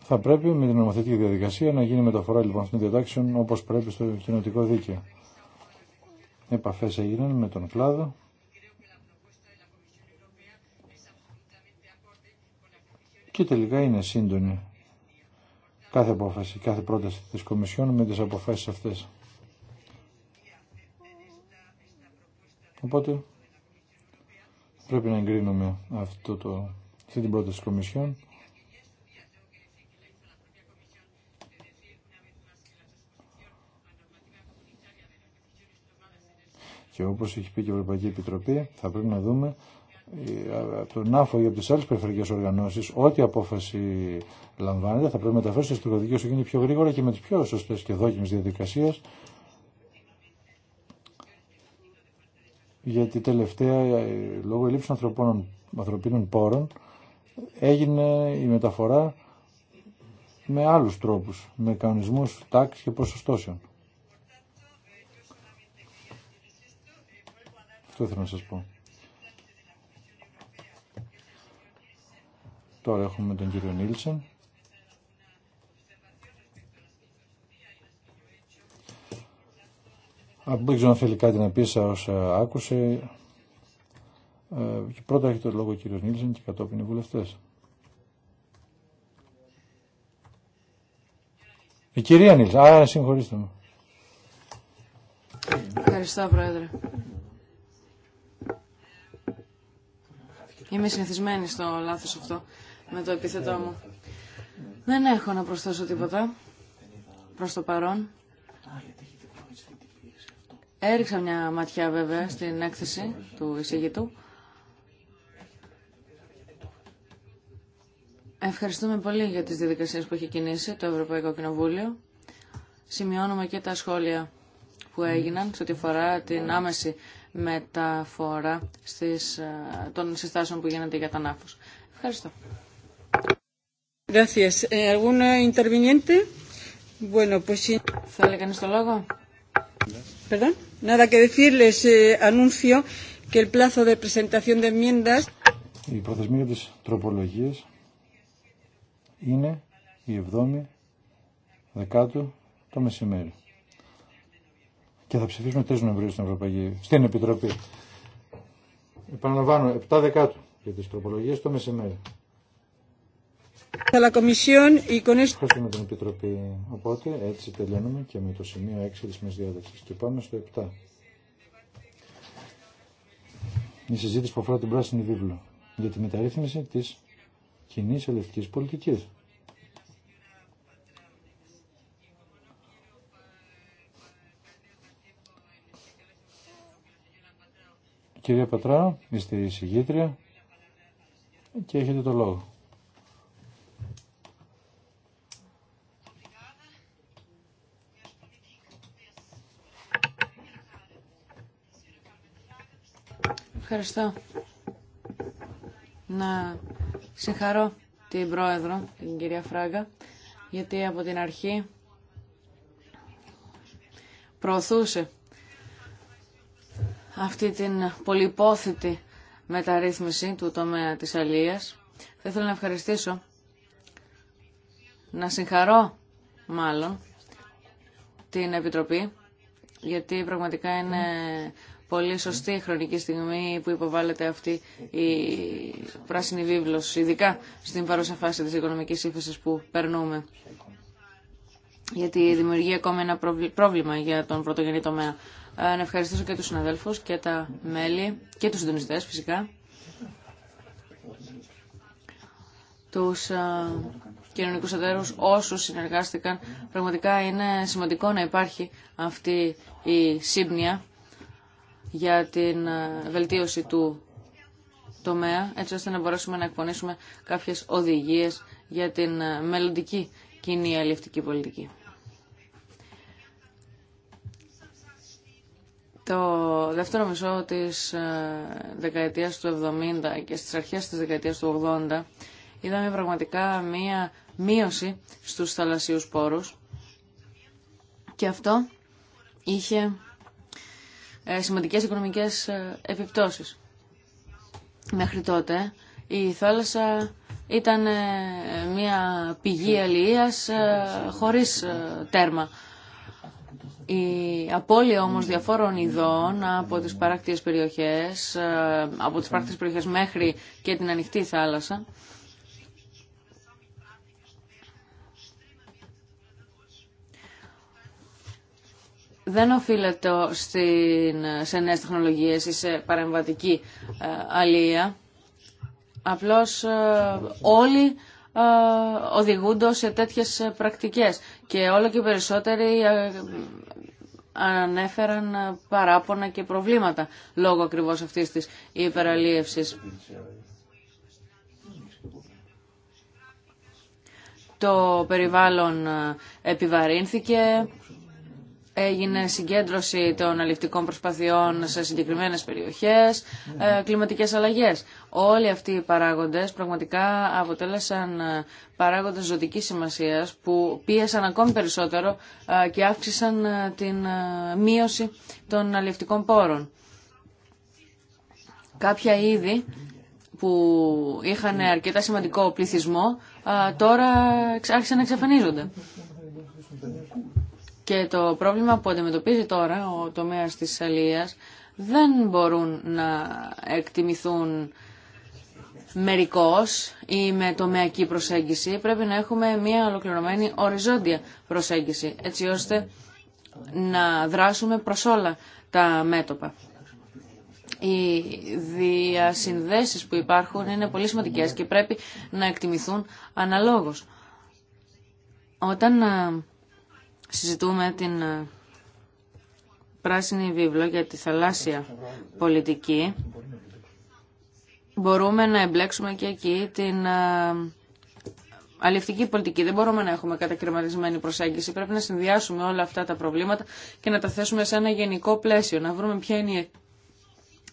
θα πρέπει με την νομοθετική διαδικασία να γίνει μεταφορά λοιπόν των διατάξεων όπως πρέπει στο κοινοτικό δίκαιο. Επαφές έγιναν με τον κλάδο και τελικά είναι σύντονη κάθε απόφαση, κάθε πρόταση της Κομισιόν με τις αποφάσεις αυτές. Οπότε πρέπει να εγκρίνουμε αυτό το, αυτή την πρόταση της Κομισιόν Και όπως έχει πει και η Ευρωπαϊκή Επιτροπή, θα πρέπει να δούμε από ε, τον ΝΑΦΟ ή από τι άλλε περιφερειακέ οργανώσει, ό,τι απόφαση λαμβάνεται θα πρέπει να μεταφέρει στο για όσο γίνει πιο γρήγορα και με τι πιο σωστέ και δόκιμε διαδικασίε. Γιατί τελευταία, ε, λόγω ελλείψη ανθρωπίνων πόρων, έγινε η μεταφορά με άλλους τρόπους, με κανονισμούς τάξη και ποσοστώσεων. Αυτό ήθελα να σας πω. Τώρα έχουμε τον κύριο Νίλσεν. Δεν ξέρω αν θέλει κάτι να πει όσα άκουσε. Ε, πρώτα έχει το λόγο ο κύριο Νίλσεν και κατόπιν οι βουλευτές. Η κυρία Νίλσεν. Α, συγχωρήστε με. Ευχαριστώ, Πρόεδρε. Είμαι συνηθισμένη στο λάθος αυτό με το επίθετό μου. Δεν έχω να προσθέσω τίποτα προς το παρόν. Έριξα μια ματιά βέβαια στην έκθεση του εισηγητού. Ευχαριστούμε πολύ για τις διαδικασίες που έχει κινήσει το Ευρωπαϊκό Κοινοβούλιο. Σημειώνουμε και τα σχόλια που έγιναν σε ό,τι αφορά την άμεση μεταφορά στις, ε, των συστάσεων που γίνονται για τα ΝΑΦΟΣ. Ευχαριστώ. Nada que eh, anuncio que el plazo de presentación de Η προθεσμία της τροπολογίας είναι η 7η δεκάτου το μεσημέρι. Και θα ψηφίσουμε 3 Νοεμβρίου στην Ευρωπαϊκή, στην Επιτροπή. Επαναλαμβάνω, 7 δεκάτου για τις τροπολογίες το μεσημέρι. Ευχαριστούμε την Επιτροπή. Οπότε έτσι τελειώνουμε και με το σημείο 6 της μέση διάταξης. Και πάμε στο 7. Η συζήτηση που αφορά την πράσινη βίβλο για τη μεταρρύθμιση τη κοινή ελευθερική πολιτική. Κυρία Πατράου, είστε η συγγήτρια και έχετε το λόγο. Ευχαριστώ. Να συγχαρώ την πρόεδρο, την κυρία Φράγκα, γιατί από την αρχή προωθούσε αυτή την πολυπόθητη μεταρρύθμιση του τομέα της αλίας. Θα ήθελα να ευχαριστήσω, να συγχαρώ μάλλον την Επιτροπή, γιατί πραγματικά είναι πολύ σωστή χρονική στιγμή που υποβάλλεται αυτή η πράσινη βίβλος, ειδικά στην παρούσα φάση της οικονομικής ύφεσης που περνούμε. Γιατί δημιουργεί ακόμα ένα πρόβλημα για τον πρωτογενή τομέα. Ε, να ευχαριστήσω και τους συναδέλφους και τα μέλη και τους συντονιστές φυσικά. Τους ε, κοινωνικού εταίρου, όσου συνεργάστηκαν. Πραγματικά είναι σημαντικό να υπάρχει αυτή η σύμπνοια για την ε, βελτίωση του τομέα, έτσι ώστε να μπορέσουμε να εκπονήσουμε κάποιες οδηγίες για την ε, μελλοντική κοινή αλληλευτική πολιτική. Το δεύτερο μισό της ε, δεκαετίας του 70 και στις αρχές της δεκαετίας του 80 είδαμε πραγματικά μία μείωση στους θαλασσίους πόρους και αυτό είχε ε, σημαντικές οικονομικές ε, επιπτώσεις. Μέχρι τότε η θάλασσα ήταν ε, μια πηγή αλληλείας χωρίς τέρμα. Η απώλεια όμως διαφόρων ειδών από τις παράκτιες περιοχές, από τις παράκτιες περιοχές μέχρι και την ανοιχτή θάλασσα, δεν οφείλεται σε νέες τεχνολογίες ή σε παρεμβατική ε, αλία. Απλώς ε, όλοι ε, οδηγούνται σε τέτοιες πρακτικές και όλο και περισσότεροι ανέφεραν παράπονα και προβλήματα λόγω ακριβώς αυτής της υπεραλίευσης. Το περιβάλλον επιβαρύνθηκε, Έγινε συγκέντρωση των αληφτικών προσπαθειών σε συγκεκριμένες περιοχές, ε, κλιματικές αλλαγές. Όλοι αυτοί οι παράγοντες πραγματικά αποτέλεσαν ε, παράγοντες ζωτικής σημασίας που πίεσαν ακόμη περισσότερο ε, και αύξησαν την μείωση των αληφτικών πόρων. Κάποια είδη που είχαν αρκετά σημαντικό πληθυσμό τώρα άρχισαν να εξαφανίζονται. Και το πρόβλημα που αντιμετωπίζει τώρα ο τομέας της αλίας δεν μπορούν να εκτιμηθούν μερικώς ή με τομεακή προσέγγιση. Πρέπει να έχουμε μια ολοκληρωμένη οριζόντια προσέγγιση, έτσι ώστε να δράσουμε προς όλα τα μέτωπα. Οι διασυνδέσεις που υπάρχουν είναι πολύ σημαντικές και πρέπει να εκτιμηθούν αναλόγως. Όταν συζητούμε την ε, πράσινη βίβλο για τη θαλάσσια πολιτική, μπορούμε να εμπλέξουμε και εκεί την ε, αληφτική πολιτική. Δεν μπορούμε να έχουμε κατακριματισμένη προσέγγιση. Πρέπει να συνδυάσουμε όλα αυτά τα προβλήματα και να τα θέσουμε σε ένα γενικό πλαίσιο, να βρούμε ποια είναι η,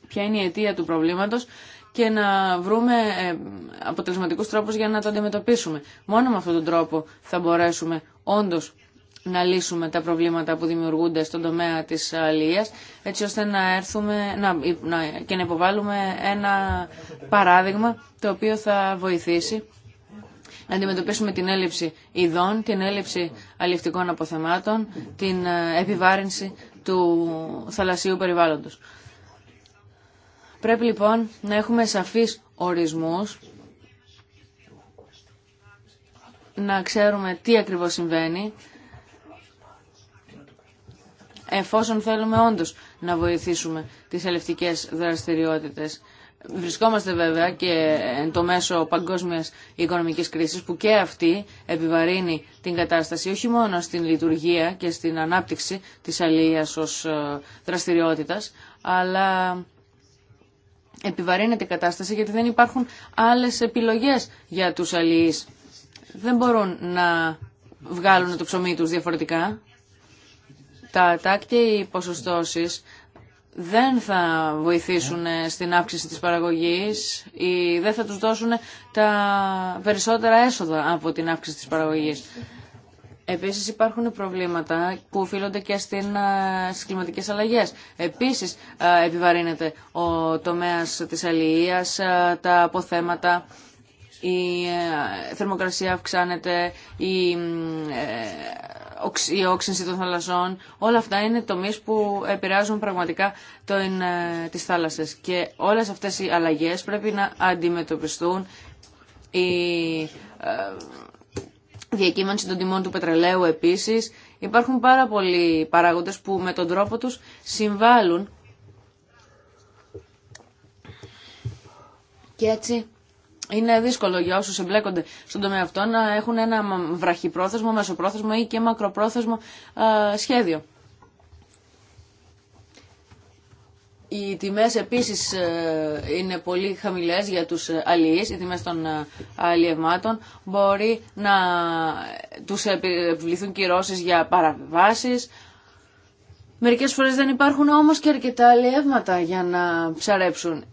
ποια είναι η αιτία του προβλήματος και να βρούμε ε, αποτελεσματικούς τρόπους για να το αντιμετωπίσουμε. Μόνο με αυτόν τον τρόπο θα μπορέσουμε όντως να λύσουμε τα προβλήματα που δημιουργούνται στον τομέα της αλληλείας, έτσι ώστε να έρθουμε και να υποβάλουμε ένα παράδειγμα το οποίο θα βοηθήσει να αντιμετωπίσουμε την έλλειψη ειδών, την έλλειψη αλληλευτικών αποθεμάτων, την ε, επιβάρυνση του θαλασσίου περιβάλλοντος. Πρέπει λοιπόν να έχουμε σαφείς ορισμούς, να ξέρουμε τι ακριβώς συμβαίνει, εφόσον θέλουμε όντως να βοηθήσουμε τις ελευτικέ δραστηριότητες. Βρισκόμαστε βέβαια και εν το μέσο παγκόσμιας οικονομικής κρίσης που και αυτή επιβαρύνει την κατάσταση όχι μόνο στην λειτουργία και στην ανάπτυξη της αλληλείας ως ε, δραστηριότητας αλλά επιβαρύνεται η κατάσταση γιατί δεν υπάρχουν άλλες επιλογές για τους αλληλείς. Δεν μπορούν να βγάλουν το ψωμί τους διαφορετικά τα τάκ οι ποσοστώσεις δεν θα βοηθήσουν ε, στην αύξηση της παραγωγής ή δεν θα τους δώσουν τα περισσότερα έσοδα από την αύξηση της παραγωγής. Επίσης υπάρχουν προβλήματα που οφείλονται και στην, ε, στις κλιματικές αλλαγές. Επίσης ε, επιβαρύνεται ο τομέας της αλληλείας, τα αποθέματα, η θερμοκρασία αυξάνεται, η η όξυνση των θαλασσών, όλα αυτά είναι τομείς που επηρεάζουν πραγματικά το, ε, τις θάλασσες και όλες αυτές οι αλλαγές πρέπει να αντιμετωπιστούν η ε, διακύμανση των τιμών του πετρελαίου επίσης. Υπάρχουν πάρα πολλοί παράγοντες που με τον τρόπο τους συμβάλλουν και έτσι είναι δύσκολο για όσους εμπλέκονται στον τομέα αυτό να έχουν ένα βραχυπρόθεσμο, μεσοπρόθεσμο ή και μακροπρόθεσμο σχέδιο. Οι τιμές επίσης ε, είναι πολύ χαμηλές για τους αλληλείς, οι τιμές των ε, αλλιευμάτων. Μπορεί να ε, τους επιβληθούν κυρώσεις για παραβάσεις. Μερικές φορές δεν υπάρχουν όμως και αρκετά αλλιεύματα για να ψαρέψουν.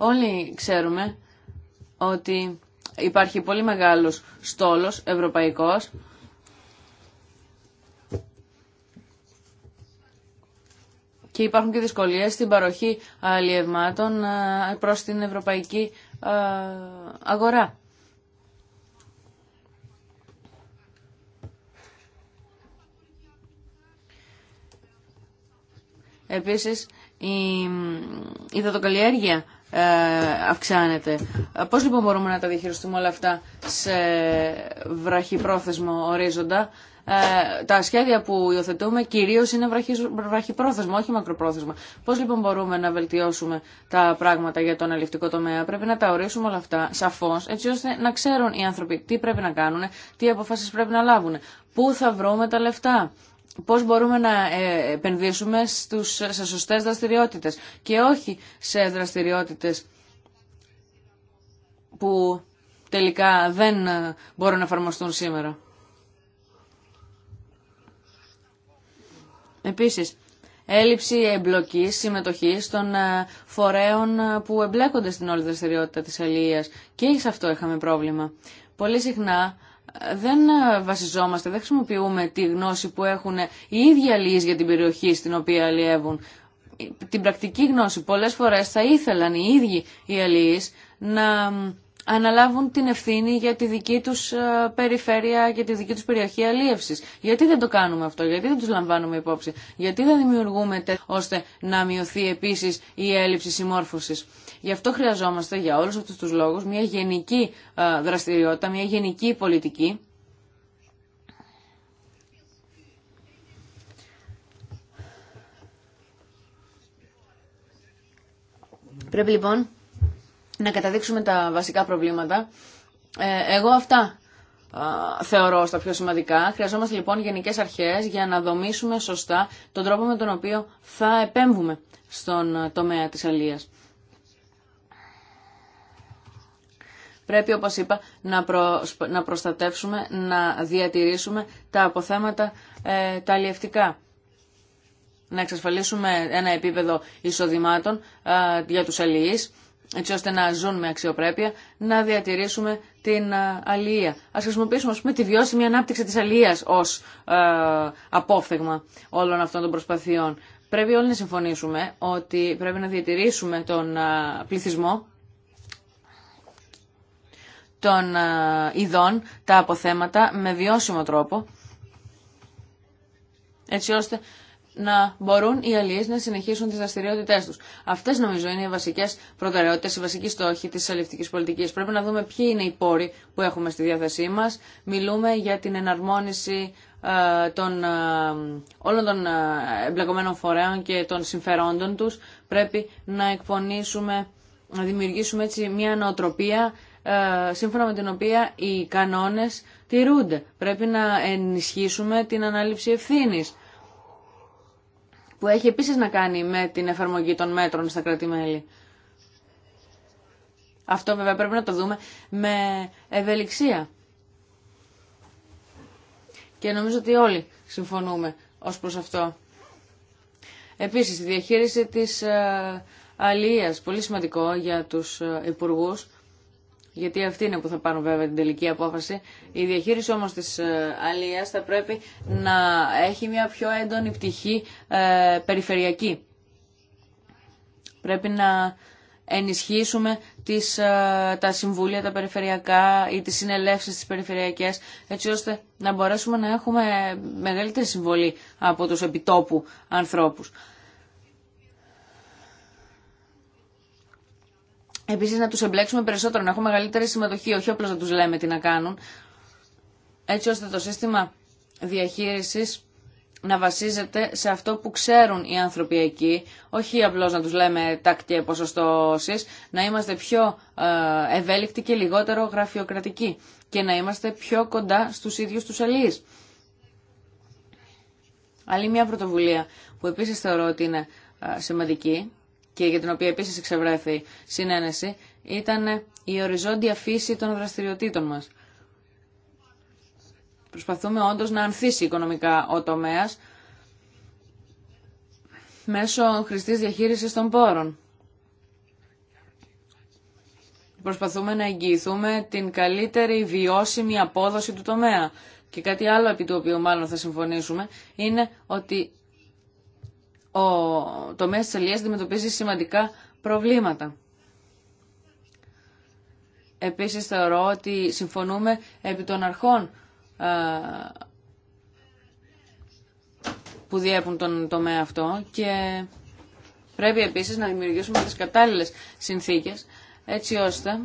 Όλοι ξέρουμε ότι υπάρχει πολύ μεγάλος στόλος ευρωπαϊκός και υπάρχουν και δυσκολίες στην παροχή αλλιευμάτων προς την ευρωπαϊκή αγορά. Επίσης, η υδατοκαλλιέργεια ε, αυξάνεται. Ε, πώς λοιπόν μπορούμε να τα διαχειριστούμε όλα αυτά σε βραχυπρόθεσμο ορίζοντα. Ε, τα σχέδια που υιοθετούμε κυρίως είναι βραχυπρόθεσμο όχι μακροπρόθεσμο Πώς λοιπόν μπορούμε να βελτιώσουμε τα πράγματα για τον αληφτικό τομέα. Πρέπει να τα ορίσουμε όλα αυτά σαφώς, έτσι ώστε να ξέρουν οι άνθρωποι τι πρέπει να κάνουν, τι αποφάσεις πρέπει να λάβουν, πού θα βρούμε τα λεφτά πώς μπορούμε να ε, επενδύσουμε στους, σε σωστές δραστηριότητες και όχι σε δραστηριότητες που τελικά δεν ε, μπορούν να εφαρμοστούν σήμερα. Επίσης, έλλειψη εμπλοκής, συμμετοχής των ε, φορέων που εμπλέκονται στην όλη δραστηριότητα της αλληλείας. Και σε αυτό είχαμε πρόβλημα. Πολύ συχνά δεν ε, βασιζόμαστε, δεν χρησιμοποιούμε τη γνώση που έχουν οι ίδιοι αλληλείς για την περιοχή στην οποία αλλιεύουν. Την πρακτική γνώση πολλές φορές θα ήθελαν οι ίδιοι οι αλληλείς να αναλάβουν την ευθύνη για τη δική τους ε, περιφέρεια για τη δική τους περιοχή αλίευσης. Γιατί δεν το κάνουμε αυτό, γιατί δεν τους λαμβάνουμε υπόψη, γιατί δεν δημιουργούμε ώστε να μειωθεί επίσης η έλλειψη συμμόρφωσης. Γι' αυτό χρειαζόμαστε για όλους αυτούς τους λόγους μια γενική ε, δραστηριότητα, μια γενική πολιτική. Πρέπει λοιπόν να καταδείξουμε τα βασικά προβλήματα. Ε, εγώ αυτά ε, θεωρώ στα πιο σημαντικά. Χρειαζόμαστε λοιπόν γενικές αρχές για να δομήσουμε σωστά τον τρόπο με τον οποίο θα επέμβουμε στον τομέα της αλίας. Πρέπει, όπως είπα, να, να προστατεύσουμε, να διατηρήσουμε τα αποθέματα ε, τα αλλιευτικά. Να εξασφαλίσουμε ένα επίπεδο εισοδημάτων ε, για τους αλληλείς, έτσι ώστε να ζουν με αξιοπρέπεια, να διατηρήσουμε την ε, αλληλεία. Ας χρησιμοποιήσουμε, ας πούμε, τη βιώσιμη ανάπτυξη της αλληλείας ως ε, απόφθεγμα όλων αυτών των προσπαθειών. Πρέπει όλοι να συμφωνήσουμε ότι πρέπει να διατηρήσουμε τον πληθυσμό των ε, ειδών τα αποθέματα με βιώσιμο τρόπο έτσι ώστε να μπορούν οι αλληλείς να συνεχίσουν τις δραστηριότητε τους. Αυτές νομίζω είναι οι βασικές προτεραιότητες, οι βασικοί στόχοι της αλληλευτικής πολιτικής. Πρέπει να δούμε ποιοι είναι οι πόροι που έχουμε στη διάθεσή μας. Μιλούμε για την εναρμόνιση ε, των, ε, όλων των εμπλεκομένων φορέων και των συμφερόντων τους. Πρέπει να εκπονήσουμε να δημιουργήσουμε έτσι μια νοοτροπία ε, σύμφωνα με την οποία οι κανόνες τηρούνται. Πρέπει να ενισχύσουμε την ανάληψη ευθύνης που έχει επίσης να κάνει με την εφαρμογή των μέτρων στα κρατη Αυτό βέβαια πρέπει να το δούμε με ευελιξία. Και νομίζω ότι όλοι συμφωνούμε ως προς αυτό. Επίσης, η διαχείριση της ε, αλίας, πολύ σημαντικό για τους ε, υπουργούς, γιατί αυτή είναι που θα πάρουν βέβαια την τελική απόφαση. Η διαχείριση όμως της ε, αλλήλία θα πρέπει να έχει μια πιο έντονη πτυχή ε, περιφερειακή. Πρέπει να ενισχύσουμε τις, ε, τα συμβούλια, τα περιφερειακά ή τις συνελεύσεις τις περιφερειακές, έτσι ώστε να μπορέσουμε να έχουμε μεγαλύτερη συμβολή από τους επιτόπου ανθρώπους. Επίσης να τους εμπλέξουμε περισσότερο, να έχουμε μεγαλύτερη συμμετοχή, όχι απλώ να τους λέμε τι να κάνουν, έτσι ώστε το σύστημα διαχείρισης να βασίζεται σε αυτό που ξέρουν οι άνθρωποι εκεί, όχι απλώ να τους λέμε τακτή και να είμαστε πιο ε, ευέλικτοι και λιγότερο γραφειοκρατικοί και να είμαστε πιο κοντά στου ίδιου του αλληλεί. Άλλη μια πρωτοβουλία που επίση θεωρώ ότι είναι ε, σημαντική και για την οποία επίση εξευρέθη συνένεση ήταν η οριζόντια φύση των δραστηριοτήτων μας. Προσπαθούμε όντω να ανθίσει οικονομικά ο τομέας μέσω χρηστής διαχείρισης των πόρων. Προσπαθούμε να εγγυηθούμε την καλύτερη βιώσιμη απόδοση του τομέα. Και κάτι άλλο επί του οποίου μάλλον θα συμφωνήσουμε είναι ότι ο τομέας της αλληλείας αντιμετωπίζει σημαντικά προβλήματα. Επίσης θεωρώ ότι συμφωνούμε επί των αρχών που διέπουν τον τομέα αυτό και πρέπει επίσης να δημιουργήσουμε τις κατάλληλες συνθήκες έτσι ώστε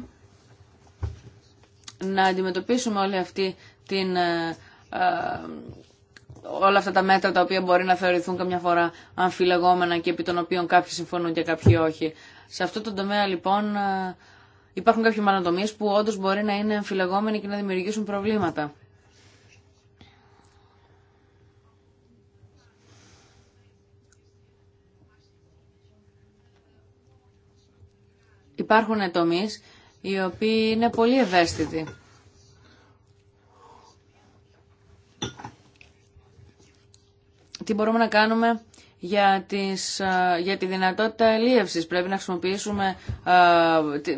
να αντιμετωπίσουμε όλη αυτή την όλα αυτά τα μέτρα τα οποία μπορεί να θεωρηθούν καμιά φορά αμφιλεγόμενα και επί των οποίων κάποιοι συμφωνούν και κάποιοι όχι. Σε αυτό το τομέα λοιπόν ε, υπάρχουν κάποιοι μανατομίες που όντω μπορεί να είναι αμφιλεγόμενοι και να δημιουργήσουν προβλήματα. Υπάρχουν τομείς οι οποίοι είναι πολύ ευαίσθητοι. τι μπορούμε να κάνουμε για, τις, για τη δυνατότητα ελίευσης. Πρέπει να χρησιμοποιήσουμε,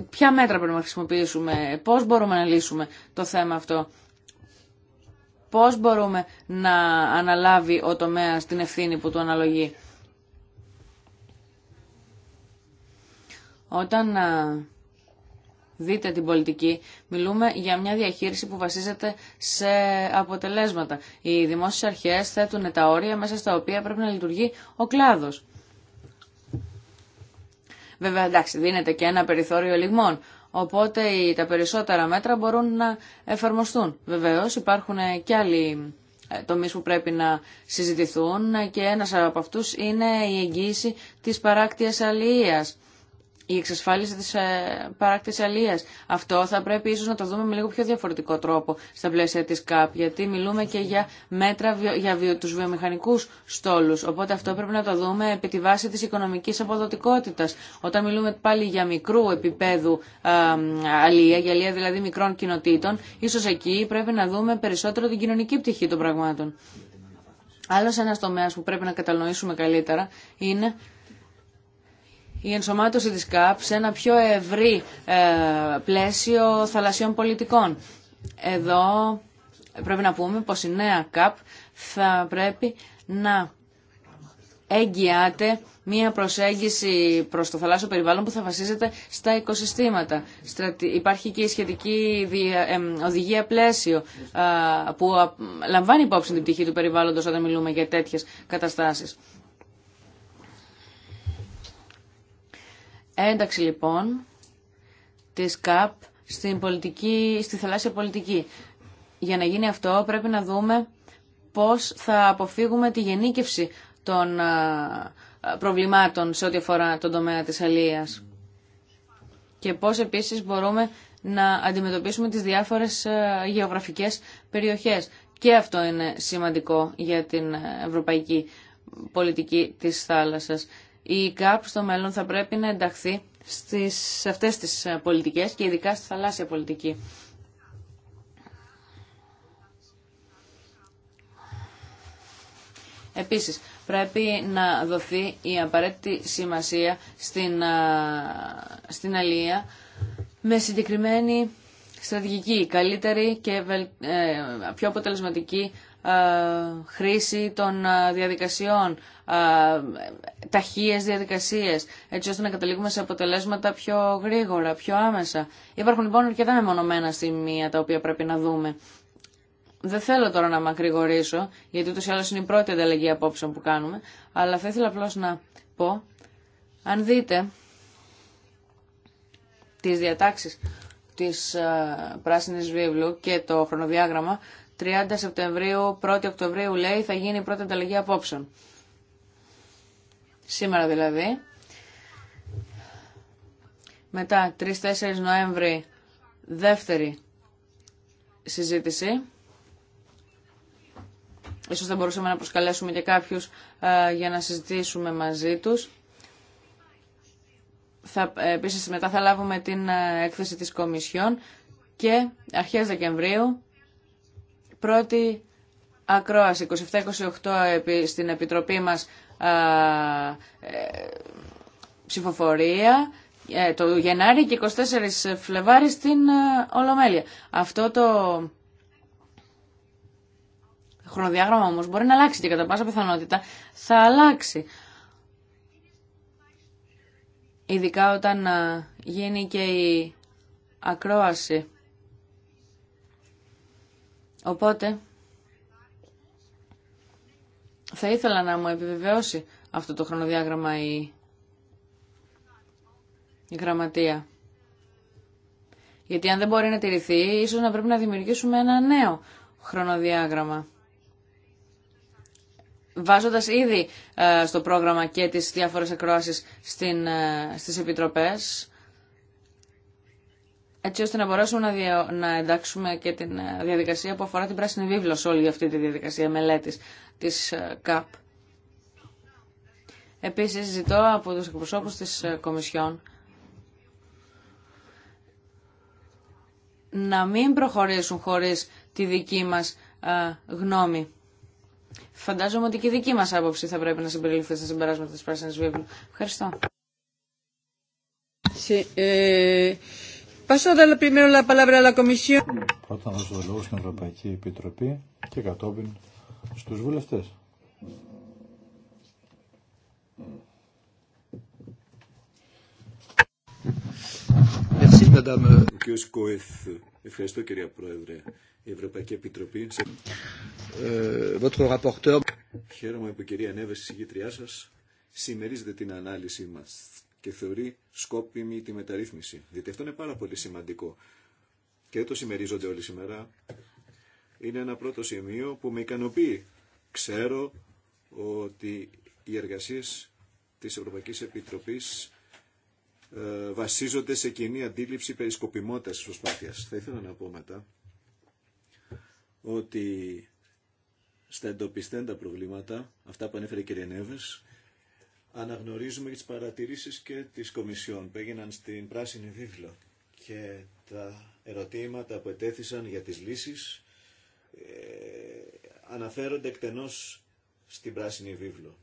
ποια μέτρα πρέπει να χρησιμοποιήσουμε, πώς μπορούμε να λύσουμε το θέμα αυτό. Πώς μπορούμε να αναλάβει ο τομέας την ευθύνη που του αναλογεί. Όταν δείτε την πολιτική, μιλούμε για μια διαχείριση που βασίζεται σε αποτελέσματα. Οι δημόσιες αρχές θέτουν τα όρια μέσα στα οποία πρέπει να λειτουργεί ο κλάδος. Βέβαια, εντάξει, δίνεται και ένα περιθώριο λιγμών, οπότε τα περισσότερα μέτρα μπορούν να εφαρμοστούν. Βεβαίως, υπάρχουν και άλλοι ε, τομείς που πρέπει να συζητηθούν και ένας από αυτούς είναι η εγγύηση της παράκτειας αλληλείας η εξασφάλιση της ε, παράκτης Αυτό θα πρέπει ίσως να το δούμε με λίγο πιο διαφορετικό τρόπο στα πλαίσια της ΚΑΠ, γιατί μιλούμε και για μέτρα για βιο, τους βιομηχανικούς στόλους. Οπότε αυτό πρέπει να το δούμε επί τη βάση της οικονομικής αποδοτικότητας. Όταν μιλούμε πάλι για μικρού επίπεδου ε, αλία, για αλία δηλαδή μικρών κοινοτήτων, ίσως εκεί πρέπει να δούμε περισσότερο την κοινωνική πτυχή των πραγμάτων. Άλλο ένα τομέα που πρέπει να κατανοήσουμε καλύτερα είναι η ενσωμάτωση της ΚΑΠ σε ένα πιο ευρύ ε, πλαίσιο θαλασσιών πολιτικών. Εδώ πρέπει να πούμε πως η νέα ΚΑΠ θα πρέπει να εγγυάται μία προσέγγιση προς το θαλάσσιο περιβάλλον που θα βασίζεται στα οικοσυστήματα. Υπάρχει και η σχετική ε, οδηγία πλαίσιο που λαμβάνει υπόψη την πτυχή του περιβάλλοντος όταν μιλούμε για τέτοιες καταστάσεις. Ένταξη λοιπόν της ΚΑΠ στην πολιτική, στη θαλάσσια πολιτική. Για να γίνει αυτό πρέπει να δούμε πώς θα αποφύγουμε τη γενίκευση των προβλημάτων σε ό,τι αφορά τον τομέα της αλίας και πώς επίσης μπορούμε να αντιμετωπίσουμε τις διάφορες γεωγραφικές περιοχές. Και αυτό είναι σημαντικό για την ευρωπαϊκή πολιτική της θάλασσας η ΚΑΠ στο μέλλον θα πρέπει να ενταχθεί στις, σε αυτές τις ε, πολιτικές και ειδικά στη θαλάσσια πολιτική. Επίσης, πρέπει να δοθεί η απαραίτητη σημασία στην, ε, στην με συγκεκριμένη στρατηγική, καλύτερη και ε, πιο αποτελεσματική ε, χρήση των ε, διαδικασιών, ε, ταχείες διαδικασίες, έτσι ώστε να καταλήγουμε σε αποτελέσματα πιο γρήγορα, πιο άμεσα. Υπάρχουν λοιπόν αρκετά μεμονωμένα σημεία τα οποία πρέπει να δούμε. Δεν θέλω τώρα να μακρηγορήσω, γιατί ούτως ή άλλως είναι η πρώτη ανταλλαγή απόψεων που κάνουμε, αλλά θα ήθελα απλώς να πω, αν δείτε τις διατάξεις της πράσινης βίβλου και το χρονοδιάγραμμα, 30 Σεπτεμβρίου, 1η Οκτωβρίου λέει θα γίνει πρώτη ανταλλαγή απόψεων. Σήμερα δηλαδή. Μετά 3-4 Νοέμβρη δεύτερη συζήτηση. Ίσως θα μπορούσαμε να προσκαλέσουμε και κάποιους ε, για να συζητήσουμε μαζί τους. Θα, ε, επίσης μετά θα λάβουμε την ε, έκθεση της Κομισιόν και αρχές Δεκεμβρίου Πρώτη ακρόαση 27-28 στην Επιτροπή μας α, ε, ψηφοφορία ε, το Γενάρη και 24 Φλεβάρι στην ε, Ολομέλεια. Αυτό το χρονοδιάγραμμα όμως μπορεί να αλλάξει και κατά πάσα πιθανότητα θα αλλάξει. Ειδικά όταν ε, γίνει και η ακρόαση Οπότε θα ήθελα να μου επιβεβαιώσει αυτό το χρονοδιάγραμμα η, γραμματεία. Γιατί αν δεν μπορεί να τηρηθεί, ίσως να πρέπει να δημιουργήσουμε ένα νέο χρονοδιάγραμμα. Βάζοντας ήδη ε, στο πρόγραμμα και τις διάφορες ακροάσεις στην, ε, στις επιτροπές, έτσι ώστε να μπορέσουμε να, να εντάξουμε και την ε, διαδικασία που αφορά την πράσινη βίβλο όλη αυτή τη διαδικασία μελέτης της ε, ΚΑΠ. Επίσης ζητώ από τους εκπροσώπους της ε, Κομισιόν να μην προχωρήσουν χωρίς τη δική μας γνώμη. Φαντάζομαι ότι και η δική μας άποψη θα πρέπει να συμπεριληφθεί στα συμπεράσματα της Πράσινης Βίβλου. Ευχαριστώ. Eh, Πρώτα να δώσω λόγο στην Ευρωπαϊκή Επιτροπή και κατόπιν στους βουλευτές. Ευχαριστώ, κυρία Πρόεδρε. Η Ευρωπαϊκή Επιτροπή. Ε, Χαίρομαι που η κυρία Νέβες, η συγκήτριά σας, συμμερίζεται την ανάλυση μας και θεωρεί σκόπιμη τη μεταρρύθμιση. Διότι αυτό είναι πάρα πολύ σημαντικό. Και δεν το συμμερίζονται όλοι σήμερα. Είναι ένα πρώτο σημείο που με ικανοποιεί. Ξέρω ότι οι εργασίες της Ευρωπαϊκής Επιτροπής ε, βασίζονται σε κοινή αντίληψη περισκοπιμότητας της προσπάθειας. Θα ήθελα να πω μετά ότι στα εντοπιστέντα προβλήματα, αυτά που ανέφερε η κυρία αναγνωρίζουμε και τις παρατηρήσεις και τις Κομισιόν που έγιναν στην Πράσινη Βίβλο και τα ερωτήματα που ετέθησαν για τις λύσεις ε, αναφέρονται εκτενώς στην Πράσινη Βίβλο.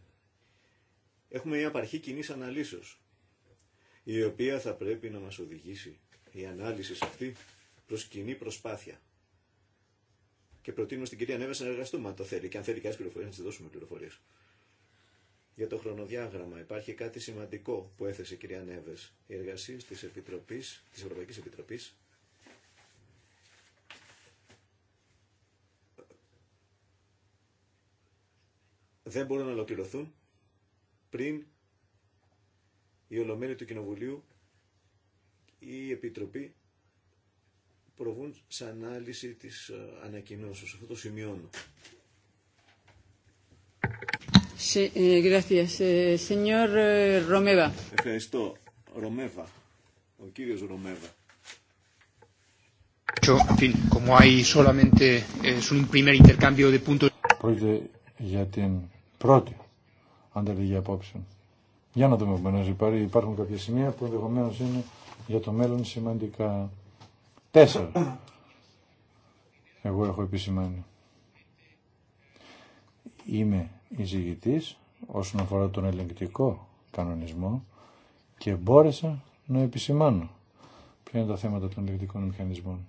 Έχουμε μια απαρχή κοινή αναλύσεως, η οποία θα πρέπει να μας οδηγήσει η ανάλυση σε αυτή προς κοινή προσπάθεια. Και προτείνουμε στην κυρία Νέβες να εργαστούμε αν το θέλει και αν θέλει και άλλες πληροφορίες να της δώσουμε πληροφορίες. Για το χρονοδιάγραμμα υπάρχει κάτι σημαντικό που έθεσε η κυρία Νέβες. Οι εργασίες της, Επιτροπής, της Ευρωπαϊκής Επιτροπής δεν μπορούν να ολοκληρωθούν πριν η Ολομέλη του Κοινοβουλίου ή η Επιτροπή προβούν σε ανάλυση της ε, ανακοινώσεως. Αυτό το σημειώνω. Eh, eh, eh, Ευχαριστώ. Ρομέβα. Ο κύριος Ρομέβα. Πρόκειται για την πρώτη ανταλλαγή απόψεων. Για να δούμε επομένω. Υπάρχουν κάποια σημεία που ενδεχομένω είναι για το μέλλον σημαντικά. Τέσσερα. Εγώ έχω επισημάνει. Είμαι εισηγητής όσον αφορά τον ελεγκτικό κανονισμό και μπόρεσα να επισημάνω ποια είναι τα θέματα των ελεγκτικών μηχανισμών.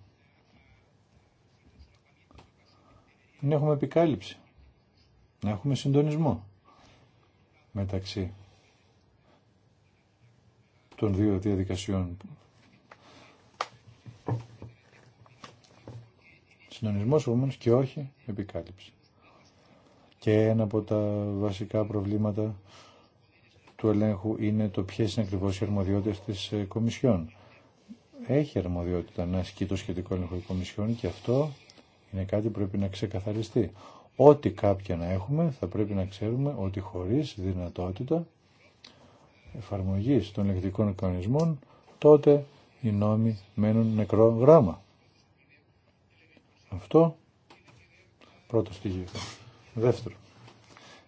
Να έχουμε επικάλυψη, να έχουμε συντονισμό μεταξύ των δύο διαδικασιών. Συντονισμός όμως και όχι επικάλυψη. Και ένα από τα βασικά προβλήματα του ελέγχου είναι το ποιε είναι ακριβώ οι αρμοδιότητε τη ε, Κομισιόν. Έχει αρμοδιότητα να ασκεί το σχετικό έλεγχο η Κομισιόν και αυτό είναι κάτι που πρέπει να ξεκαθαριστεί. Ό,τι κάποια να έχουμε θα πρέπει να ξέρουμε ότι χωρίς δυνατότητα εφαρμογής των ελεγχτικών κανονισμών τότε οι νόμοι μένουν νεκρό γράμμα. Αυτό πρώτο στοιχείο. Δεύτερο,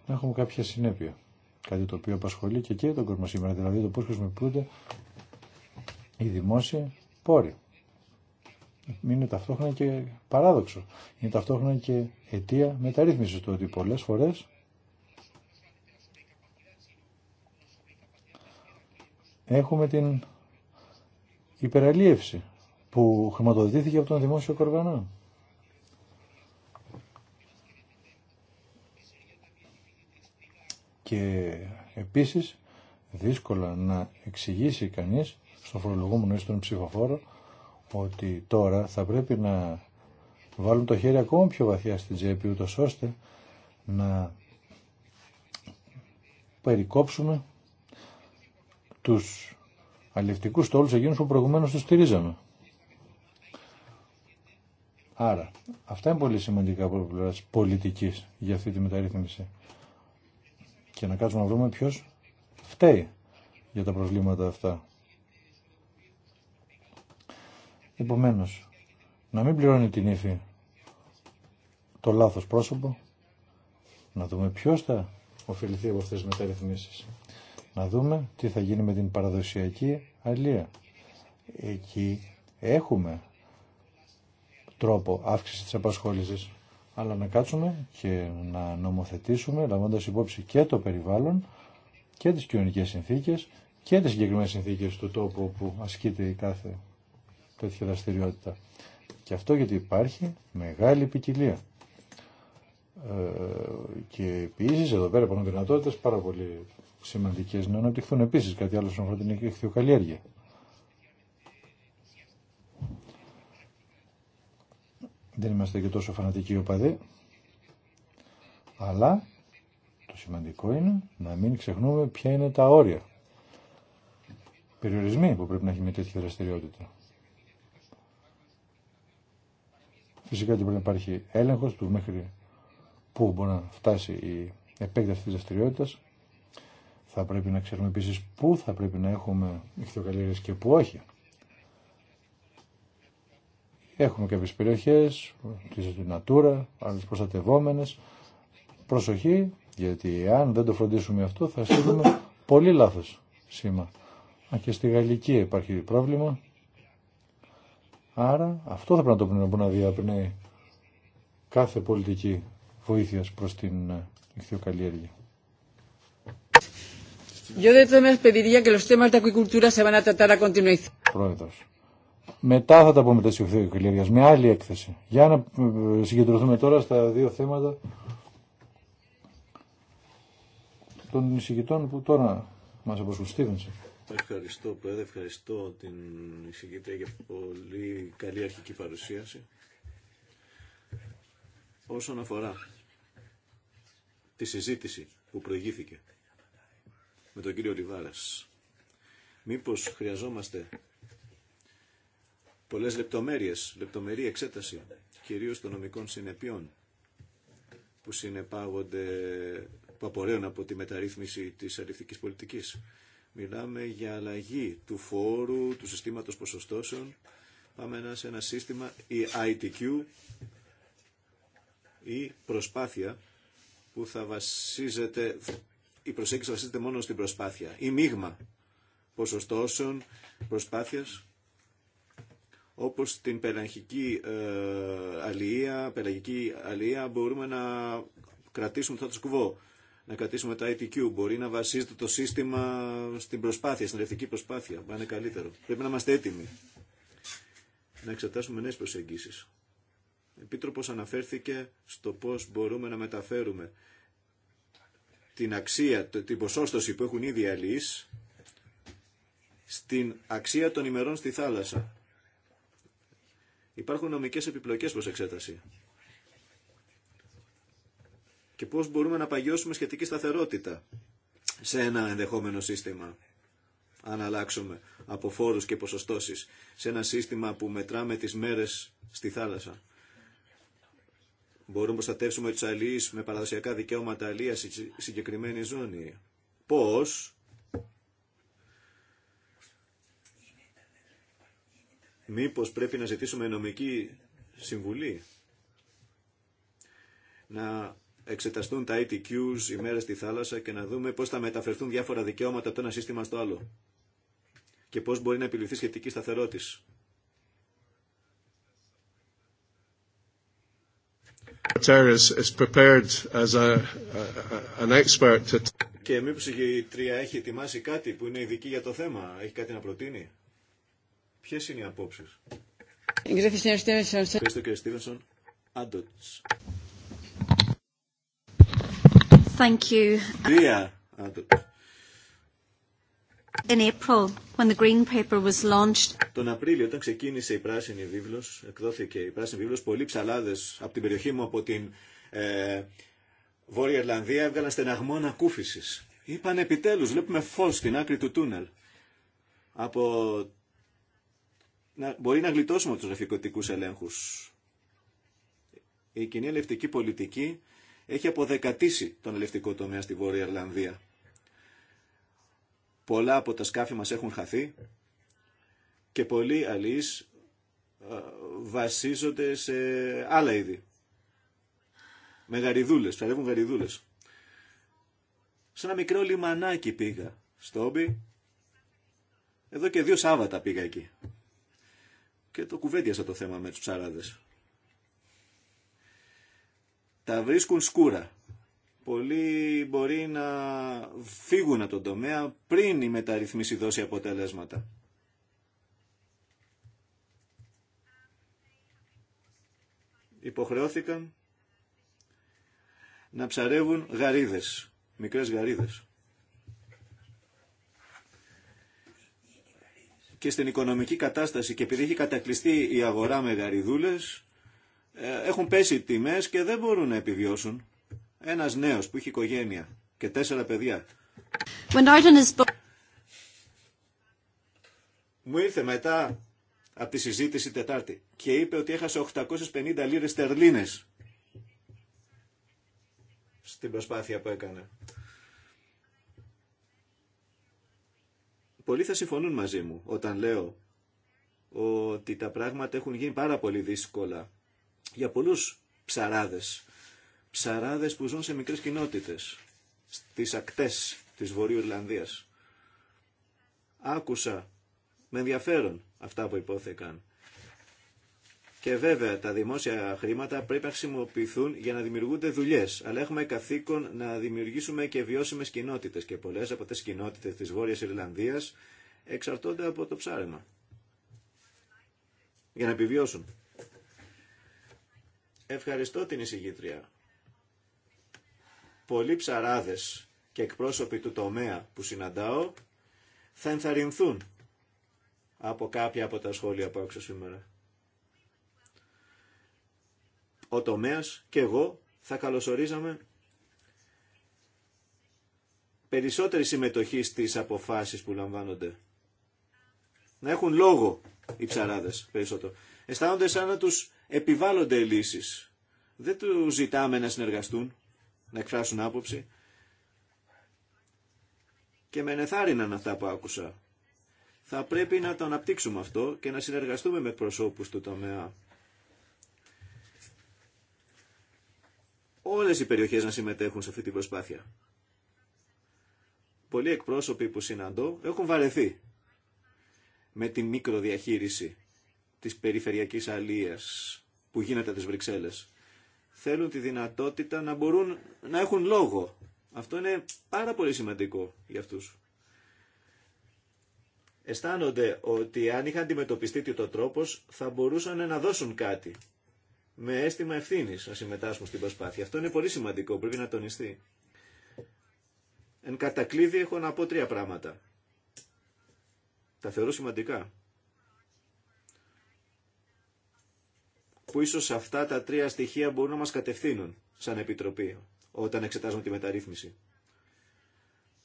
να έχουμε κάποια συνέπεια. Κάτι το οποίο απασχολεί και και τον κόσμο σήμερα, δηλαδή το πώ χρησιμοποιούνται οι δημόσιοι πόροι. Είναι ταυτόχρονα και παράδοξο. Είναι ταυτόχρονα και αιτία μεταρρύθμιση του ότι πολλέ φορές έχουμε την υπεραλίευση που χρηματοδοτήθηκε από τον δημόσιο κοργανό. και επίσης δύσκολα να εξηγήσει κανείς στον φορολογούμενο ή στον ψηφοφόρο ότι τώρα θα πρέπει να βάλουν το χέρι ακόμα πιο βαθιά στην τσέπη ούτως ώστε να περικόψουμε τους αλληλευτικούς στόλους εκείνους που προηγουμένως τους στηρίζαμε. Άρα, αυτά είναι πολύ σημαντικά από πλευρά πολιτική για αυτή τη μεταρρύθμιση και να κάτσουμε να βρούμε ποιος φταίει για τα προβλήματα αυτά. Επομένως, να μην πληρώνει την ύφη το λάθος πρόσωπο, να δούμε ποιος θα ωφεληθεί από αυτές τις μεταρρυθμίσεις. Να δούμε τι θα γίνει με την παραδοσιακή αλία. Εκεί έχουμε τρόπο αύξηση της απασχόλησης αλλά να κάτσουμε και να νομοθετήσουμε λαμβάνοντας υπόψη και το περιβάλλον και τις κοινωνικέ συνθήκες και τις συγκεκριμένες συνθήκες του τόπου όπου ασκείται η κάθε τέτοια δραστηριότητα. Και αυτό γιατί υπάρχει μεγάλη ποικιλία. Ε, και επίσης εδώ πέρα υπάρχουν δυνατότητε, πάρα πολύ σημαντικέ να αναπτυχθούν επίσης κάτι άλλο σχετικά με την ηχθειοκαλλιέργεια. δεν είμαστε και τόσο φανατικοί οπαδοί, αλλά το σημαντικό είναι να μην ξεχνούμε ποια είναι τα όρια. Περιορισμοί που πρέπει να έχει με τέτοια δραστηριότητα. Φυσικά και πρέπει να υπάρχει έλεγχος του μέχρι πού μπορεί να φτάσει η επέκταση της δραστηριότητας. Θα πρέπει να ξέρουμε επίσης πού θα πρέπει να έχουμε ηχθειοκαλλιέργειες και πού όχι. Έχουμε κάποιες περιοχές, της Νατούρα, Natura, άλλες προστατευόμενες. Προσοχή, γιατί αν δεν το φροντίσουμε αυτό θα στείλουμε πολύ λάθος σήμα. Και στη Γαλλική υπάρχει πρόβλημα. Άρα αυτό θα πρέπει να το πούμε να διαπνέει κάθε πολιτική βοήθεια προς την ε, ηχθειοκαλλιέργεια. Yo de todas pediría que los temas de acuicultura se van a tratar a continuación. Πρόεδρος. Μετά θα τα πούμε τα συγκεκριμένα. με άλλη έκθεση. Για να ε, συγκεντρωθούμε τώρα στα δύο θέματα των εισηγητών που τώρα μας αποσχολούν. Ευχαριστώ, Πρόεδρε. Ευχαριστώ την εισηγήτρια για πολύ καλή αρχική παρουσίαση. Όσον αφορά τη συζήτηση που προηγήθηκε με τον κύριο Λιβάρας, μήπως χρειαζόμαστε πολλές λεπτομέρειες, λεπτομερή εξέταση, κυρίως των νομικών συνεπειών που συνεπάγονται, που απορρέουν από τη μεταρρύθμιση της αληθικής πολιτικής. Μιλάμε για αλλαγή του φόρου, του συστήματος ποσοστώσεων. Πάμε σε ένα σύστημα η ITQ ή προσπάθεια που θα βασίζεται, η προσέγγιση βασίζεται μόνο στην προσπάθεια ή μείγμα ποσοστώσεων, προσπάθειας όπως την πελαγική ε, αλία, πελαγική αλία μπορούμε να κρατήσουμε το σκουβό, να κρατήσουμε τα ITQ. Μπορεί να βασίζεται το σύστημα στην προσπάθεια, στην ρευτική προσπάθεια, που είναι καλύτερο. Πρέπει να είμαστε έτοιμοι να εξετάσουμε νέες προσεγγίσεις. Επίτροπος αναφέρθηκε στο πώς μπορούμε να μεταφέρουμε την αξία, την ποσόστοση που έχουν ήδη οι στην αξία των ημερών στη θάλασσα Υπάρχουν νομικές επιπλοκές προς εξέταση. Και πώς μπορούμε να παγιώσουμε σχετική σταθερότητα σε ένα ενδεχόμενο σύστημα, αν αλλάξουμε από φόρους και ποσοστώσεις, σε ένα σύστημα που μετράμε τις μέρες στη θάλασσα. Μπορούμε να προστατεύσουμε τους αλληλείς με παραδοσιακά δικαιώματα αλληλεία σε συγκεκριμένη ζώνη. Πώς Μήπως πρέπει να ζητήσουμε νομική συμβουλή να εξεταστούν τα ITQs οι μέρες στη θάλασσα και να δούμε πώς θα μεταφερθούν διάφορα δικαιώματα από το ένα σύστημα στο άλλο και πώς μπορεί να επιληθεί σχετική σταθερότηση. Και μήπως η τρία έχει ετοιμάσει κάτι που είναι ειδική για το θέμα, έχει κάτι να προτείνει. Ποιε είναι οι απόψει. Ευχαριστώ κύριε Στίβενσον. Άντοτς. Τρία Τον Απρίλιο, όταν ξεκίνησε η Πράσινη Βίβλος, εκδόθηκε η Πράσινη Βίβλος, πολλοί ψαλάδες από την περιοχή μου, από την ε, Βόρεια Ιρλανδία, έβγαλαν στεναγμό ανακούφισης. Είπαν επιτέλους, βλέπουμε φως στην άκρη του τούνελ. Από μπορεί να γλιτώσουμε τους γραφειοκοτικούς ελέγχους. Η κοινή ελευτική πολιτική έχει αποδεκατήσει τον ελευτικό τομέα στη Βόρεια Ιρλανδία. Πολλά από τα σκάφη μας έχουν χαθεί και πολλοί αλλοίς ε, βασίζονται σε άλλα είδη. Με γαριδούλες, ψαρεύουν γαριδούλες. Σε ένα μικρό λιμανάκι πήγα στο Όμπι. Εδώ και δύο Σάββατα πήγα εκεί και το κουβέντιασα το θέμα με τους ψάραδες. Τα βρίσκουν σκούρα. Πολλοί μπορεί να φύγουν από τον τομέα πριν η μεταρρυθμίση δώσει αποτελέσματα. Υποχρεώθηκαν να ψαρεύουν γαρίδες, μικρές γαρίδες. και στην οικονομική κατάσταση και επειδή έχει κατακλειστεί η αγορά με γαριδούλες, ε, έχουν πέσει οι τιμές και δεν μπορούν να επιβιώσουν. Ένας νέος που έχει οικογένεια και τέσσερα παιδιά. Μου ήρθε μετά από τη συζήτηση Τετάρτη και είπε ότι έχασε 850 λίρες τερλίνες στην προσπάθεια που έκανε. Πολλοί θα συμφωνούν μαζί μου όταν λέω ότι τα πράγματα έχουν γίνει πάρα πολύ δύσκολα για πολλούς ψαράδες. Ψαράδες που ζουν σε μικρές κοινότητες, στις ακτές της Βορείου Ιρλανδίας. Άκουσα με ενδιαφέρον αυτά που υπόθεκαν. Και βέβαια τα δημόσια χρήματα πρέπει να χρησιμοποιηθούν για να δημιουργούνται δουλειέ. Αλλά έχουμε καθήκον να δημιουργήσουμε και βιώσιμε κοινότητε. Και πολλέ από τι κοινότητε τη Βόρεια Ιρλανδία εξαρτώνται από το ψάρεμα. Για να επιβιώσουν. Ευχαριστώ την εισηγήτρια. Πολλοί ψαράδες και εκπρόσωποι του τομέα που συναντάω θα ενθαρρυνθούν από κάποια από τα σχόλια που άκουσα σήμερα ο τομέας και εγώ θα καλωσορίζαμε περισσότερη συμμετοχή στις αποφάσεις που λαμβάνονται. Να έχουν λόγο οι ψαράδες περισσότερο. Αισθάνονται σαν να τους επιβάλλονται λύσεις. Δεν τους ζητάμε να συνεργαστούν, να εκφράσουν άποψη. Και με ενεθάρρυναν αυτά που άκουσα. Θα πρέπει να το αναπτύξουμε αυτό και να συνεργαστούμε με προσώπους του τομέα όλες οι περιοχές να συμμετέχουν σε αυτή την προσπάθεια. Πολλοί εκπρόσωποι που συναντώ έχουν βαρεθεί με τη μικροδιαχείριση της περιφερειακής αλίας που γίνεται τις Βρυξέλλες. Θέλουν τη δυνατότητα να μπορούν να έχουν λόγο. Αυτό είναι πάρα πολύ σημαντικό για αυτούς. Αισθάνονται ότι αν είχαν αντιμετωπιστεί τίτο τρόπος θα μπορούσαν να δώσουν κάτι με αίσθημα ευθύνη να συμμετάσχουν στην προσπάθεια. Αυτό είναι πολύ σημαντικό, πρέπει να τονιστεί. Εν κατακλείδη έχω να πω τρία πράγματα. Τα θεωρώ σημαντικά. Που ίσως αυτά τα τρία στοιχεία μπορούν να μας κατευθύνουν σαν Επιτροπή όταν εξετάζουμε τη μεταρρύθμιση.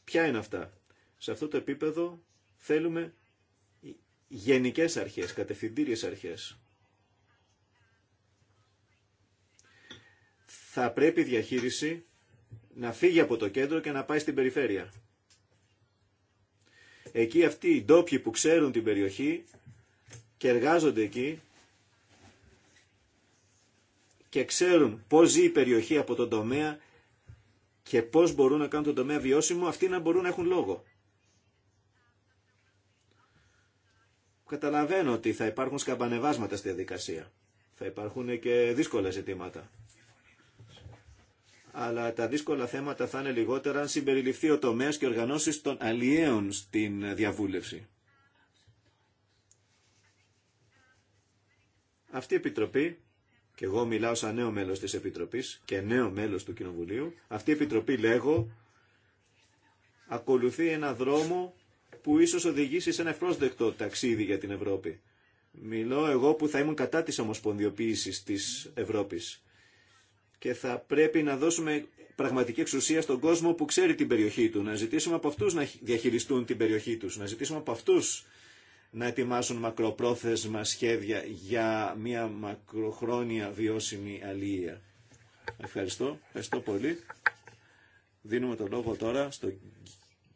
Ποια είναι αυτά. Σε αυτό το επίπεδο θέλουμε γενικές αρχές, κατευθυντήριες αρχές θα πρέπει η διαχείριση να φύγει από το κέντρο και να πάει στην περιφέρεια. Εκεί αυτοί οι ντόπιοι που ξέρουν την περιοχή και εργάζονται εκεί και ξέρουν πώς ζει η περιοχή από τον τομέα και πώς μπορούν να κάνουν τον τομέα βιώσιμο, αυτοί να μπορούν να έχουν λόγο. Καταλαβαίνω ότι θα υπάρχουν σκαμπανεβάσματα στη διαδικασία. Θα υπάρχουν και δύσκολα ζητήματα αλλά τα δύσκολα θέματα θα είναι λιγότερα αν συμπεριληφθεί ο τομέας και οργανώσεις των αλλιέων στην διαβούλευση. Αυτή η Επιτροπή, και εγώ μιλάω σαν νέο μέλος της Επιτροπής και νέο μέλος του Κοινοβουλίου, αυτή η Επιτροπή λέγω ακολουθεί ένα δρόμο που ίσως οδηγήσει σε ένα ευπρόσδεκτο ταξίδι για την Ευρώπη. Μιλώ εγώ που θα ήμουν κατά της ομοσπονδιοποίησης της Ευρώπης και θα πρέπει να δώσουμε πραγματική εξουσία στον κόσμο που ξέρει την περιοχή του, να ζητήσουμε από αυτούς να διαχειριστούν την περιοχή τους, να ζητήσουμε από αυτούς να ετοιμάσουν μακροπρόθεσμα σχέδια για μια μακροχρόνια βιώσιμη αλληλεία. Ευχαριστώ, ευχαριστώ πολύ. Δίνουμε το λόγο τώρα στον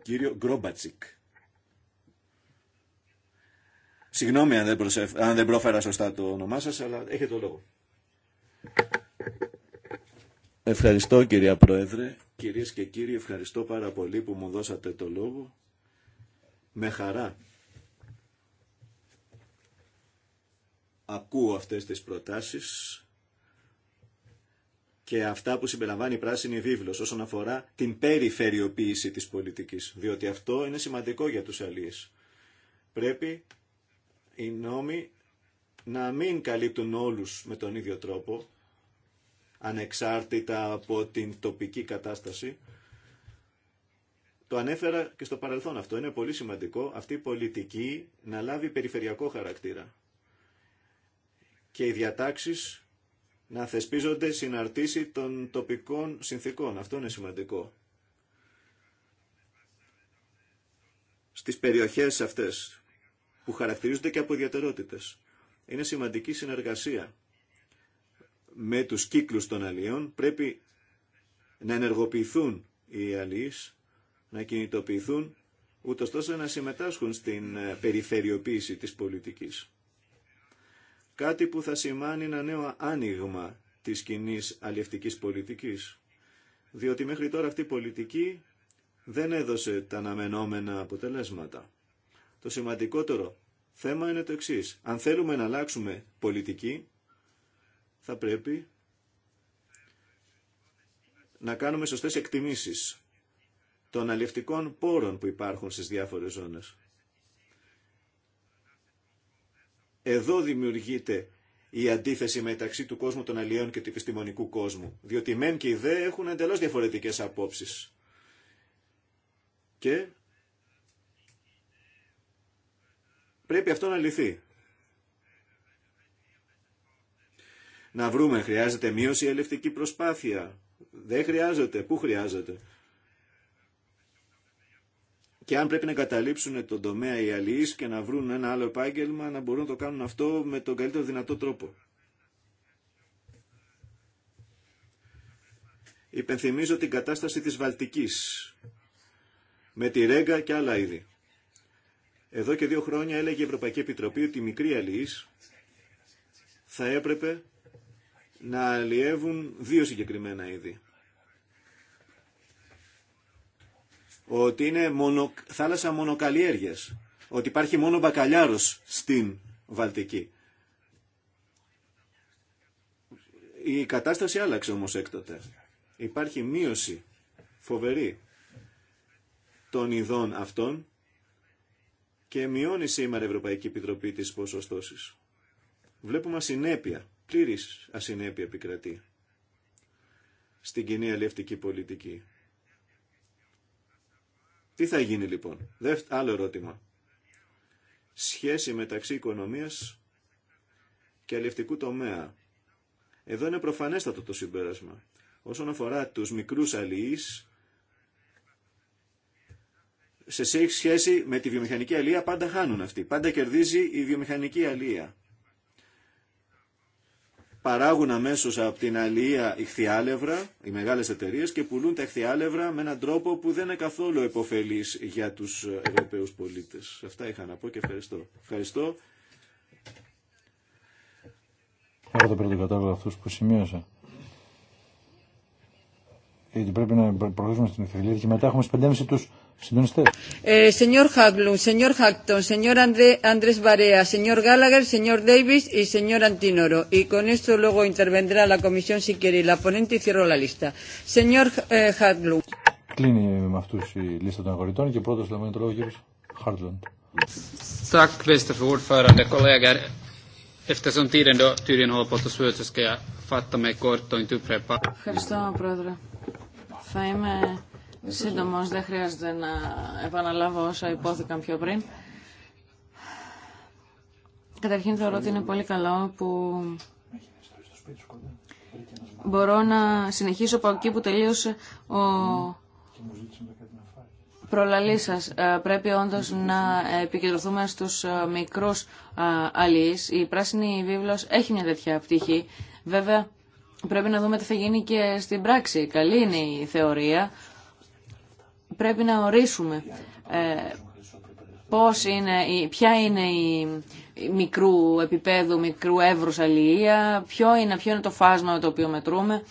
κύριο Γκρόμπατσικ. Συγγνώμη αν δεν, αν δεν πρόφερα σωστά το όνομά σας, αλλά έχετε το λόγο. Ευχαριστώ κυρία Πρόεδρε. Κυρίες και κύριοι, ευχαριστώ πάρα πολύ που μου δώσατε το λόγο. Με χαρά. Ακούω αυτές τις προτάσεις και αυτά που συμπεριλαμβάνει η πράσινη βίβλος όσον αφορά την περιφερειοποίηση της πολιτικής, διότι αυτό είναι σημαντικό για τους αλίες. Πρέπει οι νόμοι να μην καλύπτουν όλους με τον ίδιο τρόπο, ανεξάρτητα από την τοπική κατάσταση. Το ανέφερα και στο παρελθόν αυτό. Είναι πολύ σημαντικό αυτή η πολιτική να λάβει περιφερειακό χαρακτήρα. Και οι διατάξεις να θεσπίζονται συναρτήσει των τοπικών συνθήκων. Αυτό είναι σημαντικό. Στις περιοχές αυτές που χαρακτηρίζονται και από ιδιαιτερότητες. Είναι σημαντική συνεργασία με τους κύκλους των αλλιών πρέπει να ενεργοποιηθούν οι αλλιείς, να κινητοποιηθούν, ούτως τόσο να συμμετάσχουν στην ε, περιφερειοποίηση της πολιτικής. Κάτι που θα σημάνει ένα νέο άνοιγμα της κοινή αλλιευτικής πολιτικής, διότι μέχρι τώρα αυτή η πολιτική δεν έδωσε τα αναμενόμενα αποτελέσματα. Το σημαντικότερο θέμα είναι το εξής. Αν θέλουμε να αλλάξουμε πολιτική, θα πρέπει να κάνουμε σωστές εκτιμήσεις των αλληλευτικών πόρων που υπάρχουν στις διάφορες ζώνες. Εδώ δημιουργείται η αντίθεση μεταξύ του κόσμου των αλλιών και του επιστημονικού κόσμου, διότι μεν και οι δε έχουν εντελώς διαφορετικές απόψεις. Και πρέπει αυτό να λυθεί. να βρούμε. Χρειάζεται μείωση ελευτική προσπάθεια. Δεν χρειάζεται. Πού χρειάζεται. Και αν πρέπει να καταλήψουν τον τομέα οι αλληλείς και να βρουν ένα άλλο επάγγελμα, να μπορούν να το κάνουν αυτό με τον καλύτερο δυνατό τρόπο. Υπενθυμίζω την κατάσταση της Βαλτικής, με τη Ρέγκα και άλλα είδη. Εδώ και δύο χρόνια έλεγε η Ευρωπαϊκή Επιτροπή ότι η μικρή αλληλείς θα έπρεπε να αλλιεύουν δύο συγκεκριμένα είδη. Ότι είναι μονο, θάλασσα μονοκαλλιέργειας. Ότι υπάρχει μόνο μπακαλιάρος στην Βαλτική. Η κατάσταση άλλαξε όμως έκτοτε. Υπάρχει μείωση φοβερή των ειδών αυτών και μειώνει σήμερα η Ευρωπαϊκή Επιτροπή της ποσοστώσης. Βλέπουμε συνέπεια πλήρης ασυνέπεια επικρατεί στην κοινή αλληλευτική πολιτική. Τι θα γίνει λοιπόν. Άλλο ερώτημα. Σχέση μεταξύ οικονομίας και αλληλευτικού τομέα. Εδώ είναι προφανέστατο το συμπέρασμα. Όσον αφορά τους μικρούς αλληλείς, σε σχέση με τη βιομηχανική αλληλεία πάντα χάνουν αυτοί. Πάντα κερδίζει η βιομηχανική αλληλεία παράγουν αμέσως από την αλληλεία ηχθιάλευρα, οι μεγάλες εταιρείες, και πουλούν τα ηχθιάλευρα με έναν τρόπο που δεν είναι καθόλου επωφελής για τους Ευρωπαίους πολίτες. Αυτά είχα να πω και ευχαριστώ. Ευχαριστώ. Έχω το πρώτο κατάλογο αυτούς που σημείωσα. Γιατί πρέπει να προχωρήσουμε στην εφημερίδα και μετά έχουμε στι 5.30 τους usted. Eh, señor Haglund, señor Hacton, señor André, Andrés Barea, señor Gallagher, señor Davis y señor Antinoro. Y con esto luego intervendrá la comisión si quiere la ponente y cierro la lista. Señor eh, Haglund. Κλείνει με αυτού η λίστα των αγορητών και πρώτο λαμβάνει το λόγο ο κ. Χάρτλοντ. Tack, bästa ordförande, kollegor. Eftersom tiden då tydligen håller på att ta slut så ska jag fatta mig kort och inte upprepa. Ευχαριστώ, πρόεδρε. Θα είμαι Σύντομο, δεν χρειάζεται να επαναλάβω όσα υπόθηκαν πιο πριν. Καταρχήν θεωρώ ότι είναι πολύ καλό που μπορώ να συνεχίσω από εκεί που τελείωσε ο προλαλή σα. Ε, πρέπει όντω να επικεντρωθούμε στους ε, μικρούς ε, αλληλεί. Η πράσινη βίβλος έχει μια τέτοια πτυχή. Βέβαια, πρέπει να δούμε τι θα γίνει και στην πράξη. Καλή είναι η θεωρία πρέπει να ορίσουμε ε, πώς είναι, ποια είναι η μικρού επίπεδου, μικρού εύρους αλληλεία, ποιο είναι, ποιο είναι το φάσμα το οποίο μετρούμε.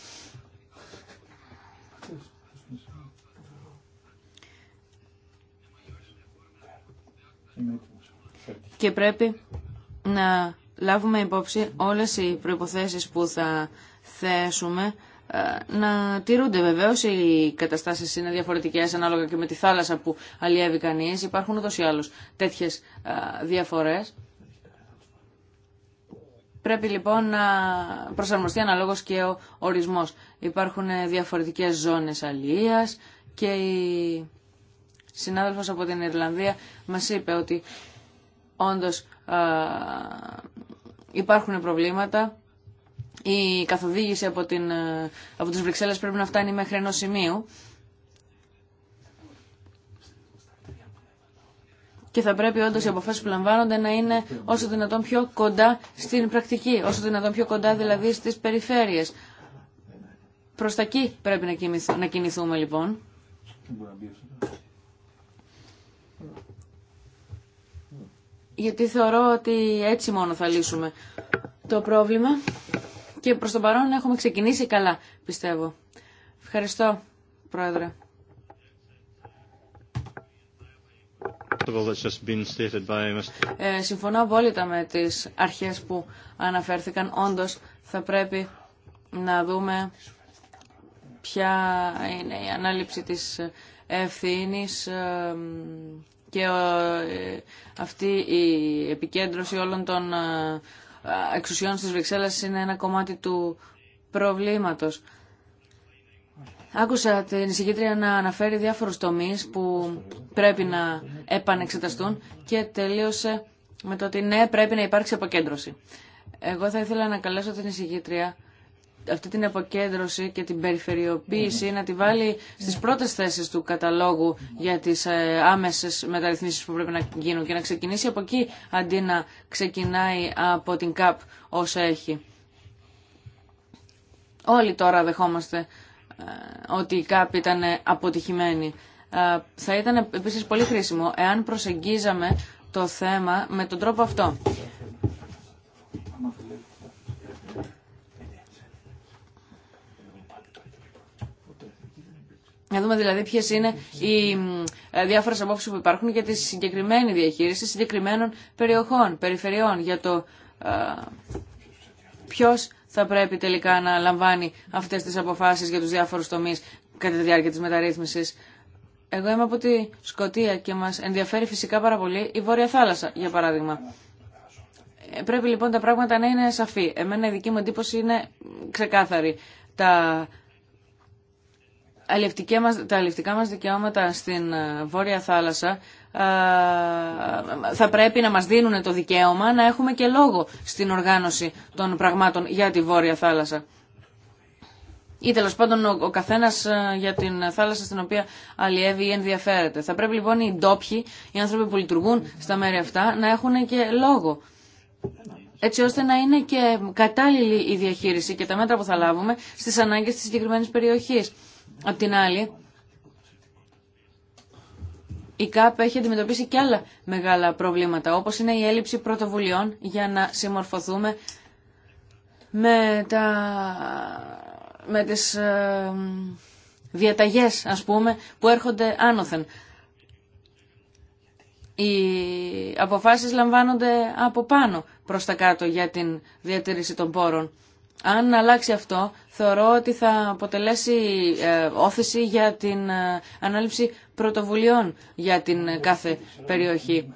Και πρέπει να λάβουμε υπόψη όλες οι προϋποθέσεις που θα θέσουμε ε, να τηρούνται βεβαίως οι καταστάσεις είναι διαφορετικές ανάλογα και με τη θάλασσα που αλλιεύει κανείς υπάρχουν ούτως ή άλλως τέτοιες ε, διαφορές πρέπει λοιπόν να προσαρμοστεί αναλόγως και ο ορισμός υπάρχουν ε, διαφορετικές ζώνες αλλιείας και η συνάδελφος από την Ιρλανδία μας είπε ότι όντως υπάρχουν προβλήματα η καθοδήγηση από, την, ε, από τις Βρυξέλλες πρέπει να φτάνει μέχρι ενός σημείου και θα πρέπει όντω οι αποφάσει που λαμβάνονται να είναι όσο δυνατόν πιο κοντά στην πρακτική, όσο δυνατόν πιο κοντά δηλαδή στις περιφέρειες. Προς τα εκεί πρέπει να, κινηθούμε, να κινηθούμε λοιπόν. Γιατί θεωρώ ότι έτσι μόνο θα λύσουμε το πρόβλημα και προς το παρόν έχουμε ξεκινήσει καλά, πιστεύω. Ευχαριστώ, Πρόεδρε. Ε, συμφωνώ απόλυτα με τις αρχές που αναφέρθηκαν. Όντως, θα πρέπει να δούμε ποια είναι η ανάληψη της ευθύνης ε, και ε, αυτή η επικέντρωση όλων των ε, εξουσιών στις Βρυξέλλες είναι ένα κομμάτι του προβλήματος. Άκουσα την εισηγήτρια να αναφέρει διάφορους τομείς που πρέπει να επανεξεταστούν και τελείωσε με το ότι ναι πρέπει να υπάρξει αποκέντρωση. Εγώ θα ήθελα να καλέσω την εισηγήτρια αυτή την αποκέντρωση και την περιφερειοποίηση να τη βάλει στις πρώτες θέσεις του καταλόγου για τις ε, άμεσες μεταρρυθμίσεις που πρέπει να γίνουν και να ξεκινήσει από εκεί αντί να ξεκινάει από την ΚΑΠ όσα έχει. Όλοι τώρα δεχόμαστε ε, ότι η ΚΑΠ ήταν αποτυχημένη. Ε, θα ήταν επίσης πολύ χρήσιμο εάν προσεγγίζαμε το θέμα με τον τρόπο αυτό. Να δούμε δηλαδή ποιε είναι οι ε, διάφορε απόψει που υπάρχουν για τη συγκεκριμένη διαχείριση συγκεκριμένων περιοχών, περιφερειών, για το ε, ποιο θα πρέπει τελικά να λαμβάνει αυτέ τι αποφάσει για του διάφορου τομεί κατά τη διάρκεια τη μεταρρύθμιση. Εγώ είμαι από τη Σκωτία και μα ενδιαφέρει φυσικά πάρα πολύ η Βόρεια Θάλασσα, για παράδειγμα. Ε, πρέπει λοιπόν τα πράγματα να είναι σαφή. Εμένα η δική μου εντύπωση είναι ξεκάθαρη. Τα τα αλληλευτικά μας δικαιώματα στην ε, Βόρεια Θάλασσα ε, θα πρέπει να μας δίνουν το δικαίωμα να έχουμε και λόγο στην οργάνωση των πραγμάτων για τη Βόρεια Θάλασσα. Ή τέλο πάντων ο καθένα ε, για την θάλασσα στην οποία αλλιεύει ή ενδιαφέρεται. Θα πρέπει λοιπόν οι ντόπιοι, οι άνθρωποι που λειτουργούν στα μέρη αυτά, να έχουν και λόγο. Έτσι ώστε να είναι και κατάλληλη η διαχείριση και τα μέτρα που θα λάβουμε στι ανάγκε τη συγκεκριμένη περιοχή. Απ' την άλλη, η ΚΑΠ έχει αντιμετωπίσει και άλλα μεγάλα προβλήματα, όπως είναι η έλλειψη πρωτοβουλειών για να συμμορφωθούμε με, τα... με τις ε, διαταγές, ας πούμε, που έρχονται άνωθεν. Οι αποφάσεις λαμβάνονται από πάνω προς τα κάτω για την διατήρηση των πόρων. Αν αλλάξει αυτό, θεωρώ ότι θα αποτελέσει ε, όθεση για την ε, ανάληψη πρωτοβουλειών για την ε, κάθε περιοχή.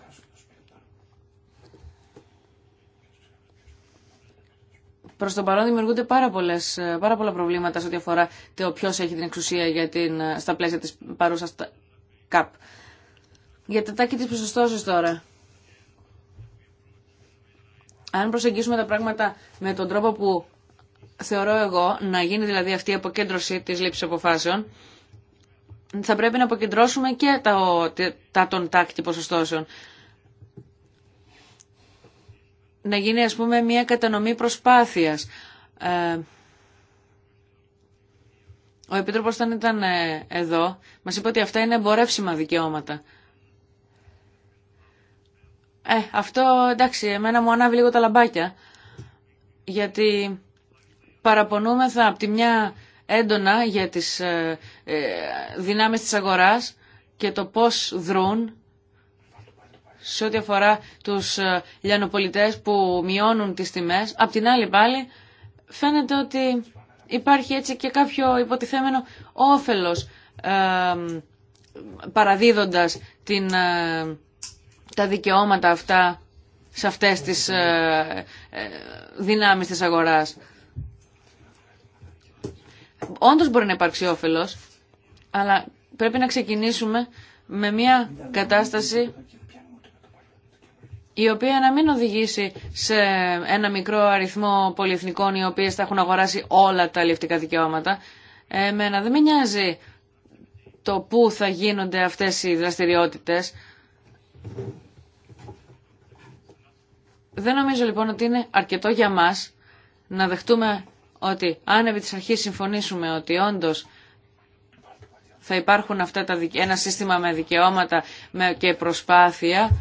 Προς το παρόν δημιουργούνται πάρα, πολλές, πάρα πολλά προβλήματα σε ό,τι αφορά το ποιο έχει την εξουσία για την, στα πλαίσια της παρούσας ΚΑΠ. Για τα τάκη της προσωστώσης τώρα. Αν προσεγγίσουμε τα πράγματα με τον τρόπο που θεωρώ εγώ, να γίνει δηλαδή αυτή η αποκέντρωση της λήψη αποφάσεων, θα πρέπει να αποκεντρώσουμε και τα, τα των τάκτη ποσοστώσεων. Να γίνει ας πούμε μια κατανομή προσπάθειας. Ε, ο Επίτροπος όταν ήταν ε, εδώ, μας είπε ότι αυτά είναι εμπορεύσιμα δικαιώματα. Ε, αυτό εντάξει, εμένα μου ανάβει λίγο τα λαμπάκια, γιατί παραπονούμεθα από τη μια έντονα για τις ε, ε, δυνάμεις της αγοράς και το πώς δρούν σε ό,τι αφορά τους ε, λιανοπολιτές που μειώνουν τις τιμές. Απ' την άλλη πάλι φαίνεται ότι υπάρχει έτσι και κάποιο υποτιθέμενο όφελος ε, παραδίδοντας την, τα δικαιώματα αυτά σε αυτές τις δυνάμεις της αγοράς. Όντω μπορεί να υπάρξει οφέλο, αλλά πρέπει να ξεκινήσουμε με μια κατάσταση η οποία να μην οδηγήσει σε ένα μικρό αριθμό πολυεθνικών οι οποίες θα έχουν αγοράσει όλα τα αλληλευτικά δικαιώματα. Εμένα δεν με νοιάζει το πού θα γίνονται αυτές οι δραστηριότητες. Δεν νομίζω λοιπόν ότι είναι αρκετό για μας να δεχτούμε ότι αν επί της αρχής συμφωνήσουμε ότι όντως θα υπάρχουν αυτά τα, ένα σύστημα με δικαιώματα και προσπάθεια,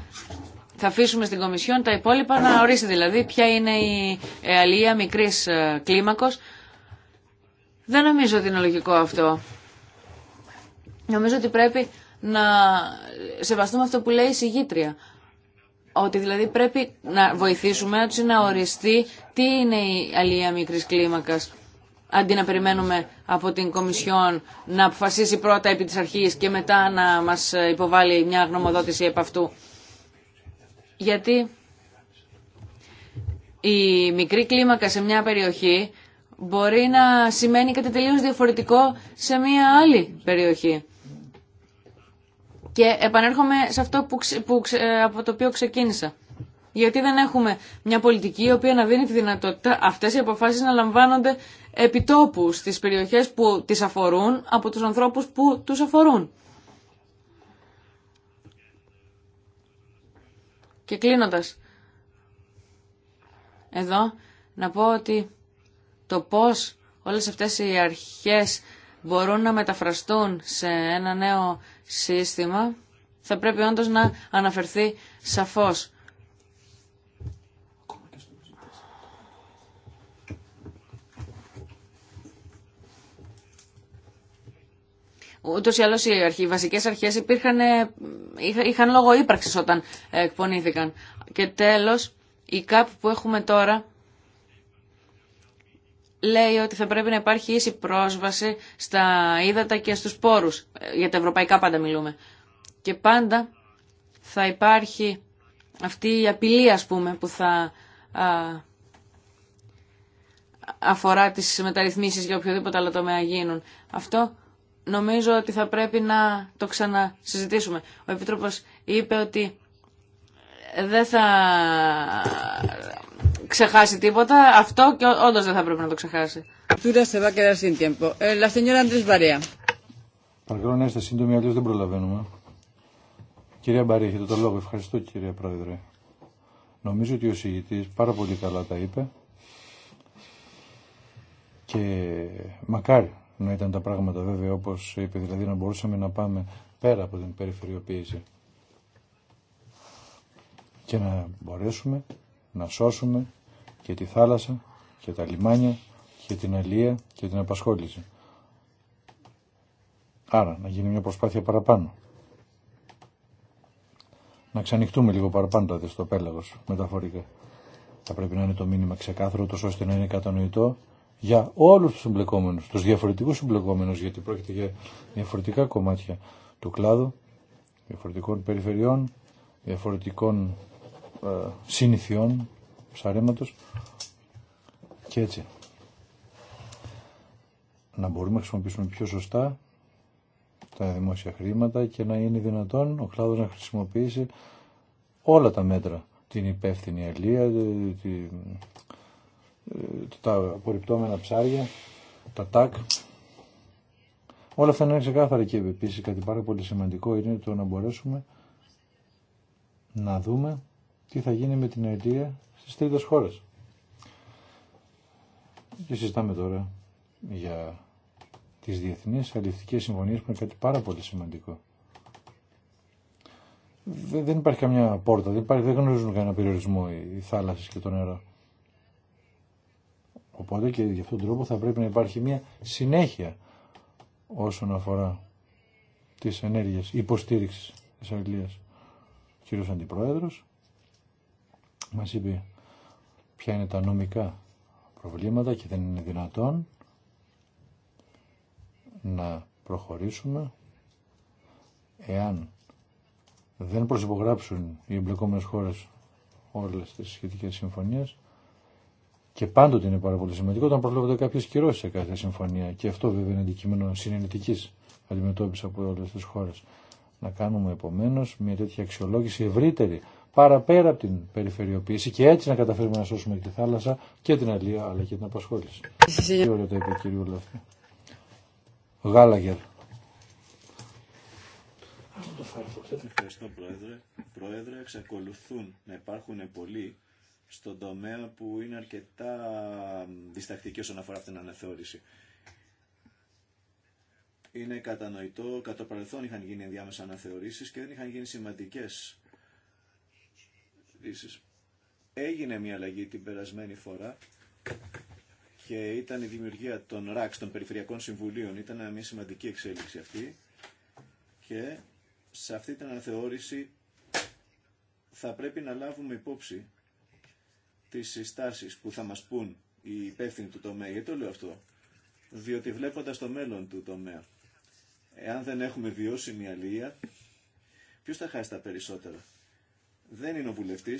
θα αφήσουμε στην Κομισιόν τα υπόλοιπα να ορίσει δηλαδή ποια είναι η ε, αλληλεία μικρής ε, κλίμακος. Δεν νομίζω ότι είναι λογικό αυτό. Νομίζω ότι πρέπει να σεβαστούμε αυτό που λέει η συγγήτρια. Ότι δηλαδή πρέπει να βοηθήσουμε έτσι να οριστεί τι είναι η αλληλεία μικρής κλίμακας αντί να περιμένουμε από την Κομισιόν να αποφασίσει πρώτα επί της αρχής και μετά να μας υποβάλει μια γνωμοδότηση επ' αυτού. Γιατί η μικρή κλίμακα σε μια περιοχή μπορεί να σημαίνει κάτι τελείως διαφορετικό σε μια άλλη περιοχή. Και επανέρχομαι σε αυτό που, ε, από το οποίο ξεκίνησα. Γιατί δεν έχουμε μια πολιτική η οποία να δίνει τη δυνατότητα αυτές οι αποφάσεις να λαμβάνονται επιτόπου στις περιοχές που τις αφορούν από τους ανθρώπους που τους αφορούν. Και κλείνοντας, εδώ να πω ότι το πώς όλες αυτές οι αρχές μπορούν να μεταφραστούν σε ένα νέο σύστημα θα πρέπει όντω να αναφερθεί σαφώ. Ούτω ή άλλω οι, οι βασικέ αρχέ είχαν λόγο ύπαρξη όταν εκπονήθηκαν. Και τέλο, η ΚΑΠ που έχουμε τώρα λέει ότι θα πρέπει να υπάρχει ίση πρόσβαση στα ύδατα και στους πόρους. Για τα ευρωπαϊκά πάντα μιλούμε. Και πάντα θα υπάρχει αυτή η απειλή, ας πούμε, που θα αφορά τις μεταρρυθμίσεις για οποιοδήποτε άλλο τομέα γίνουν. Αυτό νομίζω ότι θα πρέπει να το ξανασυζητήσουμε. Ο Επίτροπος είπε ότι δεν θα ξεχάσει τίποτα. Αυτό και όντω δεν θα πρέπει να το ξεχάσει. σε ε, Παρακαλώ να είστε σύντομοι, αλλιώ δεν προλαβαίνουμε. Κυρία Μπαρία, έχετε το λόγο. Ευχαριστώ, κυρία Πρόεδρε. Νομίζω ότι ο συγητή πάρα πολύ καλά τα είπε και μακάρι να ήταν τα πράγματα βέβαια όπω είπε, δηλαδή να μπορούσαμε να πάμε πέρα από την περιφερειοποίηση και να μπορέσουμε να σώσουμε και τη θάλασσα και τα λιμάνια και την αλληλεία και την απασχόληση. Άρα να γίνει μια προσπάθεια παραπάνω. Να ξανοιχτούμε λίγο παραπάνω δηλαδή στο πέλαγος μεταφορικά. Θα πρέπει να είναι το μήνυμα ξεκάθαρο τόσο ώστε να είναι κατανοητό για όλους τους συμπλεκόμενους, τους διαφορετικούς συμπλεκόμενους γιατί πρόκειται για διαφορετικά κομμάτια του κλάδου, διαφορετικών περιφερειών, διαφορετικών ε, συνηθιών ψαρέματος και έτσι να μπορούμε να χρησιμοποιήσουμε πιο σωστά τα δημόσια χρήματα και να είναι δυνατόν ο κλάδος να χρησιμοποιήσει όλα τα μέτρα την υπεύθυνη αλία, ε, ε, τα απορριπτώμενα ψάρια, τα τάκ. Όλα αυτά είναι ξεκάθαρα και επίσης κάτι πάρα πολύ σημαντικό είναι το να μπορέσουμε να δούμε τι θα γίνει με την αιτία στις τρίτες χώρες. Και συζητάμε τώρα για τις διεθνείς αλληλευτικές συμφωνίες που είναι κάτι πάρα πολύ σημαντικό. Δεν υπάρχει καμιά πόρτα, δεν, υπάρχει, δεν γνωρίζουν κανένα περιορισμό οι θάλασσες και το νερό. Οπότε και γι' αυτόν τον τρόπο θα πρέπει να υπάρχει μια συνέχεια όσον αφορά τις ενέργειες υποστήριξης της Αγγλίας. Κύριος Αντιπρόεδρος, μα είπε ποια είναι τα νομικά προβλήματα και δεν είναι δυνατόν να προχωρήσουμε εάν δεν προσυπογράψουν οι εμπλεκόμενες χώρες όλες τις σχετικές συμφωνίες και πάντοτε είναι πάρα πολύ σημαντικό όταν προβλέπονται κάποιε κυρώσει σε κάθε συμφωνία. Και αυτό βέβαια είναι αντικείμενο συνενετική αντιμετώπιση από όλε τι χώρε. Να κάνουμε επομένω μια τέτοια αξιολόγηση ευρύτερη παραπέρα από την περιφερειοποίηση και έτσι να καταφέρουμε να σώσουμε τη θάλασσα και την αλία αλλά και την απασχόληση. Τι ωραία τα είπε ο Ευχαριστώ Πρόεδρε. Πρόεδρε, εξακολουθούν να υπάρχουν πολλοί στον τομέα που είναι αρκετά διστακτική όσον αφορά αυτήν την αναθεώρηση. Είναι κατανοητό, κατά παρελθόν είχαν γίνει ενδιάμεσα αναθεωρήσεις και δεν είχαν γίνει σημαντικές επίσης. Έγινε μια αλλαγή την περασμένη φορά και ήταν η δημιουργία των ΡΑΚΣ, των Περιφερειακών Συμβουλίων. Ήταν μια σημαντική εξέλιξη αυτή και σε αυτή την αναθεώρηση θα πρέπει να λάβουμε υπόψη τις συστάσεις που θα μας πούν οι υπεύθυνοι του τομέα. Γιατί το λέω αυτό. Διότι βλέποντας το μέλλον του τομέα, εάν δεν έχουμε μια αλληλεία, ποιος θα χάσει τα περισσότερα δεν είναι ο βουλευτή,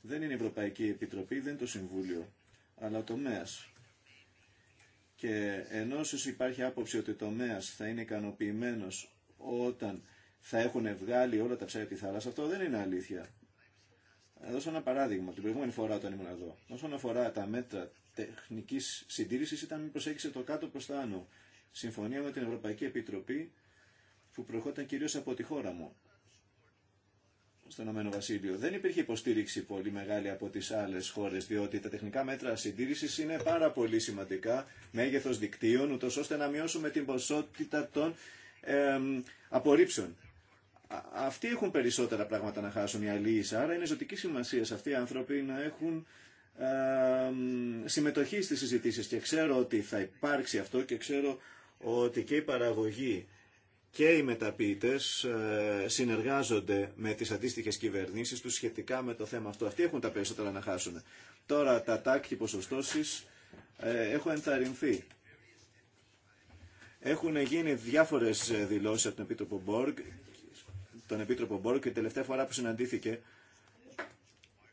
δεν είναι η Ευρωπαϊκή Επιτροπή, δεν είναι το Συμβούλιο, αλλά ο τομέα. Και ενώ υπάρχει άποψη ότι ο τομέα θα είναι ικανοποιημένο όταν θα έχουν βγάλει όλα τα ψάρια τη θάλασσα, αυτό δεν είναι αλήθεια. Θα δώσω ένα παράδειγμα, την προηγούμενη φορά όταν ήμουν εδώ. Όσον αφορά τα μέτρα τεχνική συντήρηση, ήταν μη προσέγγισε το κάτω προ τα άνω. Συμφωνία με την Ευρωπαϊκή Επιτροπή που προερχόταν κυρίω από τη χώρα μου στο Ηνωμένο Βασίλειο. Δεν υπήρχε υποστήριξη πολύ μεγάλη από τις άλλες χώρες, διότι τα τεχνικά μέτρα συντήρηση είναι πάρα πολύ σημαντικά, μέγεθος δικτύων, ούτω ώστε να μειώσουμε την ποσότητα των ε, απορρίψεων. Αυτοί έχουν περισσότερα πράγματα να χάσουν οι αλλοί, άρα είναι ζωτική σημασία αυτοί οι άνθρωποι να έχουν συμμετοχή στις συζητήσεις και ξέρω ότι θα υπάρξει αυτό και ξέρω ότι και η παραγωγή και οι μεταποιητές ε, συνεργάζονται με τις αντίστοιχες κυβερνήσεις τους σχετικά με το θέμα αυτό. Αυτοί έχουν τα περισσότερα να χάσουν. Τώρα τα τάκτη ποσοστώσεις ε, έχουν ενθαρρυνθεί. Έχουν γίνει διάφορες ε, δηλώσεις από τον Επίτροπο Μπόργκ, τον Επίτροπο και τελευταία φορά που συναντήθηκε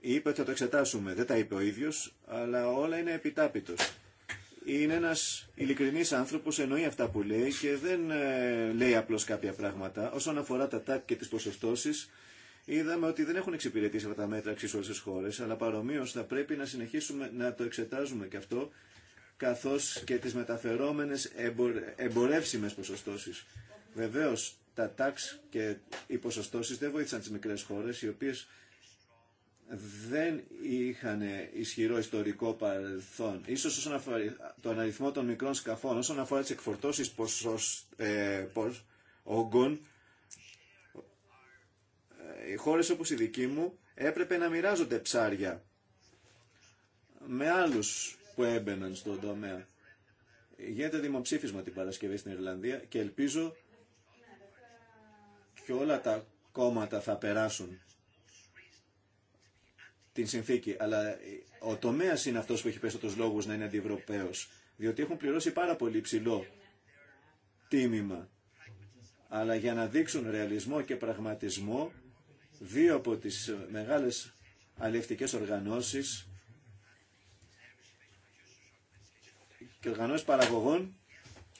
είπε ότι θα το εξετάσουμε. Δεν τα είπε ο ίδιος, αλλά όλα είναι επιτάπητος είναι ένας ειλικρινής άνθρωπος, εννοεί αυτά που λέει και δεν ε, λέει απλώς κάποια πράγματα. Όσον αφορά τα τάκ και τις ποσοστώσεις, είδαμε ότι δεν έχουν εξυπηρετήσει αυτά τα μέτρα εξής όλες τις χώρες, αλλά παρομοίως θα πρέπει να συνεχίσουμε να το εξετάζουμε και αυτό, καθώς και τις μεταφερόμενες εμπορεύσιμες ποσοστώσεις. Βεβαίως, τα τάξ και οι ποσοστώσεις δεν βοήθησαν τις μικρές χώρες, οι οποίες δεν είχαν ισχυρό ιστορικό παρελθόν. Ίσως όσον αφορά τον αριθμό των μικρών σκαφών, όσον αφορά τις εκφορτώσεις ποσός, ε, όγκων, ε, οι χώρες όπως η δική μου έπρεπε να μοιράζονται ψάρια με άλλους που έμπαιναν στον τομέα. Γίνεται δημοψήφισμα την Παρασκευή στην Ιρλανδία και ελπίζω και όλα τα κόμματα θα περάσουν την συνθήκη. Αλλά ο τομέα είναι αυτό που έχει πέσει του λόγου να είναι αντιευρωπαίο. Διότι έχουν πληρώσει πάρα πολύ υψηλό τίμημα. Αλλά για να δείξουν ρεαλισμό και πραγματισμό, δύο από τι μεγάλε αλληλευτικέ οργανώσει. και οργανώσει παραγωγών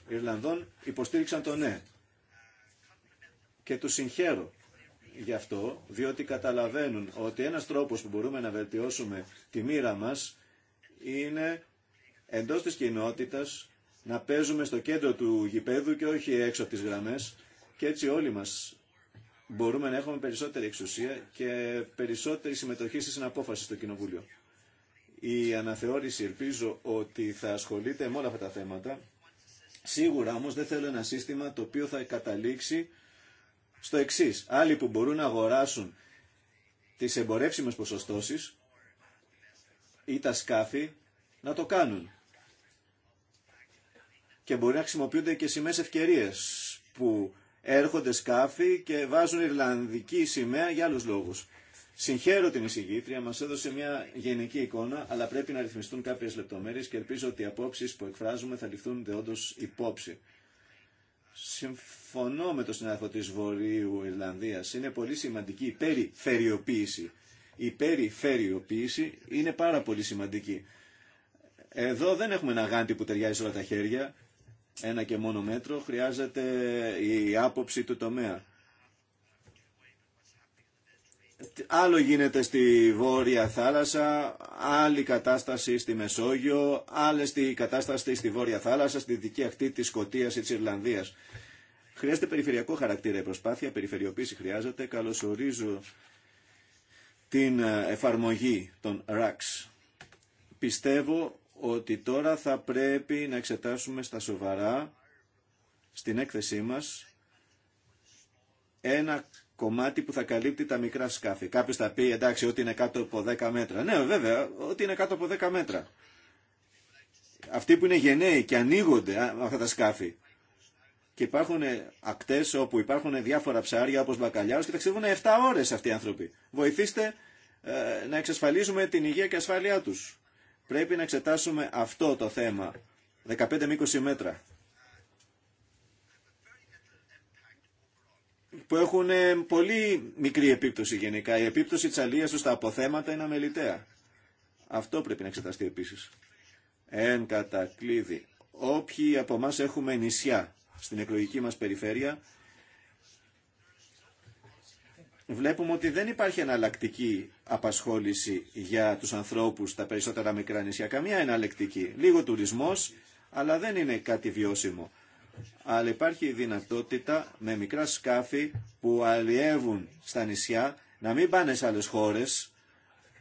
Ιρλανδών υποστήριξαν το ναι. Και του συγχαίρω γι' αυτό, διότι καταλαβαίνουν ότι ένας τρόπος που μπορούμε να βελτιώσουμε τη μοίρα μας είναι εντός της κοινότητας να παίζουμε στο κέντρο του γηπέδου και όχι έξω από τις γραμμές και έτσι όλοι μας μπορούμε να έχουμε περισσότερη εξουσία και περισσότερη συμμετοχή στη συναπόφαση στο Κοινοβούλιο. Η αναθεώρηση ελπίζω ότι θα ασχολείται με όλα αυτά τα θέματα. Σίγουρα όμως δεν θέλω ένα σύστημα το οποίο θα καταλήξει στο εξή. Άλλοι που μπορούν να αγοράσουν τις εμπορεύσιμες ποσοστώσει ή τα σκάφη να το κάνουν. Και μπορεί να χρησιμοποιούνται και σημαίε ευκαιρίες που έρχονται σκάφη και βάζουν Ιρλανδική σημαία για άλλου λόγους. Συγχαίρω την εισηγήτρια, μας έδωσε μια γενική εικόνα, αλλά πρέπει να ρυθμιστούν κάποιες λεπτομέρειε και ελπίζω ότι οι απόψει που εκφράζουμε θα ληφθούν όντω υπόψη. Συμφωνώ με το συνάδελφο τη Βορείου Ιρλανδία Είναι πολύ σημαντική η περιφερειοποίηση. Η περιφερειοποίηση είναι πάρα πολύ σημαντική. Εδώ δεν έχουμε ένα γάντι που ταιριάζει όλα τα χέρια. Ένα και μόνο μέτρο χρειάζεται η άποψη του τομέα. Άλλο γίνεται στη Βόρεια Θάλασσα, άλλη κατάσταση στη Μεσόγειο, άλλη στη κατάσταση στη Βόρεια Θάλασσα, στη δική ακτή της Σκοτίας ή της Ιρλανδίας. Χρειάζεται περιφερειακό χαρακτήρα η προσπάθεια, περιφερειοποίηση χρειάζεται. Καλωσορίζω την ε, εφαρμογή των RACs. Πιστεύω ότι τώρα θα πρέπει να εξετάσουμε στα σοβαρά στην έκθεσή μας ένα κομμάτι που θα καλύπτει τα μικρά σκάφη. Κάποιο θα πει εντάξει ότι είναι κάτω από 10 μέτρα. Ναι βέβαια ότι είναι κάτω από 10 μέτρα. Αυτοί που είναι γενναίοι και ανοίγονται αυτά τα σκάφη και υπάρχουν ακτέ όπου υπάρχουν διάφορα ψάρια όπω μπακαλιάρο και ταξιδεύουν 7 ώρε αυτοί οι άνθρωποι. Βοηθήστε ε, να εξασφαλίζουμε την υγεία και ασφάλειά του. Πρέπει να εξετάσουμε αυτό το θέμα. 15 με 20 μέτρα. που έχουν ε, πολύ μικρή επίπτωση γενικά. Η επίπτωση της αλίας στα αποθέματα είναι αμεληταία. Αυτό πρέπει να εξεταστεί επίσης. Εν κατακλείδη, όποιοι από εμά έχουμε νησιά στην εκλογική μας περιφέρεια, βλέπουμε ότι δεν υπάρχει εναλλακτική απασχόληση για τους ανθρώπους στα περισσότερα μικρά νησιά. Καμία εναλλακτική. Λίγο τουρισμός, αλλά δεν είναι κάτι βιώσιμο αλλά υπάρχει η δυνατότητα με μικρά σκάφη που αλλιεύουν στα νησιά να μην πάνε σε άλλες χώρες,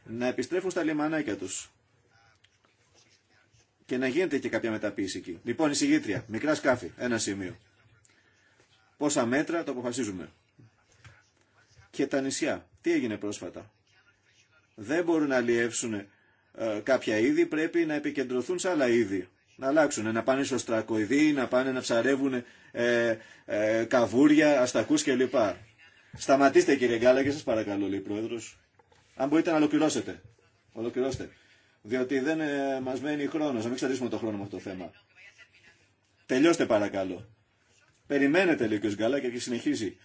να επιστρέφουν στα λιμανάκια τους και να γίνεται και κάποια μεταποίηση εκεί. Λοιπόν, εισηγήτρια, μικρά σκάφη, ένα σημείο. Πόσα μέτρα το αποφασίζουμε. Και τα νησιά. Τι έγινε πρόσφατα. Δεν μπορούν να αλλιεύσουν ε, κάποια είδη, πρέπει να επικεντρωθούν σε άλλα είδη να αλλάξουν, να πάνε στο στρακοειδή, να πάνε να ψαρεύουν ε, ε καβούρια, αστακού κλπ. Σταματήστε κύριε Γκάλα και σας παρακαλώ λέει πρόεδρο. Αν μπορείτε να ολοκληρώσετε. Ολοκληρώστε. Διότι δεν ε, μας μένει χρόνο, Να μην ξαρίσουμε το χρόνο με αυτό το θέμα. Τελειώστε παρακαλώ. Περιμένετε λέει ο κ. και συνεχίζει.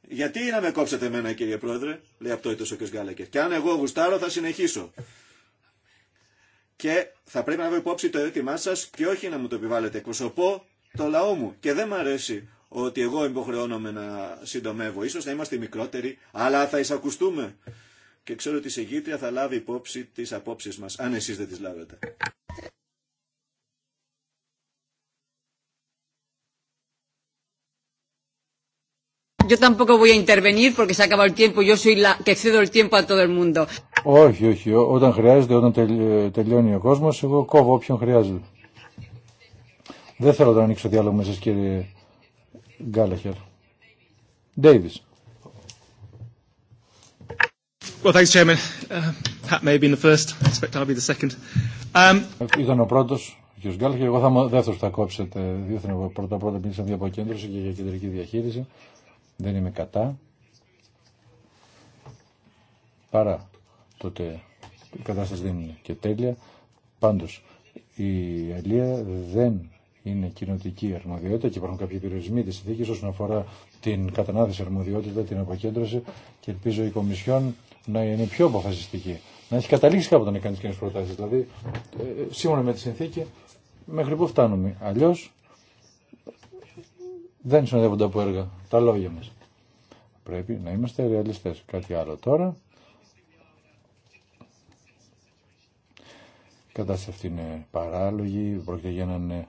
Γιατί να με κόψετε εμένα κύριε πρόεδρε, λέει απτόητος ο κ. Γκάλακερ. Και αν εγώ γουστάρω θα συνεχίσω. Και θα πρέπει να έχω υπόψη το έτοιμά σα και όχι να μου το επιβάλλετε. Εκπροσωπώ το λαό μου. Και δεν μου αρέσει ότι εγώ υποχρεώνομαι να συντομεύω. Ίσως να είμαστε μικρότεροι, αλλά θα εισακουστούμε. Και ξέρω ότι η συγγήτρια θα λάβει υπόψη τις απόψεις μας, αν εσείς δεν τις λάβετε. yo tampoco voy a intervenir porque se ha acabado el tiempo. Yo soy la que cedo el tiempo a todo el mundo. Όχι, όχι. Όταν χρειάζεται, όταν ε, τελειώνει ο κόσμος, εγώ κόβω όποιον χρειάζεται. Δεν θέλω να ανοίξω διάλογο με σας κύριε Γκάλεχερ. Ντέιβις. Well, thanks, Chairman. Uh, may have been the first. I expect I'll be the second. Um... Ήταν ο πρώτος, ο κύριος Γκάλεχερ. Εγώ θα είμαι δεύτερος που θα κόψετε. Διότι πρώτα-πρώτα πήγαινε σε αποκέντρωση και για κεντρική διαχείριση. Δεν είμαι κατά. Παρά τότε η κατάσταση δεν είναι και τέλεια. Πάντως η Αλία δεν είναι κοινοτική αρμοδιότητα και υπάρχουν κάποιοι περιορισμοί τη συνθήκη όσον αφορά την κατανάθεση αρμοδιότητα, την αποκέντρωση και ελπίζω η Κομισιόν να είναι πιο αποφασιστική. Να έχει καταλήξει κάποτε να κάνει κοινέ προτάσει. Δηλαδή, ε, ε, σύμφωνα με τη συνθήκη, μέχρι πού φτάνουμε. Αλλιώ δεν συνοδεύονται από έργα τα λόγια μας. Πρέπει να είμαστε ρεαλιστές. Κάτι άλλο τώρα. Η κατάσταση αυτή είναι παράλογη, πρόκειται για έναν ε,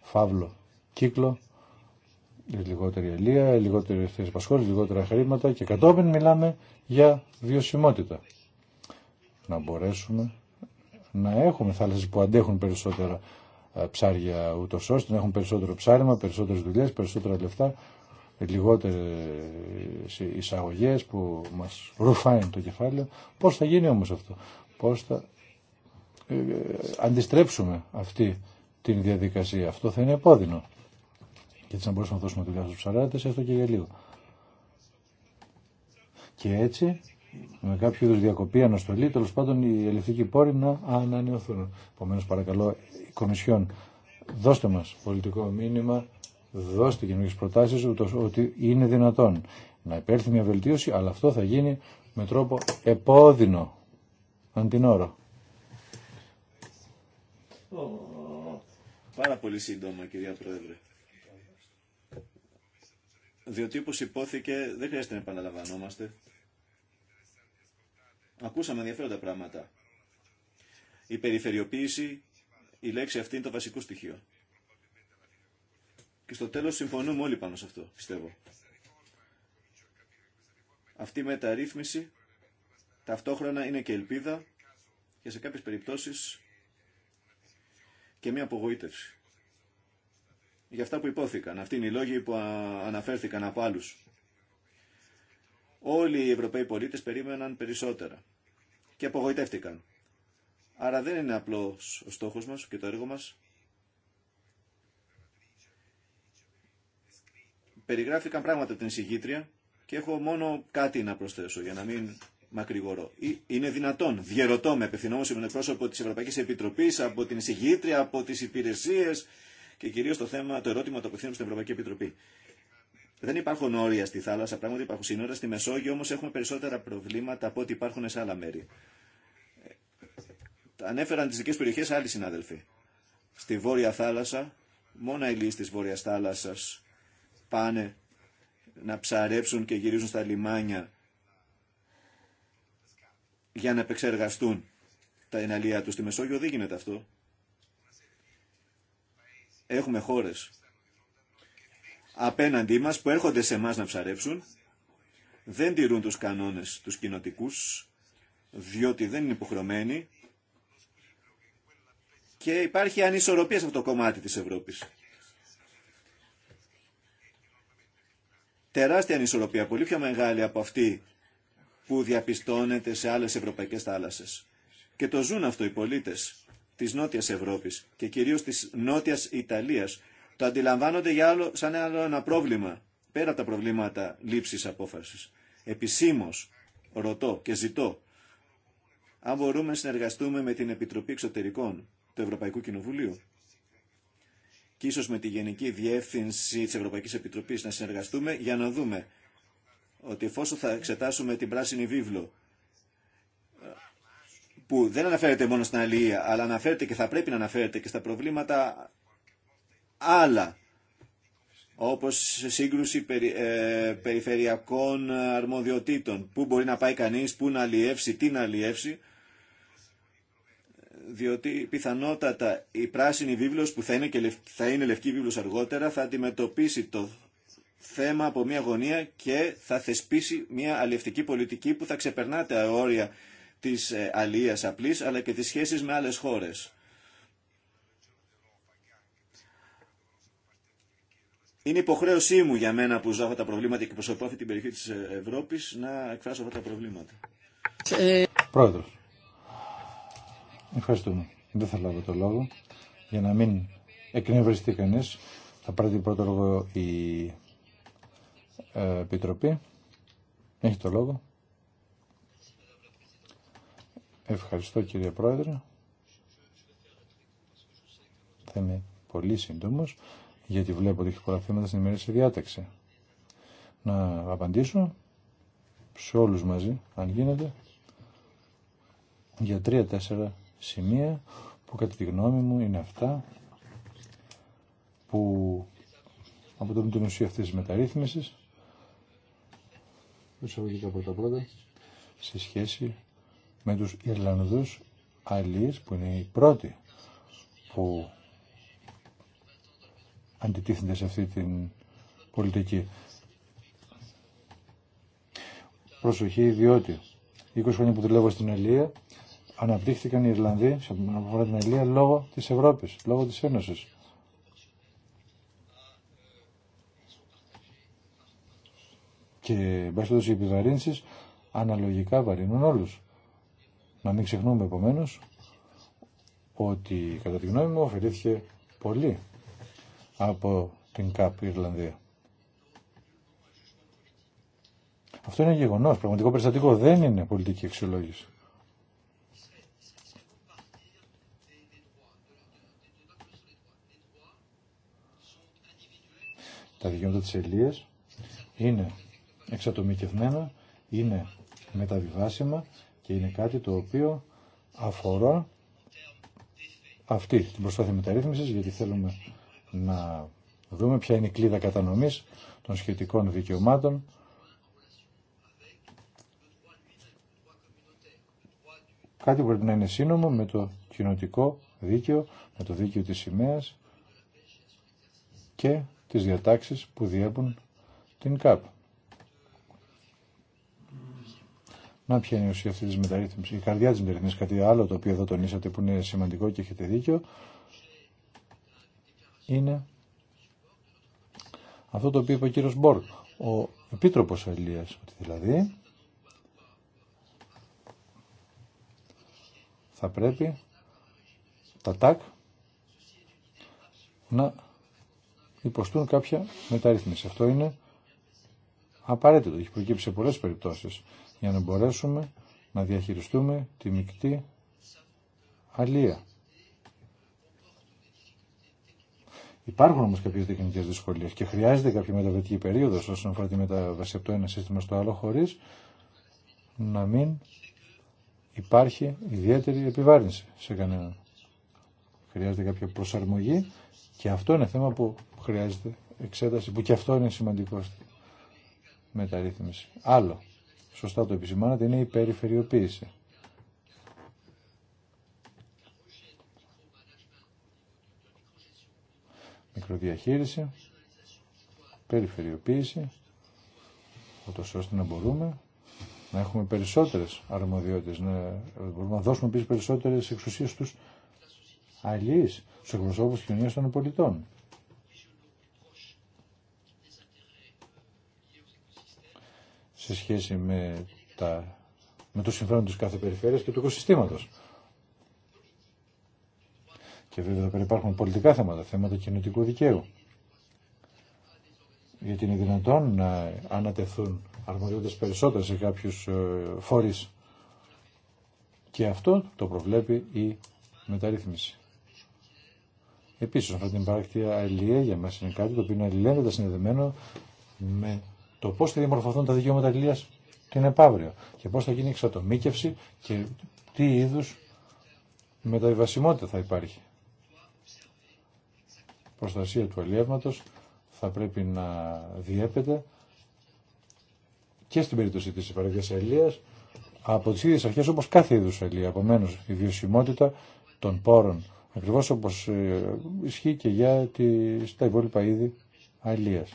φαύλο κύκλο, λιγότερη ελεία, λιγότερη θέση πασχόλης, λιγότερα χρήματα και κατόπιν μιλάμε για βιωσιμότητα. Να μπορέσουμε να έχουμε θάλασσες που αντέχουν περισσότερα ε, ψάρια ούτω ώστε να έχουν περισσότερο ψάρεμα, περισσότερες δουλειέ, περισσότερα λεφτά, ε, λιγότερες ε, εισαγωγέ που μας ρουφάει το κεφάλαιο. Πώς θα γίνει όμως αυτό, πώς θα αντιστρέψουμε αυτή την διαδικασία. Αυτό θα είναι επώδυνο. Και έτσι να μπορέσουμε να δώσουμε δουλειά στου ψαράτες, έστω και για λίγο. Και έτσι με κάποιο είδου διακοπή, αναστολή, τέλο πάντων οι ελευθερικοί πόροι να ανανεωθούν. Επομένω, παρακαλώ, η Κομισιόν, δώστε μα πολιτικό μήνυμα, δώστε καινούργιε προτάσει, ότι είναι δυνατόν να υπέρθει μια βελτίωση, αλλά αυτό θα γίνει με τρόπο επώδυνο, αν την ώρα. Πάρα πολύ σύντομα, κυρία Πρόεδρε. Διότι, όπως υπόθηκε, δεν χρειάζεται να επαναλαμβανόμαστε. Ακούσαμε ενδιαφέροντα πράγματα. Η περιφερειοποίηση, η λέξη αυτή είναι το βασικό στοιχείο. Και στο τέλος συμφωνούμε όλοι πάνω σε αυτό, πιστεύω. Αυτή η μεταρρύθμιση ταυτόχρονα είναι και ελπίδα και σε κάποιες περιπτώσεις και μια απογοήτευση. Για αυτά που υπόθηκαν. Αυτοί είναι οι λόγοι που αναφέρθηκαν από άλλους. Όλοι οι Ευρωπαίοι πολίτες περίμεναν περισσότερα και απογοητεύτηκαν. Άρα δεν είναι απλός ο στόχος μας και το έργο μας. Περιγράφηκαν πράγματα από την εισηγήτρια και έχω μόνο κάτι να προσθέσω για να μην μακρηγορώ. Είναι δυνατόν. διαιρωτώ με απευθυνόμως με πρόσωπο της Ευρωπαϊκή Επιτροπή, από την εισηγήτρια, από τις υπηρεσίε και κυρίως το, θέμα, το ερώτημα το απευθύνω στην Ευρωπαϊκή Επιτροπή. Δεν υπάρχουν όρια στη θάλασσα, πράγματι υπάρχουν σύνορα. Στη Μεσόγειο όμω έχουμε περισσότερα προβλήματα από ό,τι υπάρχουν σε άλλα μέρη. Ε, ανέφεραν τι δικέ περιοχέ άλλοι συνάδελφοι. Στη Βόρεια Θάλασσα, μόνο οι λύσει τη Βόρεια Θάλασσα πάνε να ψαρέψουν και γυρίζουν στα λιμάνια για να επεξεργαστούν τα εναλία του. Στη Μεσόγειο δεν γίνεται αυτό. Έχουμε χώρες απέναντί μας που έρχονται σε εμά να ψαρέψουν δεν τηρούν τους κανόνες τους κοινοτικού, διότι δεν είναι υποχρεωμένοι και υπάρχει ανισορροπία σε αυτό το κομμάτι της Ευρώπης. Τεράστια ανισορροπία, πολύ πιο μεγάλη από αυτή που διαπιστώνεται σε άλλες ευρωπαϊκές θάλασσες. Και το ζουν αυτό οι πολίτες της Νότιας Ευρώπης και κυρίως της Νότιας Ιταλίας το αντιλαμβάνονται για άλλο, σαν άλλο ένα πρόβλημα, πέρα από τα προβλήματα λήψης απόφασης. Επισήμως ρωτώ και ζητώ αν μπορούμε να συνεργαστούμε με την Επιτροπή Εξωτερικών του Ευρωπαϊκού Κοινοβουλίου και ίσως με τη Γενική Διεύθυνση της Ευρωπαϊκής Επιτροπής να συνεργαστούμε για να δούμε ότι εφόσον θα εξετάσουμε την πράσινη βίβλο που δεν αναφέρεται μόνο στην αλληλεία αλλά αναφέρεται και θα πρέπει να αναφέρεται και στα προβλήματα άλλα όπως σύγκρουση περι, ε, περιφερειακών αρμοδιοτήτων. Πού μπορεί να πάει κανείς, πού να αλλιεύσει, τι να αλλιεύσει. Διότι πιθανότατα η πράσινη βίβλος που θα είναι, και θα είναι λευκή βίβλος αργότερα θα αντιμετωπίσει το θέμα από μια γωνία και θα θεσπίσει μια αλλιευτική πολιτική που θα ξεπερνά τα όρια της ε, αλίας απλής αλλά και τις σχέσεις με άλλες χώρες. Είναι υποχρέωσή μου για μένα που ζω αυτά τα προβλήματα και προσωπώ αυτή την περιοχή της Ευρώπης να εκφράσω αυτά τα προβλήματα. Πρόεδρος, ευχαριστούμε. Δεν θα λάβω το λόγο. Για να μην εκνευριστεί κανείς, θα πάρει την πρώτη λόγο η ε, Επιτροπή. Έχει το λόγο. Ευχαριστώ κύριε Πρόεδρε. Θα είμαι πολύ σύντομος γιατί βλέπω ότι έχει πολλά θέματα στην ημερήσια διάταξη. Να απαντήσω σε όλους μαζί, αν γίνεται, για τρία-τέσσερα σημεία που κατά τη γνώμη μου είναι αυτά που αποτελούν την ουσία αυτής της μεταρρύθμισης. από τα πρώτα σε σχέση με τους Ιρλανδούς αλλιείς, που είναι οι πρώτοι που αντιτίθενται σε αυτή την πολιτική. Προσοχή διότι 20 χρόνια που δουλεύω στην Ελία αναπτύχθηκαν οι Ιρλανδοί σε αφορά την Ελία λόγω της Ευρώπης, λόγω της Ένωσης. Και μέσα οι επιβαρύνσεις αναλογικά βαρύνουν όλους. Να μην ξεχνούμε επομένως ότι κατά τη γνώμη μου ωφελήθηκε πολύ από την ΚΑΠ Ιρλανδία. Αυτό είναι γεγονός, πραγματικό περιστατικό, δεν είναι πολιτική αξιολόγηση. Τα δικαιώματα της Ελίας είναι εξατομικευμένα, είναι μεταβιβάσιμα και είναι κάτι το οποίο αφορά αυτή την προσπάθεια μεταρρύθμισης γιατί θέλουμε να δούμε ποια είναι η κλίδα κατανομής των σχετικών δικαιωμάτων κάτι πρέπει να είναι σύνομο με το κοινοτικό δίκαιο, με το δίκαιο της σημαίας και τις διατάξεις που διέπουν την ΚΑΠ. Να ποια είναι η ουσία αυτή της μεταρρύθμισης. Η καρδιά τη μεταρρύθμισης, κάτι άλλο το οποίο εδώ τονίσατε που είναι σημαντικό και έχετε δίκαιο, είναι αυτό το οποίο είπε ο κύριος Μπορκ, ο Επίτροπος Ελίας, ότι δηλαδή θα πρέπει τα ΤΑΚ να υποστούν κάποια μεταρρύθμιση. Αυτό είναι απαραίτητο, έχει προκύψει σε πολλές περιπτώσεις, για να μπορέσουμε να διαχειριστούμε τη μεικτή αλία. Υπάρχουν όμω κάποιε τεχνικέ δυσκολίε και χρειάζεται κάποια μεταβατική περίοδο όσον αφορά τη μεταβασία από το ένα σύστημα στο άλλο χωρί να μην υπάρχει ιδιαίτερη επιβάρυνση σε κανέναν. Χρειάζεται κάποια προσαρμογή και αυτό είναι θέμα που χρειάζεται εξέταση, που και αυτό είναι σημαντικό στη μεταρρύθμιση. Άλλο, σωστά το επισημάνατε, είναι η περιφερειοποίηση. μικροδιαχείριση, περιφερειοποίηση, ούτως ώστε να μπορούμε να έχουμε περισσότερες αρμοδιότητες, να μπορούμε να δώσουμε επίσης περισσότερες εξουσίες στους αλληλείς, στους εκπροσώπους της κοινωνίας των πολιτών. Σε σχέση με, τα, με το συμφέρον της κάθε περιφέρειας και του οικοσυστήματος. Και βέβαια εδώ πέρα υπάρχουν πολιτικά θέματα, θέματα κοινωτικού δικαίου. Γιατί είναι δυνατόν να ανατεθούν αρμοδιότητες περισσότερες σε κάποιους ε, φορείς. Και αυτό το προβλέπει η μεταρρύθμιση. Επίσης, αυτή την παράκτη αλληλεία για μας είναι κάτι το οποίο είναι αλληλένδετα συνδεδεμένο με το πώς θα διαμορφωθούν τα δικαιώματα αλληλείας την επαύριο και πώς θα γίνει η εξατομίκευση και τι είδους μεταβιβασιμότητα θα υπάρχει προστασία του αλλιεύματος θα πρέπει να διέπεται και στην περίπτωση της υπαραγωγής αλλιείας από τις ίδιες αρχές όπως κάθε είδους αλλιεία. Απομένως, η βιωσιμότητα των πόρων ακριβώς όπως ε, ισχύει και για τις, τα υπόλοιπα είδη αλλιείας.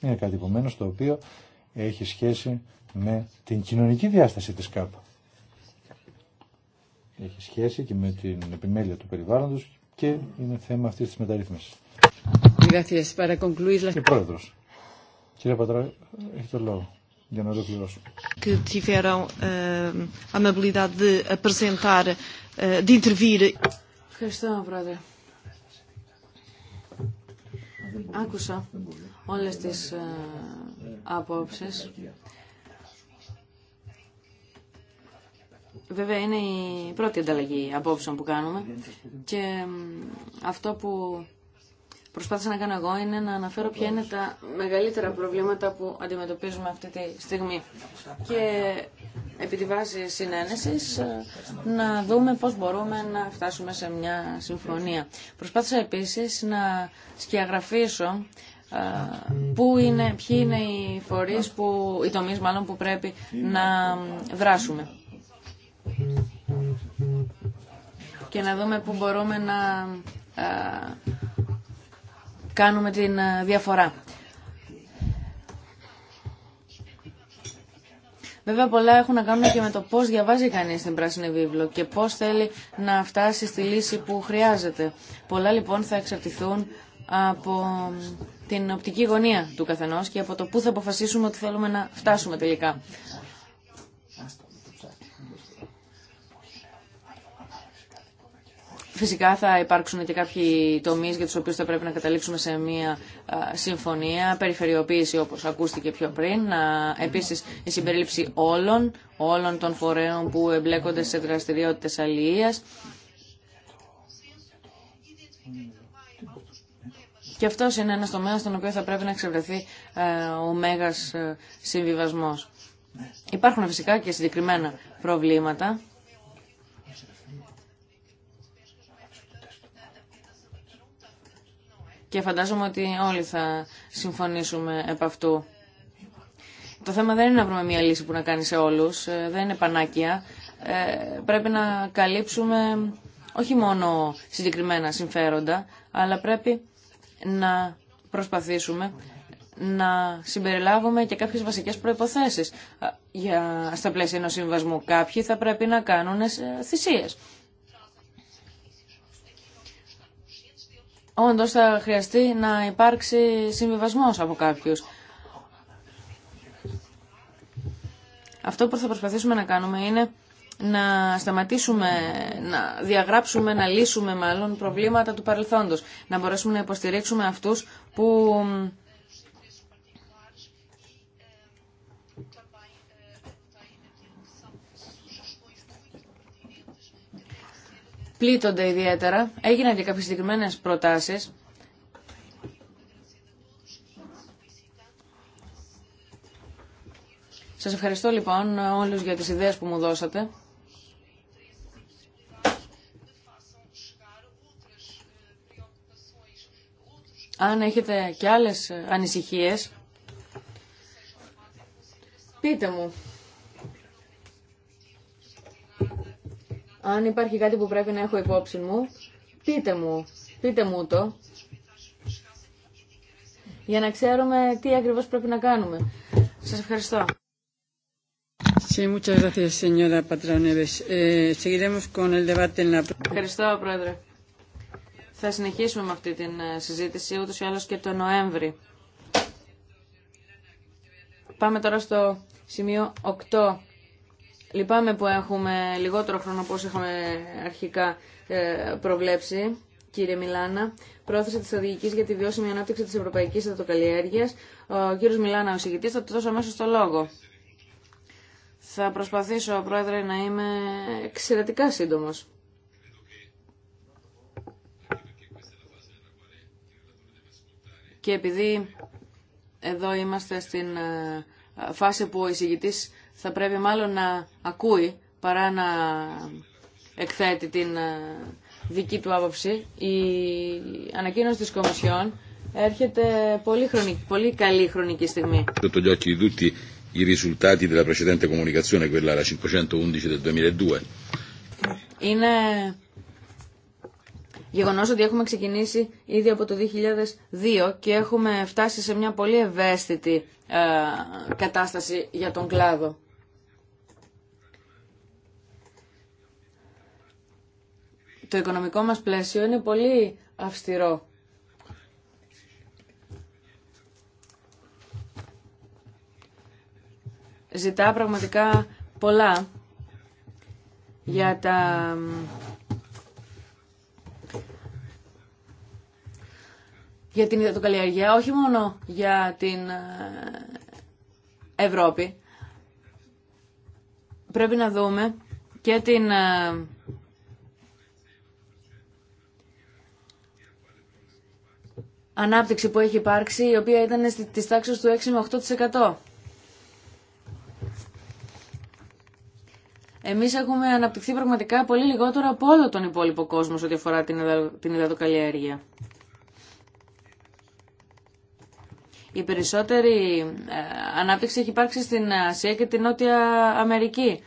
Είναι κάτι επομένως το οποίο έχει σχέση με την κοινωνική διάσταση της ΚΑΠΑ έχει σχέση και με την επιμέλεια του περιβάλλοντος και είναι θέμα αυτής της μεταρρύθμισης. Και Πρόεδρος, κύριε Πατρά, έχει το λόγο για να ολοκληρώσω. Eh, eh, Ευχαριστώ, Πρόεδρε. Άκουσα όλες τις ε, απόψεις Βέβαια είναι η πρώτη ανταλλαγή απόψεων που κάνουμε και αυτό που προσπάθησα να κάνω εγώ είναι να αναφέρω ποια είναι τα μεγαλύτερα προβλήματα που αντιμετωπίζουμε αυτή τη στιγμή. Και επί τη βάση συνένεσης ε, να δούμε πώς μπορούμε να φτάσουμε σε μια συμφωνία. Προσπάθησα επίσης να σκιαγραφίσω ε, πού είναι, ποιοι είναι οι φορείς, που, οι τομείς μάλλον που πρέπει να δράσουμε και να δούμε πού μπορούμε να ε, κάνουμε την ε, διαφορά. Βέβαια πολλά έχουν να κάνουν και με το πώς διαβάζει κανείς την πράσινη βίβλο και πώς θέλει να φτάσει στη λύση που χρειάζεται. Πολλά λοιπόν θα εξαρτηθούν από την οπτική γωνία του καθενός και από το πού θα αποφασίσουμε ότι θέλουμε να φτάσουμε τελικά. Φυσικά θα υπάρξουν και κάποιοι τομεί για του οποίου θα πρέπει να καταλήξουμε σε μια συμφωνία, περιφερειοποίηση όπως ακούστηκε πιο πριν, επίσης η συμπερίληψη όλων, όλων των φορέων που εμπλέκονται σε δραστηριότητε αλληλεία. Και αυτό είναι ένα τομέα στον οποίο θα πρέπει να εξευρεθεί ο μέγας συμβιβασμός. Υπάρχουν φυσικά και συγκεκριμένα προβλήματα και φαντάζομαι ότι όλοι θα συμφωνήσουμε επ' αυτού. Το θέμα δεν είναι να βρούμε μια λύση που να κάνει σε όλους, ε, δεν είναι πανάκια. Ε, πρέπει να καλύψουμε όχι μόνο συγκεκριμένα συμφέροντα, αλλά πρέπει να προσπαθήσουμε να συμπεριλάβουμε και κάποιες βασικές προϋποθέσεις για, στα πλαίσια ενός συμβασμού. Κάποιοι θα πρέπει να κάνουν ε, θυσίες. όντως θα χρειαστεί να υπάρξει συμβιβασμός από κάποιους. Αυτό που θα προσπαθήσουμε να κάνουμε είναι να σταματήσουμε, να διαγράψουμε, να λύσουμε μάλλον προβλήματα του παρελθόντος. Να μπορέσουμε να υποστηρίξουμε αυτούς που πλήττονται ιδιαίτερα. Έγιναν και κάποιες συγκεκριμένε προτάσεις. Σας ευχαριστώ λοιπόν όλους για τις ιδέες που μου δώσατε. Αν έχετε και άλλες ανησυχίες, πείτε μου. Αν υπάρχει κάτι που πρέπει να έχω υπόψη μου, πείτε μου, πείτε μου το, για να ξέρουμε τι ακριβώς πρέπει να κάνουμε. Σας ευχαριστώ. Ευχαριστώ, Πρόεδρε. Θα συνεχίσουμε με αυτή τη ε, συζήτηση, ούτως ή άλλως και το Νοέμβρη. Πάμε τώρα στο σημείο 8 Λυπάμαι που έχουμε λιγότερο χρόνο από έχουμε αρχικά ε, προβλέψει, κύριε Μιλάνα. Πρόθεση τη στρατηγική για τη βιώσιμη ανάπτυξη τη ευρωπαϊκή αυτοκαλλιέργεια. Ο κύριο Μιλάνα, ο συγκητή, θα του δώσω αμέσω το λόγο. Θα προσπαθήσω, Πρόεδρε, να είμαι εξαιρετικά σύντομο. Και επειδή εδώ είμαστε στην ε, φάση που ο εισηγητής θα πρέπει μάλλον να ακούει παρά να εκθέτει την ε, δική του άποψη. Η ανακοίνωση της Κομισιόν έρχεται πολύ, χρονική, πολύ καλή χρονική στιγμή. Είναι γεγονός ότι έχουμε ξεκινήσει ήδη από το 2002 και έχουμε φτάσει σε μια πολύ ευαίσθητη ε, κατάσταση για τον κλάδο. το οικονομικό μας πλαίσιο είναι πολύ αυστηρό. Ζητά πραγματικά πολλά για τα για την υδατοκαλλιέργεια, όχι μόνο για την ε, Ευρώπη. Πρέπει να δούμε και την ε, ανάπτυξη που έχει υπάρξει, η οποία ήταν στις τάξεις του 6 με 8%. Εμείς έχουμε αναπτυχθεί πραγματικά πολύ λιγότερο από όλο τον υπόλοιπο κόσμο σε ό,τι αφορά την υδατοκαλλιέργεια. Η περισσότερη ε, ανάπτυξη έχει υπάρξει στην Ασία και την Νότια Αμερική.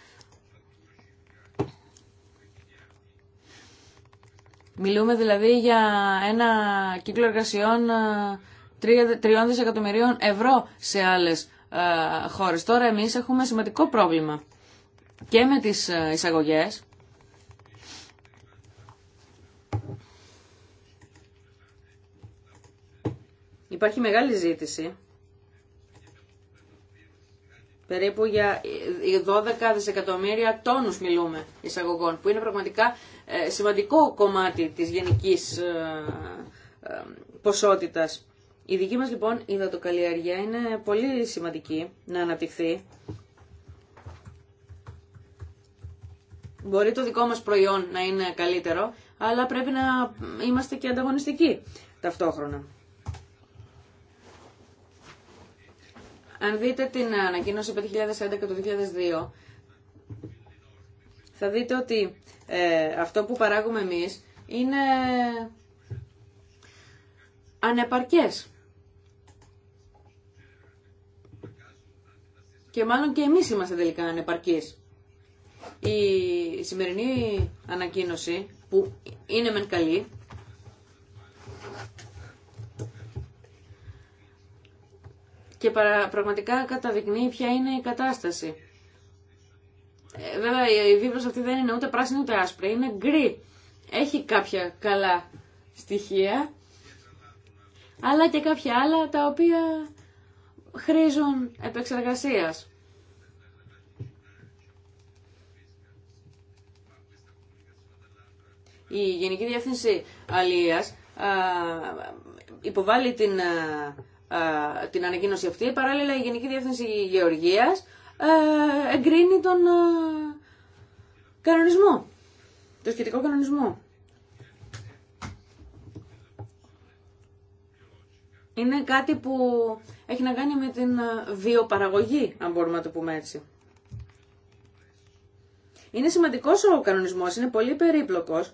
Μιλούμε δηλαδή για ένα κύκλο εργασιών 3 ε, δισεκατομμυρίων ευρώ σε άλλες ε, χώρες. Τώρα εμείς έχουμε σημαντικό πρόβλημα και με τις ε, εισαγωγές Υπάρχει μεγάλη ζήτηση περίπου για 12 δισεκατομμύρια τόνους μιλούμε εισαγωγών, που είναι πραγματικά ε, σημαντικό κομμάτι της γενικής ε, ε, ποσότητας. Η δική μας λοιπόν η δατοκαλλιέργεια είναι πολύ σημαντική να αναπτυχθεί. Μπορεί το δικό μας προϊόν να είναι καλύτερο, αλλά πρέπει να είμαστε και ανταγωνιστικοί ταυτόχρονα. Αν δείτε την ανακοίνωση 2011 και το 2002, θα δείτε ότι ε, αυτό που παράγουμε εμείς είναι ανεπαρκές. Και μάλλον και εμείς είμαστε τελικά ανεπαρκείς. Η σημερινή ανακοίνωση που είναι μεν καλή και πραγματικά καταδεικνύει ποια είναι η κατάσταση. Ε, βέβαια η βίβλο αυτή δεν είναι ούτε πράσινη ούτε άσπρη, είναι γκρι. Έχει κάποια καλά στοιχεία, αλλά και κάποια άλλα τα οποία χρήζουν επεξεργασίας. Η Γενική Διεύθυνση Αλίας υποβάλλει την, την ανακοίνωση αυτή. Παράλληλα, η Γενική Διεύθυνση Γεωργίας ε, εγκρίνει τον ε, κανονισμό, το σχετικό κανονισμό. Είναι κάτι που έχει να κάνει με την ε, βιοπαραγωγή, αν μπορούμε να το πούμε έτσι. Είναι σημαντικός ο κανονισμός, είναι πολύ περίπλοκος.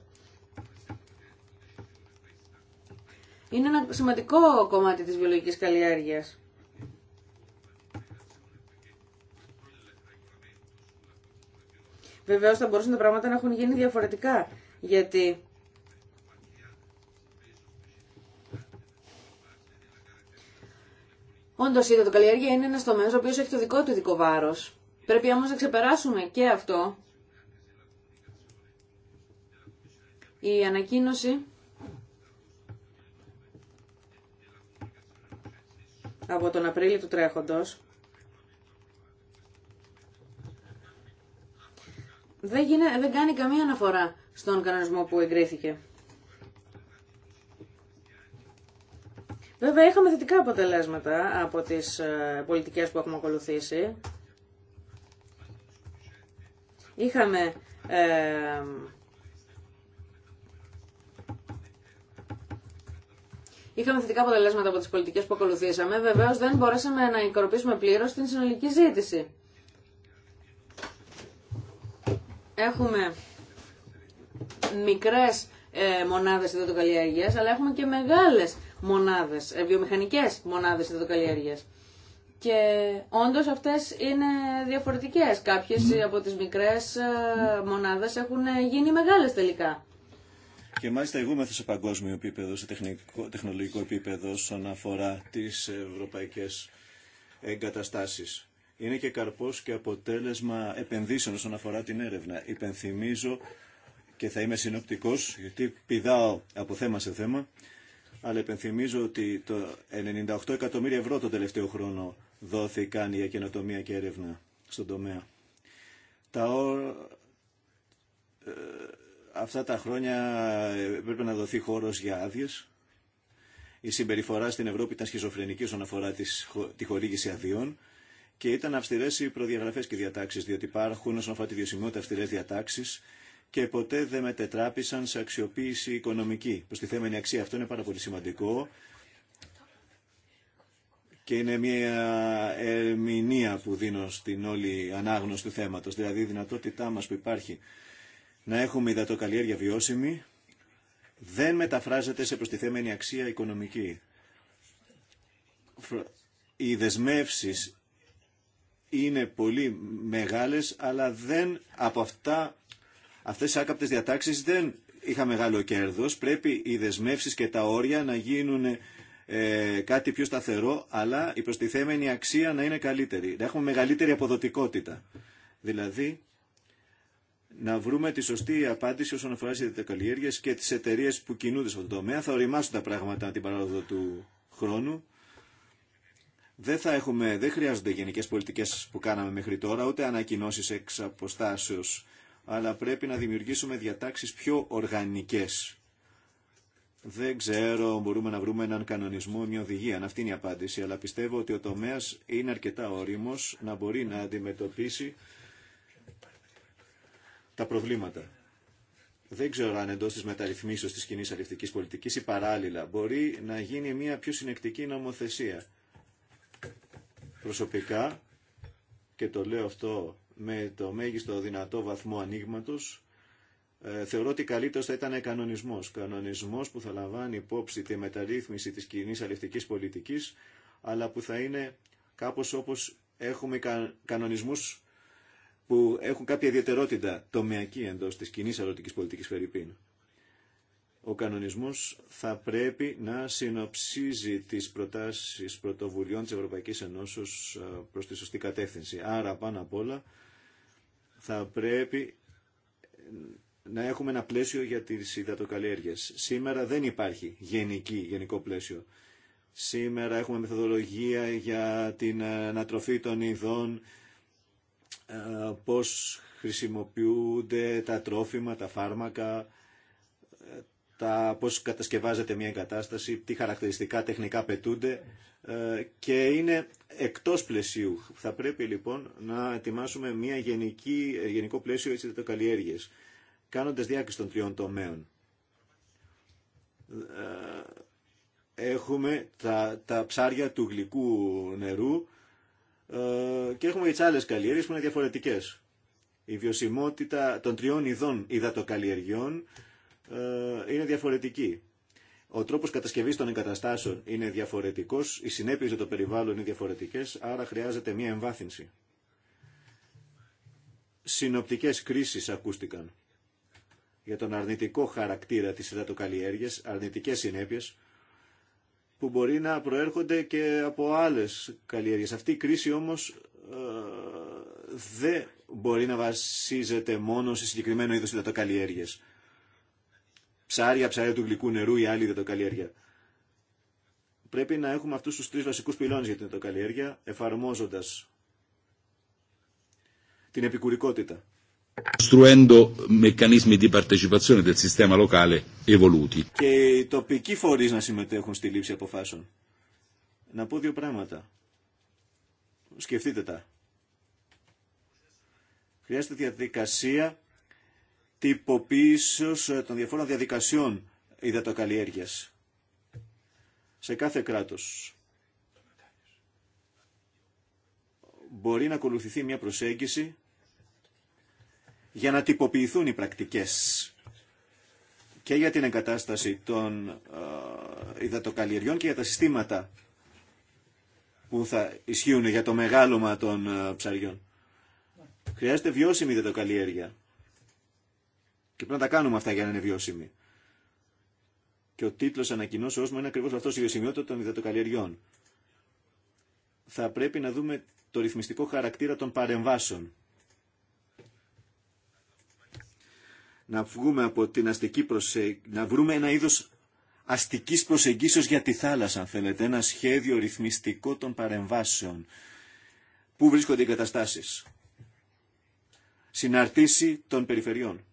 Είναι ένα σημαντικό κομμάτι της βιολογικής καλλιέργειας. Βεβαίως θα μπορούσαν τα πράγματα να έχουν γίνει διαφορετικά, γιατί Όντως η καλλιέργεια είναι ένας τομέας ο οποίος έχει το δικό του ειδικό βάρος. Πρέπει όμως να ξεπεράσουμε και αυτό. Η ανακοίνωση από τον Απρίλιο του τρέχοντος δεν, δεν κάνει καμία αναφορά στον κανονισμό που εγκρίθηκε. Βέβαια είχαμε θετικά αποτελέσματα από τις ε, πολιτικές που έχουμε ακολουθήσει. Είχαμε ε, Είχαμε θετικά αποτελέσματα από τις πολιτικές που ακολουθήσαμε. Βεβαίως δεν μπορέσαμε να ικανοποιήσουμε πλήρως την συνολική ζήτηση. έχουμε μικρές ε, μονάδες υδατοκαλλιέργειας, αλλά έχουμε και μεγάλες μονάδες, ε, βιομηχανικές μονάδες υδατοκαλλιέργειας. Και όντως αυτές είναι διαφορετικές. Κάποιες από τις μικρές ε, μονάδες έχουν γίνει μεγάλες τελικά. Και μάλιστα είμαι σε παγκόσμιο επίπεδο, σε τεχνικό, τεχνολογικό επίπεδο, όσον αφορά τις ευρωπαϊκές εγκαταστάσεις είναι και καρπός και αποτέλεσμα επενδύσεων όσον αφορά την έρευνα. Υπενθυμίζω και θα είμαι συνοπτικός γιατί πηδάω από θέμα σε θέμα αλλά υπενθυμίζω ότι το 98 εκατομμύρια ευρώ τον τελευταίο χρόνο δόθηκαν για καινοτομία και έρευνα στον τομέα. Τα ο... Ε, αυτά τα χρόνια πρέπει να δοθεί χώρος για άδειε. Η συμπεριφορά στην Ευρώπη ήταν σχιζοφρενική όσον αφορά τη χορήγηση αδειών και ήταν αυστηρέ οι προδιαγραφέ και διατάξει, διότι υπάρχουν όσον αφορά τη βιωσιμότητα αυστηρέ διατάξει και ποτέ δεν μετετράπησαν σε αξιοποίηση οικονομική. Προστιθέμενη αξία αυτό είναι πάρα πολύ σημαντικό και είναι μια ερμηνεία που δίνω στην όλη ανάγνωση του θέματος, δηλαδή η δυνατότητά μα που υπάρχει να έχουμε υδατοκαλλιέργεια βιώσιμη δεν μεταφράζεται σε προστιθέμενη αξία οικονομική. Οι δεσμεύσει είναι πολύ μεγάλες, αλλά δεν από αυτά, αυτές οι άκαπτες διατάξεις δεν είχα μεγάλο κέρδος. Πρέπει οι δεσμεύσεις και τα όρια να γίνουν ε, κάτι πιο σταθερό, αλλά η προστιθέμενη αξία να είναι καλύτερη, να έχουμε μεγαλύτερη αποδοτικότητα. Δηλαδή, να βρούμε τη σωστή απάντηση όσον αφορά τι καλλιέργειες και τις εταιρείε που κινούνται σε τομέα. Θα οριμάσουν τα πράγματα την παράδοδο του χρόνου δεν, θα έχουμε, δεν χρειάζονται γενικές πολιτικές που κάναμε μέχρι τώρα, ούτε ανακοινώσεις εξ αποστάσεως, αλλά πρέπει να δημιουργήσουμε διατάξεις πιο οργανικές. Δεν ξέρω, μπορούμε να βρούμε έναν κανονισμό, μια οδηγία. Αυτή είναι η απάντηση. Αλλά πιστεύω ότι ο τομέα είναι αρκετά όριμο να μπορεί να αντιμετωπίσει τα προβλήματα. Δεν ξέρω αν εντό τη μεταρρυθμίσεω τη κοινή αληθική πολιτική ή παράλληλα μπορεί να γίνει μια πιο συνεκτική νομοθεσία. Προσωπικά, και το λέω αυτό με το μέγιστο δυνατό βαθμό ανοίγματο, ε, θεωρώ ότι καλύτερο θα ήταν κανονισμό. Κανονισμό που θα λαμβάνει υπόψη τη μεταρρύθμιση τη κοινή αληθική πολιτική, αλλά που θα είναι κάπω όπω έχουμε κανονισμού που έχουν κάποια ιδιαιτερότητα τομεακή εντό τη κοινή αλληλευτική πολιτική Φερρυπίν. Ο κανονισμός θα πρέπει να συνοψίζει τις προτάσεις πρωτοβουλειών της Ευρωπαϊκής Ενώσεως προς τη σωστή κατεύθυνση. Άρα πάνω απ' όλα θα πρέπει να έχουμε ένα πλαίσιο για τις υδατοκαλλιέργειες. Σήμερα δεν υπάρχει γενική, γενικό πλαίσιο. Σήμερα έχουμε μεθοδολογία για την ε, ανατροφή των ειδών, ε, πώς χρησιμοποιούνται τα τρόφιμα, τα φάρμακα, ε, τα πώς κατασκευάζεται μια εγκατάσταση, τι χαρακτηριστικά τεχνικά πετούνται ε, και είναι εκτός πλαισίου. Θα πρέπει λοιπόν να ετοιμάσουμε μια γενική, γενικό πλαίσιο καλλιέργειες, κάνοντας διάκριση των τριών τομέων. Ε, έχουμε τα, τα ψάρια του γλυκού νερού ε, και έχουμε και τις άλλες καλλιέργειες που είναι διαφορετικές. Η βιωσιμότητα των τριών ειδών υδατοκαλλιεργιών, ε, είναι διαφορετική. Ο τρόπο κατασκευή των εγκαταστάσεων είναι διαφορετικό, οι συνέπειε για το περιβάλλον είναι διαφορετικέ, άρα χρειάζεται μία εμβάθυνση. Συνοπτικέ κρίσει ακούστηκαν για τον αρνητικό χαρακτήρα τη υδατοκαλλιέργεια, αρνητικέ συνέπειε, που μπορεί να προέρχονται και από άλλε καλλιέργειε. Αυτή η κρίση όμω ε, δεν μπορεί να βασίζεται μόνο σε συγκεκριμένο είδο υδατοκαλλιέργειε ψάρια, ψάρια του γλυκού νερού ή άλλη ιδετοκαλλιέργεια. Πρέπει να έχουμε αυτού του τρει βασικού πυλώνες για την ιδετοκαλλιέργεια, εφαρμόζοντα την επικουρικότητα. Και οι τοπικοί φορεί να συμμετέχουν στη λήψη αποφάσεων. Να πω δύο πράγματα. Σκεφτείτε τα. Χρειάζεται διαδικασία τυποποίησεως ε, των διαφόρων διαδικασιών υδατοκαλλιέργειας σε κάθε κράτος. Μπορεί να ακολουθηθεί μια προσέγγιση για να τυποποιηθούν οι πρακτικές και για την εγκατάσταση των ε, υδατοκαλλιεργιών και για τα συστήματα που θα ισχύουν για το μεγάλωμα των ε, ψαριών. Χρειάζεται βιώσιμη υδατοκαλλιέργεια και πρέπει να τα κάνουμε αυτά για να είναι βιώσιμοι. Και ο τίτλο ανακοινώσεώ μου είναι ακριβώ αυτό η βιωσιμότητα των υδατοκαλλιεργιών. Θα πρέπει να δούμε το ρυθμιστικό χαρακτήρα των παρεμβάσεων. Να βγούμε από την αστική προσε... να βρούμε ένα είδος αστικής προσεγγίσεως για τη θάλασσα, αν θέλετε, ένα σχέδιο ρυθμιστικό των παρεμβάσεων. Πού βρίσκονται οι καταστάσεις. Συναρτήσει των περιφερειών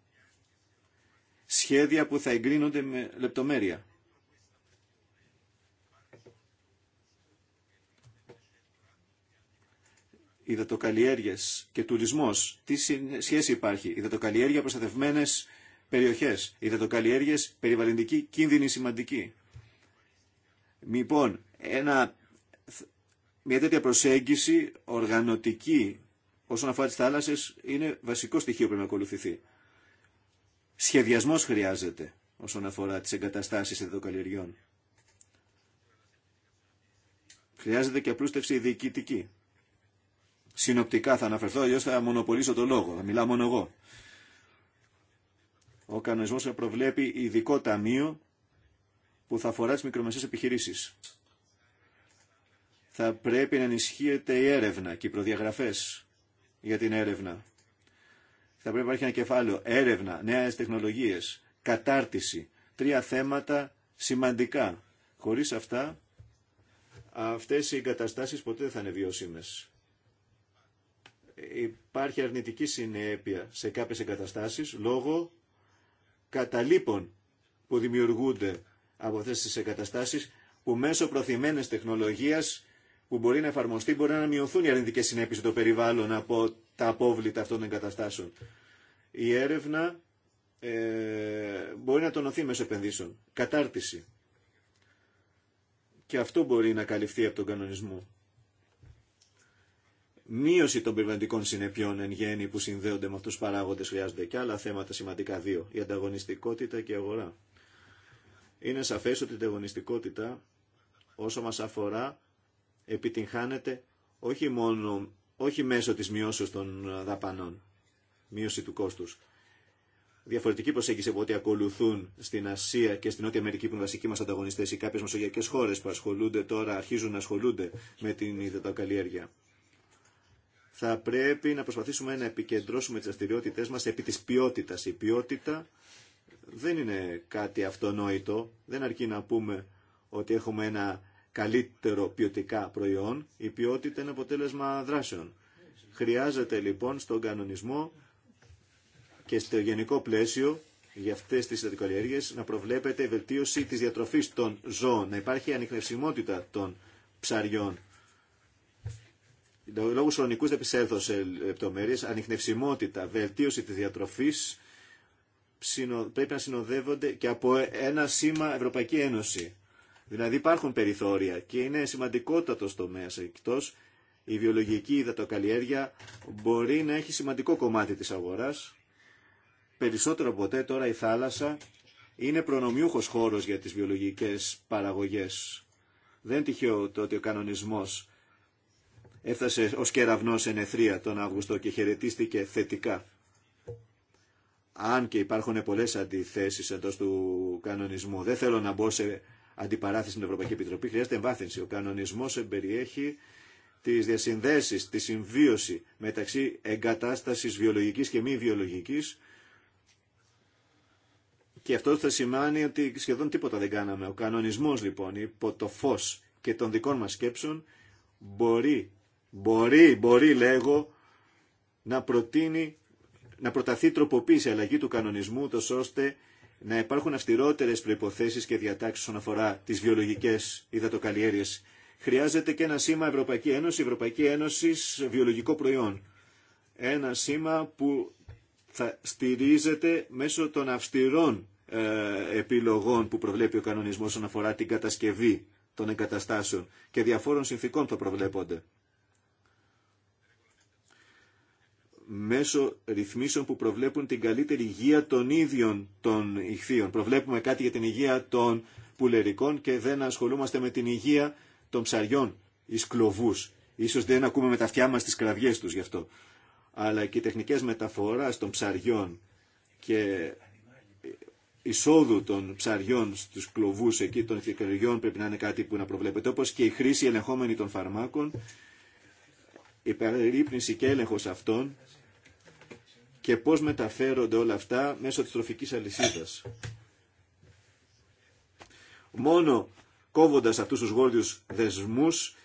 σχέδια που θα εγκρίνονται με λεπτομέρεια. Υδατοκαλλιέργειες και τουρισμός. Τι σχέση υπάρχει. Υδατοκαλλιέργεια προστατευμένες περιοχές. Υδατοκαλλιέργειες περιβαλλοντική κίνδυνη σημαντική. Λοιπόν, ένα, μια τέτοια προσέγγιση οργανωτική όσον αφορά τις θάλασσες είναι βασικό στοιχείο που πρέπει να ακολουθηθεί σχεδιασμός χρειάζεται όσον αφορά τις εγκαταστάσεις εδωκαλλιεργιών. Χρειάζεται και απλούστευση διοικητική. Συνοπτικά θα αναφερθώ, αλλιώ θα μονοπολίσω το λόγο, θα μιλάω μόνο εγώ. Ο κανονισμός προβλέπει ειδικό ταμείο που θα αφορά τις μικρομεσαίες επιχειρήσεις. Θα πρέπει να ενισχύεται η έρευνα και οι προδιαγραφές για την έρευνα θα πρέπει να υπάρχει ένα κεφάλαιο έρευνα, νέες τεχνολογίες, κατάρτιση. Τρία θέματα σημαντικά. Χωρίς αυτά, αυτές οι εγκαταστάσει ποτέ δεν θα είναι βιώσιμε. Υπάρχει αρνητική συνέπεια σε κάποιες εγκαταστάσει λόγω καταλήπων που δημιουργούνται από αυτέ τι εγκαταστάσει που μέσω προθυμένες τεχνολογίας που μπορεί να εφαρμοστεί μπορεί να μειωθούν οι αρνητικέ συνέπειε στο περιβάλλον από τα απόβλητα αυτών των εγκαταστάσεων. Η έρευνα ε, μπορεί να τονωθεί μέσω επενδύσεων. Κατάρτιση. Και αυτό μπορεί να καλυφθεί από τον κανονισμό. Μείωση των περιβαλλοντικών συνεπειών εν γέννη που συνδέονται με αυτού του παράγοντε χρειάζονται και άλλα θέματα σημαντικά δύο. Η ανταγωνιστικότητα και η αγορά. Είναι σαφέ ότι η ανταγωνιστικότητα όσο μα αφορά επιτυγχάνεται όχι μόνο όχι μέσω της μειώσεως των δαπανών, μείωση του κόστους. Διαφορετική προσέγγιση από ό,τι ακολουθούν στην Ασία και στην Νότια Αμερική που είναι βασικοί μα ανταγωνιστέ ή κάποιε μεσογειακέ χώρε που ασχολούνται τώρα, αρχίζουν να ασχολούνται με την καλλιέργεια. Θα πρέπει να προσπαθήσουμε να επικεντρώσουμε τι δραστηριότητέ μα επί τη ποιότητα. Η ποιότητα δεν είναι κάτι αυτονόητο. Δεν αρκεί να πούμε ότι έχουμε ένα καλύτερο ποιοτικά προϊόν, η ποιότητα είναι αποτέλεσμα δράσεων. Χρειάζεται λοιπόν στον κανονισμό και στο γενικό πλαίσιο για αυτές τις θετικολιέργειες να προβλέπεται η βελτίωση της διατροφής των ζώων, να υπάρχει ανιχνευσιμότητα των ψαριών. Λόγω χρονικού δεν επισέλθω σε λεπτομέρειες, βελτίωση της διατροφής πρέπει να συνοδεύονται και από ένα σήμα Ευρωπαϊκή Ένωση. Δηλαδή υπάρχουν περιθώρια και είναι σημαντικότατο τομέα. Εκτό η βιολογική υδατοκαλλιέργεια μπορεί να έχει σημαντικό κομμάτι της αγορά. Περισσότερο ποτέ τώρα η θάλασσα είναι προνομιούχος χώρος για τις βιολογικές παραγωγές. Δεν τυχαίο το ότι ο κανονισμός έφτασε ως κεραυνό εν εθρία τον Αύγουστο και χαιρετίστηκε θετικά. Αν και υπάρχουν πολλές αντιθέσεις εντός του κανονισμού, δεν θέλω να αντιπαράθεση στην την Ευρωπαϊκή Επιτροπή. Χρειάζεται εμβάθυνση. Ο κανονισμό περιέχει τι διασυνδέσει, τη συμβίωση μεταξύ εγκατάσταση βιολογική και μη βιολογική. Και αυτό θα σημαίνει ότι σχεδόν τίποτα δεν κάναμε. Ο κανονισμό λοιπόν υπό το φω και των δικών μα σκέψεων μπορεί, μπορεί, μπορεί λέγω να προτείνει να προταθεί τροποποίηση αλλαγή του κανονισμού, τόσο ώστε να υπάρχουν αυστηρότερε προποθέσει και διατάξει όσον αφορά τι βιολογικέ υδατοκαλλιέργειε. Χρειάζεται και ένα σήμα Ευρωπαϊκή Ένωση, Ευρωπαϊκή Ένωση Βιολογικό Προϊόν. Ένα σήμα που θα στηρίζεται μέσω των αυστηρών ε, επιλογών που προβλέπει ο κανονισμός όσον αφορά την κατασκευή των εγκαταστάσεων και διαφόρων συνθήκων που προβλέπονται. μέσω ρυθμίσεων που προβλέπουν την καλύτερη υγεία των ίδιων των ηχθείων. Προβλέπουμε κάτι για την υγεία των πουλερικών και δεν ασχολούμαστε με την υγεία των ψαριών, εις κλοβούς. Ίσως δεν ακούμε με τα αυτιά μας τις κραυγές τους γι' αυτό. Αλλά και οι τεχνικές μεταφοράς των ψαριών και εισόδου των ψαριών στους κλοβούς εκεί των ηχθείων πρέπει να είναι κάτι που να προβλέπεται. Όπως και η χρήση ελεγχόμενη των φαρμάκων η περίπνηση και έλεγχος αυτών και πώς μεταφέρονται όλα αυτά μέσω της τροφικής αλυσίδας. Μόνο κόβοντας αυτούς τους γόρδιους δεσμούς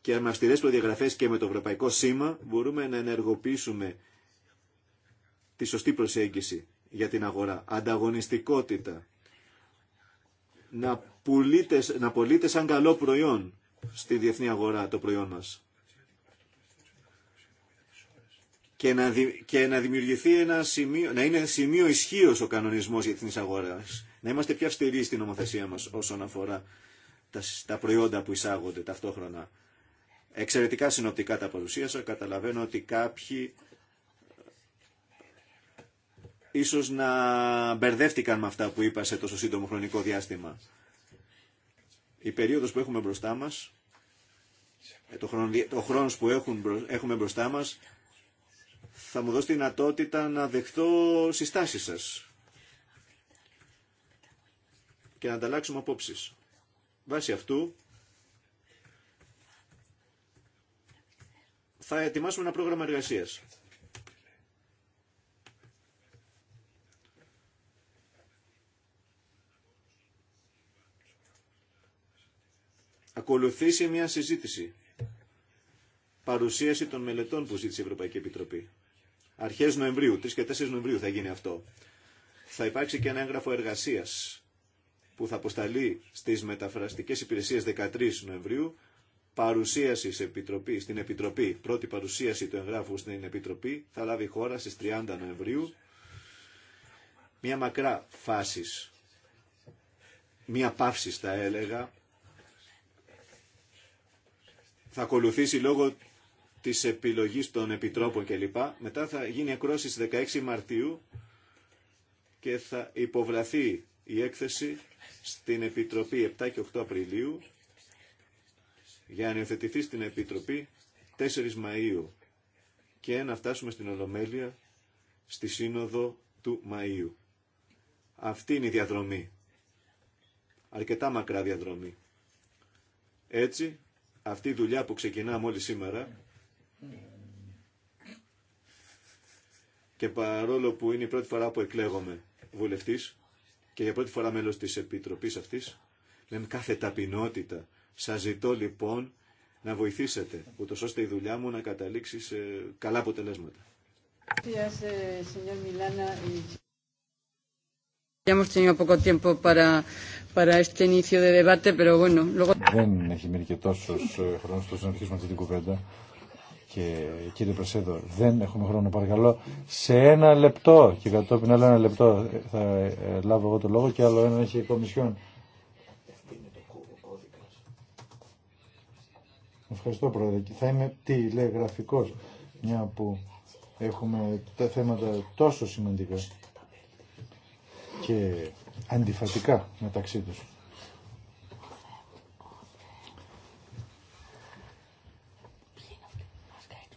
και με αυστηρές προδιαγραφές και με το ευρωπαϊκό σήμα μπορούμε να ενεργοποιήσουμε τη σωστή προσέγγιση για την αγορά. Ανταγωνιστικότητα. Να πουλείτε, να σαν καλό προϊόν στη διεθνή αγορά το προϊόν μας. και να, και να δημιουργηθεί ένα σημείο, να είναι σημείο ισχύος ο κανονισμό για την εισαγορά. Να είμαστε πιο αυστηροί στην νομοθεσία μα όσον αφορά τα, τα προϊόντα που εισάγονται ταυτόχρονα. Εξαιρετικά συνοπτικά τα παρουσίασα. Καταλαβαίνω ότι κάποιοι ε, ίσως να μπερδεύτηκαν με αυτά που είπα σε τόσο σύντομο χρονικό διάστημα. Η περίοδος που έχουμε μπροστά μας, ε, το, χρόνο, χρόνος που έχουμε μπροστά μας θα μου δώσει τη δυνατότητα να δεχθώ συστάσεις σας και να ανταλλάξουμε απόψεις. Βάσει αυτού θα ετοιμάσουμε ένα πρόγραμμα εργασίας. Ακολουθήσει μια συζήτηση. Παρουσίαση των μελετών που ζήτησε η Ευρωπαϊκή Επιτροπή. Αρχέ Νοεμβρίου, 3 και 4 Νοεμβρίου θα γίνει αυτό. Θα υπάρξει και ένα έγγραφο εργασία που θα αποσταλεί στι μεταφραστικέ υπηρεσίες 13 Νοεμβρίου, παρουσίαση στην Επιτροπή, στην Επιτροπή, πρώτη παρουσίαση του εγγράφου στην Επιτροπή, θα λάβει χώρα στι 30 Νοεμβρίου. Μια μακρά φάση, μια παύση θα έλεγα, θα ακολουθήσει λόγω της επιλογής των επιτρόπων κλπ. Μετά θα γίνει ακρόαση στις 16 Μαρτίου και θα υποβραθεί η έκθεση στην Επιτροπή 7 και 8 Απριλίου για να υιοθετηθεί στην Επιτροπή 4 Μαΐου και να φτάσουμε στην Ολομέλεια στη Σύνοδο του Μαΐου. Αυτή είναι η διαδρομή. Αρκετά μακρά διαδρομή. Έτσι, αυτή η δουλειά που ξεκινά μόλις σήμερα και παρόλο που είναι η πρώτη φορά που εκλέγομαι βουλευτής και για πρώτη φορά μέλος της Επιτροπής αυτής, λέμε κάθε ταπεινότητα. Σας ζητώ λοιπόν να βοηθήσετε, ούτως ώστε η δουλειά μου να καταλήξει σε καλά αποτελέσματα. Δεν έχει μείνει και τόσο ε, χρόνο να αρχίσουμε αυτή την κουβέντα. Και κύριε Προσέδο, δεν έχουμε χρόνο, παρακαλώ. Σε ένα λεπτό και κατόπιν άλλο ένα λεπτό θα ε, λάβω εγώ το λόγο και άλλο ένα έχει η Κομισιόν. Ευχαριστώ πρόεδρε. Και θα είμαι τηλεγραφικός, μια που έχουμε τα θέματα τόσο σημαντικά και αντιφατικά μεταξύ τους.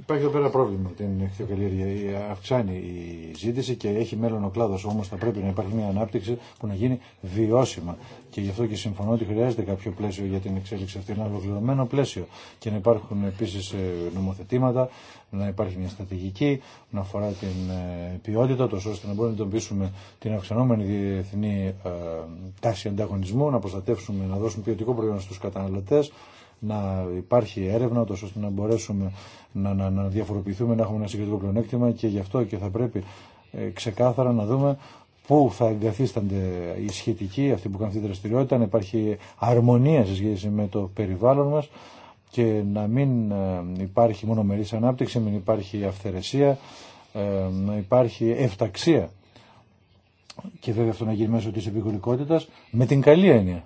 Υπάρχει εδώ πέρα πρόβλημα με την ηχθειοκαλλιέργεια. Αυξάνει η ζήτηση και έχει μέλλον ο κλάδο. Όμω θα πρέπει να υπάρχει μια ανάπτυξη που να γίνει βιώσιμα. Και γι' αυτό και συμφωνώ ότι χρειάζεται κάποιο πλαίσιο για την εξέλιξη αυτή, ένα ολοκληρωμένο πλαίσιο. Και να υπάρχουν επίση ε, νομοθετήματα, να υπάρχει μια στρατηγική, να αφορά την ε, ποιότητα, τόσο ώστε να μπορούμε να εντοπίσουμε την αυξανόμενη διεθνή ε, τάση ανταγωνισμού, να προστατεύσουμε, να δώσουμε ποιοτικό προϊόν στου καταναλωτέ να υπάρχει έρευνα, τόσο ώστε να μπορέσουμε να, να, να διαφοροποιηθούμε, να έχουμε ένα συγκεκριμένο πλεονέκτημα και γι' αυτό και θα πρέπει ε, ξεκάθαρα να δούμε πού θα εγκαθίστανται οι σχετικοί, αυτοί που κάνουν αυτή τη δραστηριότητα, να υπάρχει αρμονία σε σχέση με το περιβάλλον μας και να μην ε, υπάρχει μονομερής ανάπτυξη, μην υπάρχει αυθαιρεσία, ε, να υπάρχει ευταξία και βέβαια αυτό να γίνει μέσω της επικουρικότητας με την καλή έννοια.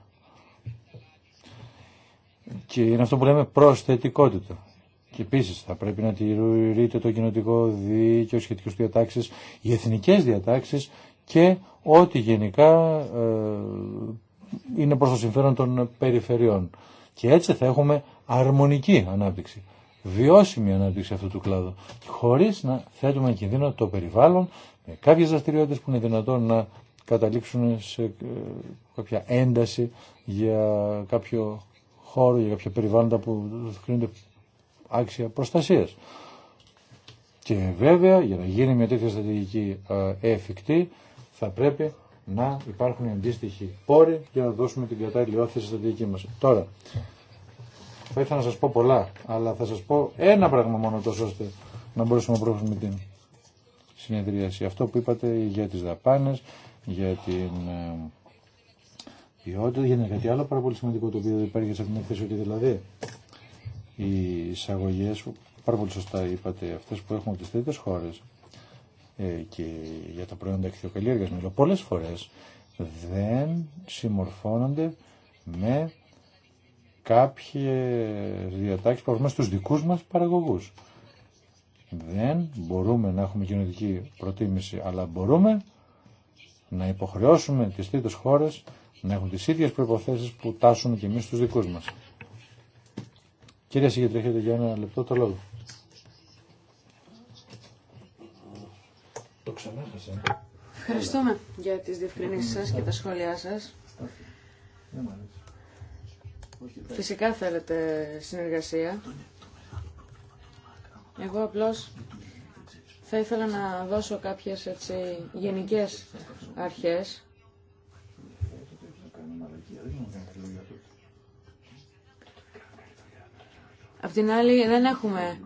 Και είναι αυτό που λέμε προσθετικότητα. Και επίση θα πρέπει να τηρείται το κοινοτικό δίκαιο, σχετικέ διατάξει, οι εθνικέ διατάξει και ό,τι γενικά ε, είναι προ το συμφέρον των περιφερειών. Και έτσι θα έχουμε αρμονική ανάπτυξη, βιώσιμη ανάπτυξη αυτού του κλάδου, χωρί να θέτουμε κινδύνο το περιβάλλον με κάποιε δραστηριότητε που είναι δυνατόν να καταλήξουν σε ε, κάποια ένταση για κάποιο χώρου, για κάποια περιβάλλοντα που κρίνονται άξια προστασία. Και βέβαια για να γίνει μια τέτοια στρατηγική ε, εφικτή θα πρέπει να υπάρχουν αντίστοιχοι πόροι για να δώσουμε την κατάλληλη όθηση στη στρατηγική μας. Τώρα, θα ήθελα να σας πω πολλά, αλλά θα σας πω ένα πράγμα μόνο τόσο ώστε να μπορέσουμε να προχωρήσουμε την συνεδρίαση. Αυτό που είπατε για τις δαπάνες, για την ε, ποιότητα, γιατί είναι κάτι άλλο πάρα πολύ σημαντικό το οποίο υπάρχει σε αυτήν την εκθέση, ότι δηλαδή οι εισαγωγέ, πάρα πολύ σωστά είπατε, αυτέ που έχουμε από τι τρίτε χώρε ε, και για τα προϊόντα εκθεοκαλλιέργεια, μιλώ πολλέ φορέ, δεν συμμορφώνονται με κάποιε διατάξει που αφορούν στους δικούς μας παραγωγούς. Δεν μπορούμε να έχουμε κοινωνική προτίμηση, αλλά μπορούμε να υποχρεώσουμε τις τρίτες χώρες να έχουν τις ίδιες προϋποθέσεις που τάσουν και εμείς τους δικούς μας. Κυρία Συγγετρή, έχετε για ένα λεπτό το λόγο. Το ξανάχασα. Ευχαριστούμε για τις διευκρινήσεις σας και τα σχόλιά σας. Φυσικά θέλετε συνεργασία. Εγώ απλώς θα ήθελα να δώσω κάποιες έτσι, γενικές αρχές Απ' την άλλη δεν έχουμε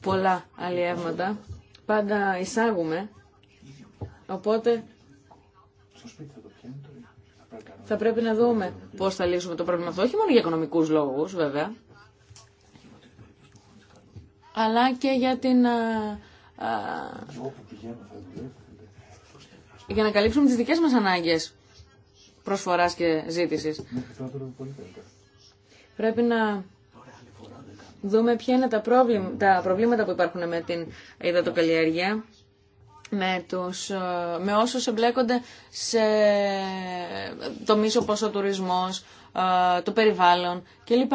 πολλά αλλιεύματα. Πάντα εισάγουμε. Οπότε θα πρέπει να δούμε πώς θα λύσουμε το πρόβλημα αυτό. Όχι μόνο για οικονομικούς λόγους βέβαια. Αλλά και για την... για να καλύψουμε τις δικές μας ανάγκες προσφοράς και ζήτησης. Πρέπει να δούμε ποια είναι τα, τα προβλήματα που υπάρχουν με την υδατοκαλλιέργεια, με, τους, ε, με όσους εμπλέκονται σε μίσο ποσο ο τουρισμός, ε, το περιβάλλον κλπ.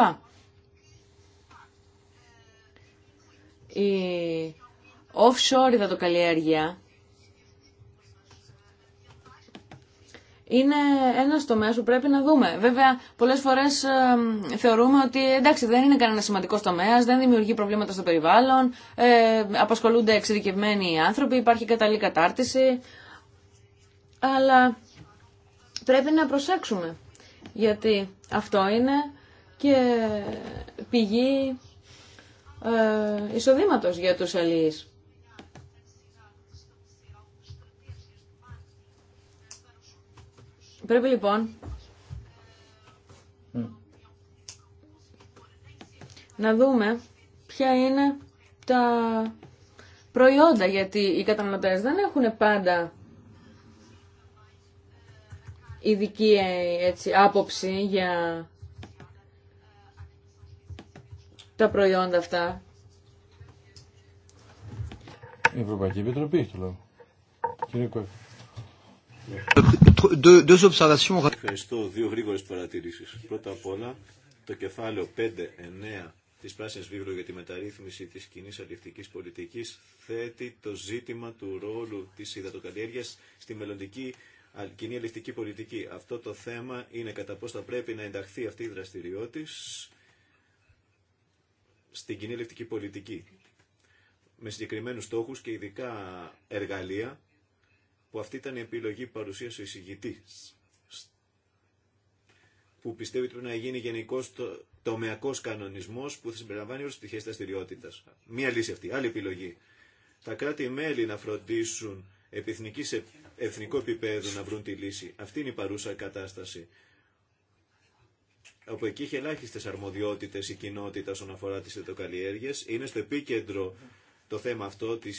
Η offshore υδατοκαλλιέργεια είναι ένα τομέα που πρέπει να δούμε. Βέβαια, πολλέ φορέ ε, θεωρούμε ότι εντάξει, δεν είναι κανένα σημαντικό τομέα, δεν δημιουργεί προβλήματα στο περιβάλλον, ε, απασχολούνται εξειδικευμένοι άνθρωποι, υπάρχει καταλληλή κατάρτιση. Αλλά πρέπει να προσέξουμε. Γιατί αυτό είναι και πηγή ε, εισοδήματος για τους αλληλείς. Πρέπει λοιπόν να δούμε ποια είναι τα προϊόντα, γιατί οι καταναλωτές δεν έχουν πάντα ειδική ε, έτσι, άποψη για τα προϊόντα αυτά. Η Ευρωπαϊκή Επιτροπή έχει το λόγο. Κύριε Ευχαριστώ. Δύο γρήγορε παρατηρήσει. Πρώτα απ' όλα, το κεφάλαιο 5-9 τη Πράσινη Βίβλου για τη μεταρρύθμιση τη κοινή αλληλευτική πολιτική θέτει το ζήτημα του ρόλου τη υδατοκαλλιέργεια στη μελλοντική κοινή αλληλευτική πολιτική. Αυτό το θέμα είναι κατά πώ θα πρέπει να ενταχθεί αυτή η δραστηριότητα στην κοινή αλληλευτική πολιτική με συγκεκριμένους στόχους και ειδικά εργαλεία που αυτή ήταν η επιλογή παρουσίασε ο εισηγητή που πιστεύει ότι πρέπει να γίνει γενικό το, τομεακό κανονισμό που θα συμπεριλαμβάνει όλε τι πτυχέ δραστηριότητα. Μία λύση αυτή. Άλλη επιλογή. Τα κράτη-μέλη να φροντίσουν επιθνική σε εθνικό επίπεδο να βρουν τη λύση. Αυτή είναι η παρούσα κατάσταση. Από εκεί έχει ελάχιστε αρμοδιότητε η κοινότητα όσον αφορά τι εθνοκαλλιέργειε. Είναι στο επίκεντρο το θέμα αυτό τη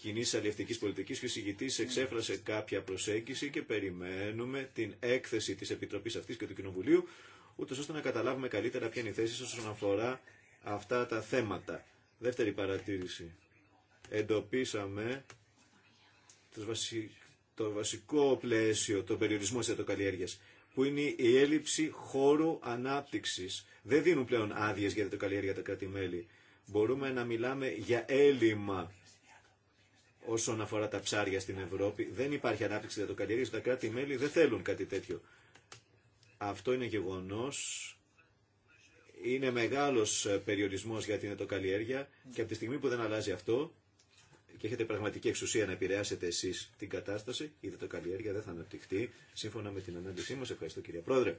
κοινή αλληλευτική Πολιτική και ο συγητής εξέφρασε κάποια προσέγγιση και περιμένουμε την έκθεση τη επιτροπή αυτή και του Κοινοβουλίου, ούτω ώστε να καταλάβουμε καλύτερα ποια είναι η θέση σας όσον αφορά αυτά τα θέματα. Δεύτερη παρατήρηση. Εντοπίσαμε το βασικό πλαίσιο των περιορισμών τη ετοκαλλιέργειας, που είναι η έλλειψη χώρου ανάπτυξη. Δεν δίνουν πλέον άδειε για ετοκαλλιέργεια τα κράτη-μέλη. Μπορούμε να μιλάμε για έλλειμμα όσον αφορά τα ψάρια στην Ευρώπη. Δεν υπάρχει ανάπτυξη το για καλλιέργειο. τα κράτη-μέλη δεν θέλουν κάτι τέτοιο. Αυτό είναι γεγονό. Είναι μεγάλο ε, περιορισμό για την ετοκαλλιέργεια και από τη στιγμή που δεν αλλάζει αυτό και έχετε πραγματική εξουσία να επηρεάσετε εσεί την κατάσταση, η ετοκαλλιέργεια δεν θα αναπτυχθεί σύμφωνα με την ανάλυση μα. Ευχαριστώ κύριε Πρόεδρε.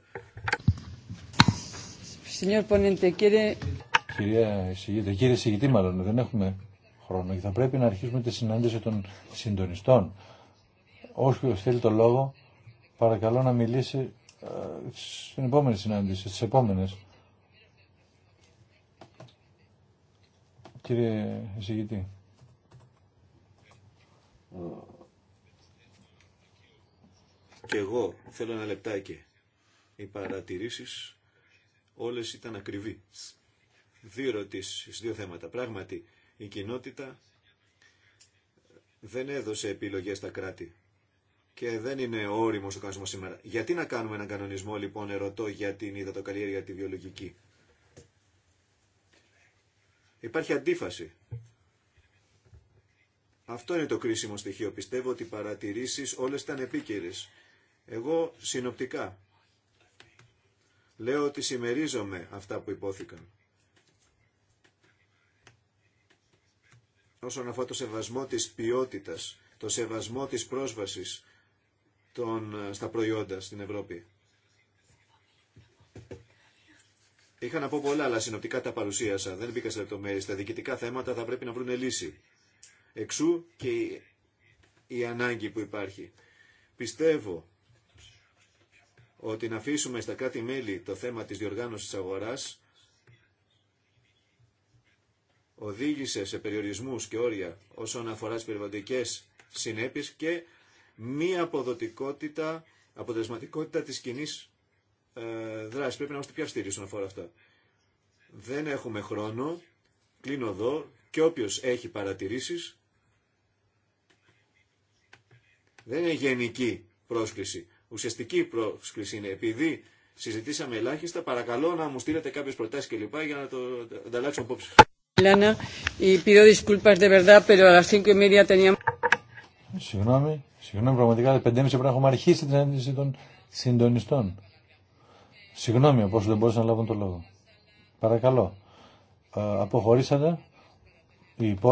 Κυρία κύριε μάλλον, δεν έχουμε χρόνο θα πρέπει να αρχίσουμε τη συνάντηση των συντονιστών. Όσοι θέλει το λόγο, παρακαλώ να μιλήσει ε, στην επόμενη συνάντηση, στις επόμενες. Κύριε εισηγητή. Και εγώ θέλω ένα λεπτάκι. Οι παρατηρήσεις όλες ήταν ακριβείς. Δύο ερωτήσεις, δύο θέματα. Πράγματι, η κοινότητα δεν έδωσε επιλογές στα κράτη και δεν είναι όριμο ο κανονισμό σήμερα. Γιατί να κάνουμε έναν κανονισμό, λοιπόν, ερωτώ για την υδατοκαλλιέργεια τη βιολογική. Υπάρχει αντίφαση. Αυτό είναι το κρίσιμο στοιχείο. Πιστεύω ότι οι παρατηρήσει όλε ήταν επίκαιρε. Εγώ συνοπτικά λέω ότι συμμερίζομαι αυτά που υπόθηκαν. όσον αφορά το σεβασμό της ποιότητας, το σεβασμό της πρόσβασης των, ε, στα προϊόντα στην Ευρώπη. Είχα να πω πολλά, αλλά συνοπτικά τα παρουσίασα. Δεν μπήκα σε λεπτομέρειε. Τα διοικητικά θέματα θα πρέπει να βρουν λύση. Εξού και η, ανάγκη που υπάρχει. Πιστεύω ότι να αφήσουμε στα κάτι μελη το θέμα της διοργάνωσης αγοράς οδήγησε σε περιορισμούς και όρια όσον αφορά τις περιβαλλοντικές συνέπειες και μη αποδοτικότητα, αποτελεσματικότητα της κοινή ε, δράσης. Πρέπει να είμαστε πιο αυστηροί όσον αφορά αυτά. Δεν έχουμε χρόνο, κλείνω εδώ και όποιο έχει παρατηρήσεις δεν είναι γενική πρόσκληση. Ουσιαστική πρόσκληση είναι επειδή συζητήσαμε ελάχιστα, παρακαλώ να μου στείλετε κάποιες προτάσεις κλπ. για να το ανταλλάξουμε απόψεις. Lana, y pido disculpas de verdad, pero a las cinco y media teníamos... Συγγνώμη, συγγνώμη πραγματικά, πεντέμιση πρέπει να έχουμε αρχίσει την ένδυση των συντονιστών. Συγγνώμη από δεν μπορούσαν να λάβουν το λόγο. Παρακαλώ, ε, αποχωρήσατε οι υπόλοιποι.